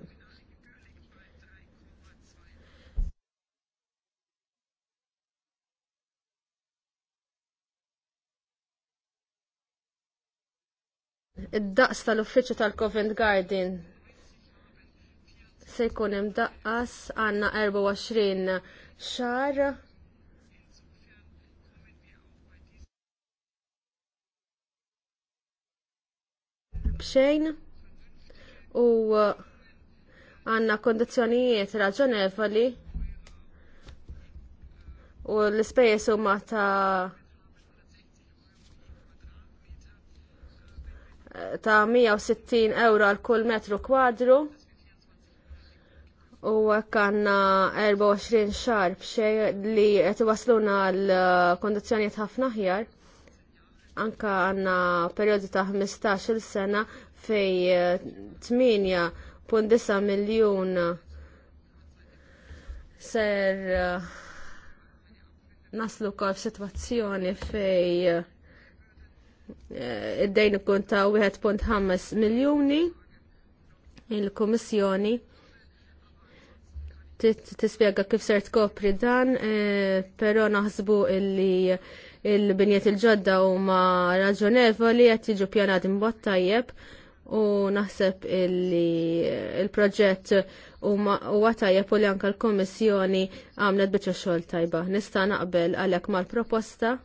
Id-daqs tal-uffiċċju tal-Covent Garden se jkun hemm daqqas għandna 24 xahar. Bxejn u għandna kondizzjonijiet raġonevoli u l-ispejjeż huma ta' ta' 160 euro għal kull metru kwadru u għanna 24 xar bxej li għet wasluna l-kondizjoniet eh, ħafna ħjar anka għanna periodi ta' 15 sena fej 8.9 eh, miljon eh, ser naslu kol situazzjoni fej Eh, id-dejn ikun ta' 1.5 miljoni il-Kummissjoni tispjega kif ser tkopri dan, eh, però naħsbu illi il-binjet il-ġodda huma raġonevoli qed jiġu pjanat imbagħad tajjeb u naħseb illi il-proġett huwa tajjeb u li anke l-Kummissjoni għamlet biċċa xogħol tajba. Nista' naqbel għalhekk mal-proposta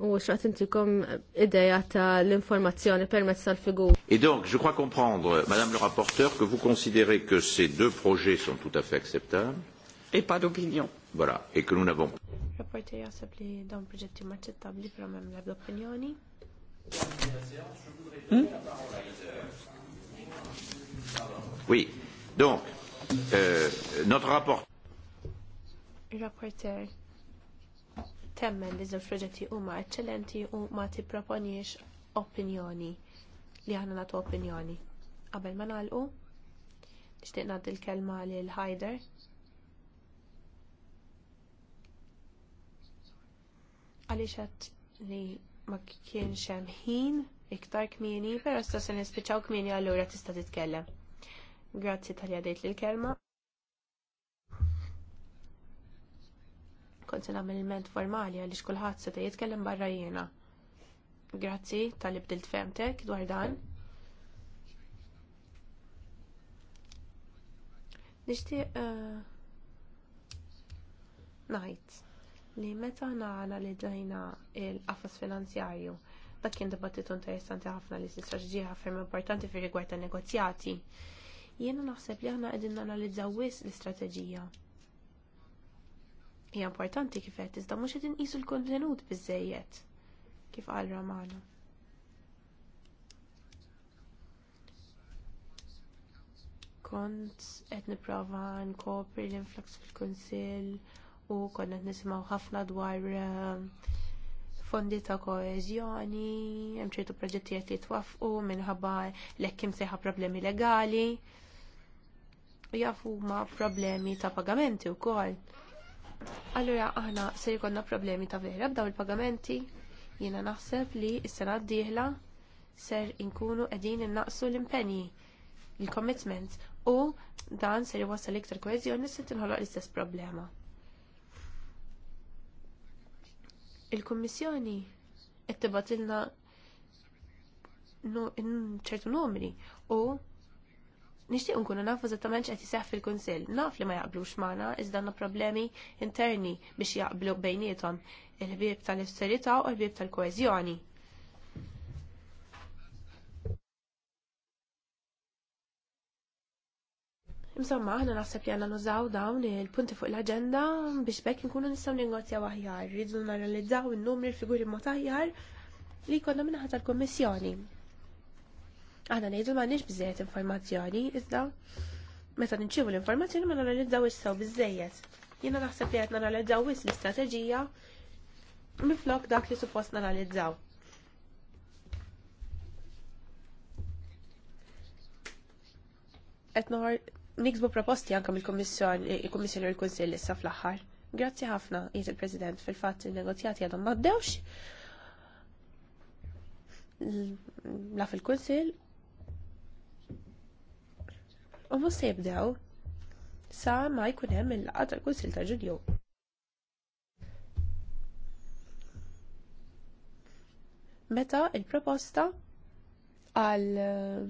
u xaqt intikom ideja ta' l-informazzjoni permezz tal figu E donc, je crois comprendre, Madame le rapporteur, que vous considérez que ces deux projets sont tout à fait acceptables. Et pas d'opinion. Voilà, et que nous n'avons pas. Rapporteur jasab li dawn proġetti maċċettabli però m'hemm l-ebda d'opinion. Oui, donc, euh, notre rapporteur. Rapporteur temmen li żewġ proġetti huma eċċellenti u ma tipproponix opinjoni li aħna nagħtu opinjoni. Qabel ma nagħlqu, nixtieq ngħaddi l-kelma lil Haider. Għaliex qed li ma kienx hemm ħin iktar kmieni, però sta se nispiċċaw kmieni allura tista' titkellem. Grazzi tal jadejt lill l-kelma. konti nagħmel formali għaliex kulħadd ta' jitkellem barra jiena. Grazzi tal-li bdilt femtek dwar dan. Nixtieq eh, ngħid li meta nagħna li dajna il-qafas finanzjarju dak kien dibattitu interessanti ħafna li s ferm importanti fir rigward tan negozjati. Jiena naħseb li aħna qegħdin nanalizzaw wis l-istrateġija hija importanti kif qed iżda mhux qed inqisu l-kontenut biżżejjed kif qal Romano. Kont qed nipprova nkopri l-influx fil-Kunsill u konna qed nisimgħu ħafna dwar eh, fondi ta' koeżjoni, hemm ċertu proġetti qed jitwaffqu minħabba l-ekkim seħħa problemi legali. Jafu ma' problemi ta' pagamenti wkoll allura aħna se jkollna problemi ta' vera b'daw il-pagamenti. Jiena naħseb li s-sena d-dieħla ser inkunu qegħdin innaqsu l-impenji, l-commitment u dan ser jwassal iktar koeżjoni se tinħoloq l-istess problema. Il-Kummissjoni qed tibatilna ċertu numri u Nixtieq nkunu nafu eżattament x'qed iseħħ fil-Kunsill. Naf li ma jaqblux magħna iżda għandna problemi interni biex jaqblu bejniethom il-ħbieb tal-austerità u l-ħbieb tal-koeżjoni. Insomma, aħna naħseb li għandna nużaw dawn il-punti fuq l-aġenda biex bekk nkunu nistgħu ningozjaw aħjar, rridu nanalizzaw in-numri il figuri mod aħjar li jkollna minnaħa tal komissjoni Aħna ngħidu nix bizzejet informazzjoni, iżda meta nċivu l-informazzjoni ma nanalizzaw issew bizzejet. Jiena naħseb li qed nanalizzaw is l-istrateġija minflok dak li suppost nanalizzaw. Qed niksbu proposti anke mill-Kummissjoni u l-Kunsill issa fl-aħħar. Grazzi ħafna, jiet il-President, fil-fatt il-negozjati għadhom maddewx la fil-Kunsill u mhux se jibdew sa ma jkun hemm il-laqgħa tal-Kunsil ta' Ġunju. Meta il-proposta għal eh,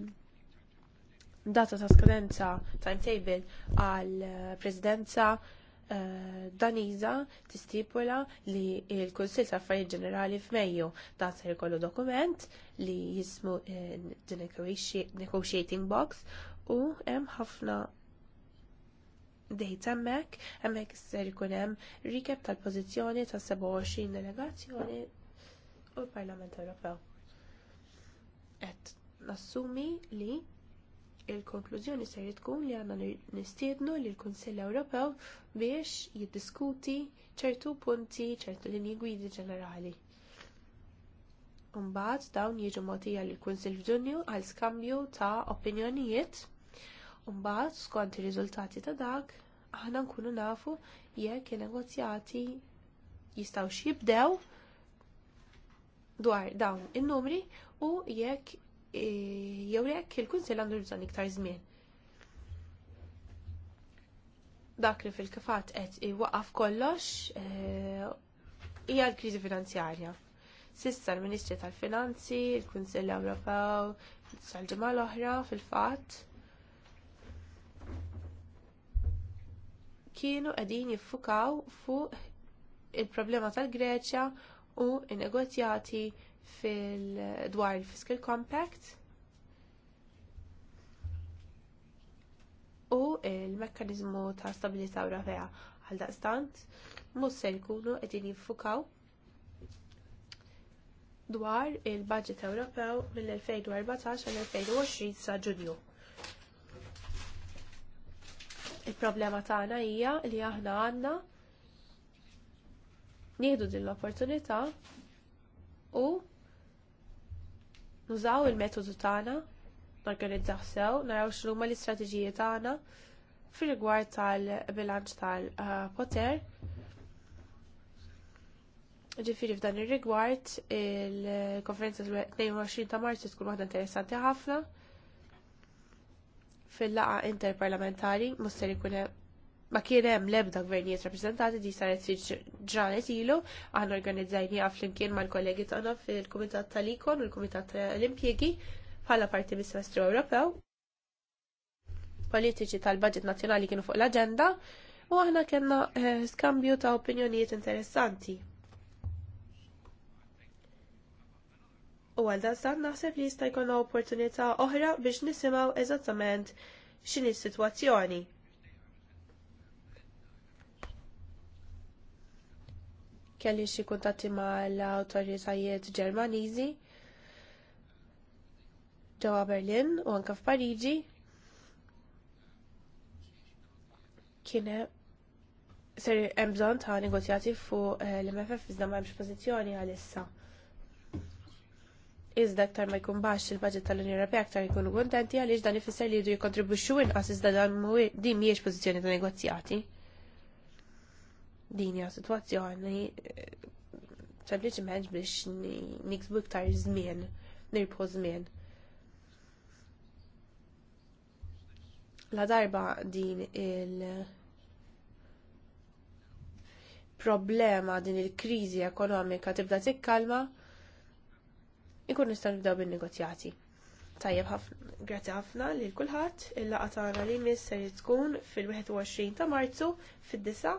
data ta' skadenza timetable għal eh, presidenza eh, Daniza tistipula li il-Kunsil ta' Affarijiet Ġenerali f'Mejju ta' ser jkollu dokument li jismu Negotiating Box u hemm ħafna dejt hemmhekk, hemmhekk isser ikun hemm recap tal-pożizzjoni ta' 27 delegazzjoni u l-Parlament Ewropew. Qed nassumi li il-konklużjoni ser tkun li għandna nistiednu li l-Kunsill Ewropew biex jiddiskuti ċertu punti, ċertu linji gwidi ġenerali. mbagħad dawn jiġu mogħtija lill kunsill f'Ġunju għal skambju ta' opinjonijiet Imbagħad, skont ir-riżultati ta' dak, aħna nkunu nafu jekk in-negozjati jistgħu jibdew dwar dawn in-numri u jekk e, jew jekk il-kunsill għandu bżonn iktar żmien. Dak li fil-kifat qed iwaqaf kollox e, hija l-kriżi finanzjarja. Sissa l-Ministri tal-Finanzi, il-Kunsill Ewropew, sal-ġimgħa l-oħra fil-fatt kienu qegħdin jiffukaw fuq il-problema tal-Greċja u negozjati fil-dwar il-Fiscal Compact u il-mekkanizmu ta' stabilità Ewropea għal daqstant mhux se jkunu qegħdin jiffukaw dwar il-budget Ewropew mill-2014 għal 2020 sa' Ġunju. Il-problema tagħna hija li aħna għandna nieħdu din l-opportunità u nużaw il-metodu tagħna, norganizzaw sew, naraw x'huma l-istrateġiji tagħna fir-rigward tal-bilanċ tal-poter. Ġifiri f'dan ir-rigward il-konferenza 22 ta' Marzu tkun waħda interessanti ħafna fil laqgħa interparlamentari muster ikun ma kien hemm l-ebda gvernijiet rappreżentati di saret ġranet ilu aħna organizzajni għaf flimkien mal-kollegi tagħna fil-Kumitat tal-Ikon u l-Kumitat tal-Impjegi bħala parti mis-Semestru Ewropew. Politiċi tal-Budget Nazzjonali kienu fuq l-aġenda u aħna kellna eh, skambju ta' opinjonijiet interessanti. U għal dan naħseb li jista' jkollna opportunità oħra biex nisimgħu eżattament x'inhi s-sitwazzjoni. Kelli xi kuntatti mal-awtoritajiet Ġermaniżi ġewwa Berlin u anke f'Pariġi kien hemm bżonn ta' negozjati fuq l-MFF iżda m'hemmx pożizzjoni għalissa iżda aktar ma jkun baxx il-budget tal-Unjoni Ewropea aktar jkunu kontenti għaliex dan ifisser li jdu jikkontribwixxu inqas iżda dan din mhijiex pożizzjoni ta' negozjati. Din hija sitwazzjoni eh, sempliċement biex niksbu iktar żmien, nirbħu żmien. La darba din il- problema din il-kriżi ekonomika tibda tikkalma, ikun nistgħu nibdaw bin-negozjati. Tajjeb ħafna, grazzi ħafna lil kulħadd, il-laqgħa tagħna li miss se tkun fil-21 ta' Marzu fid-disa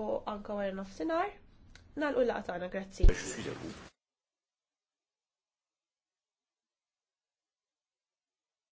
u anka wara nofsinhar. Nagħlqu l-laqgħa tagħna, grazzi.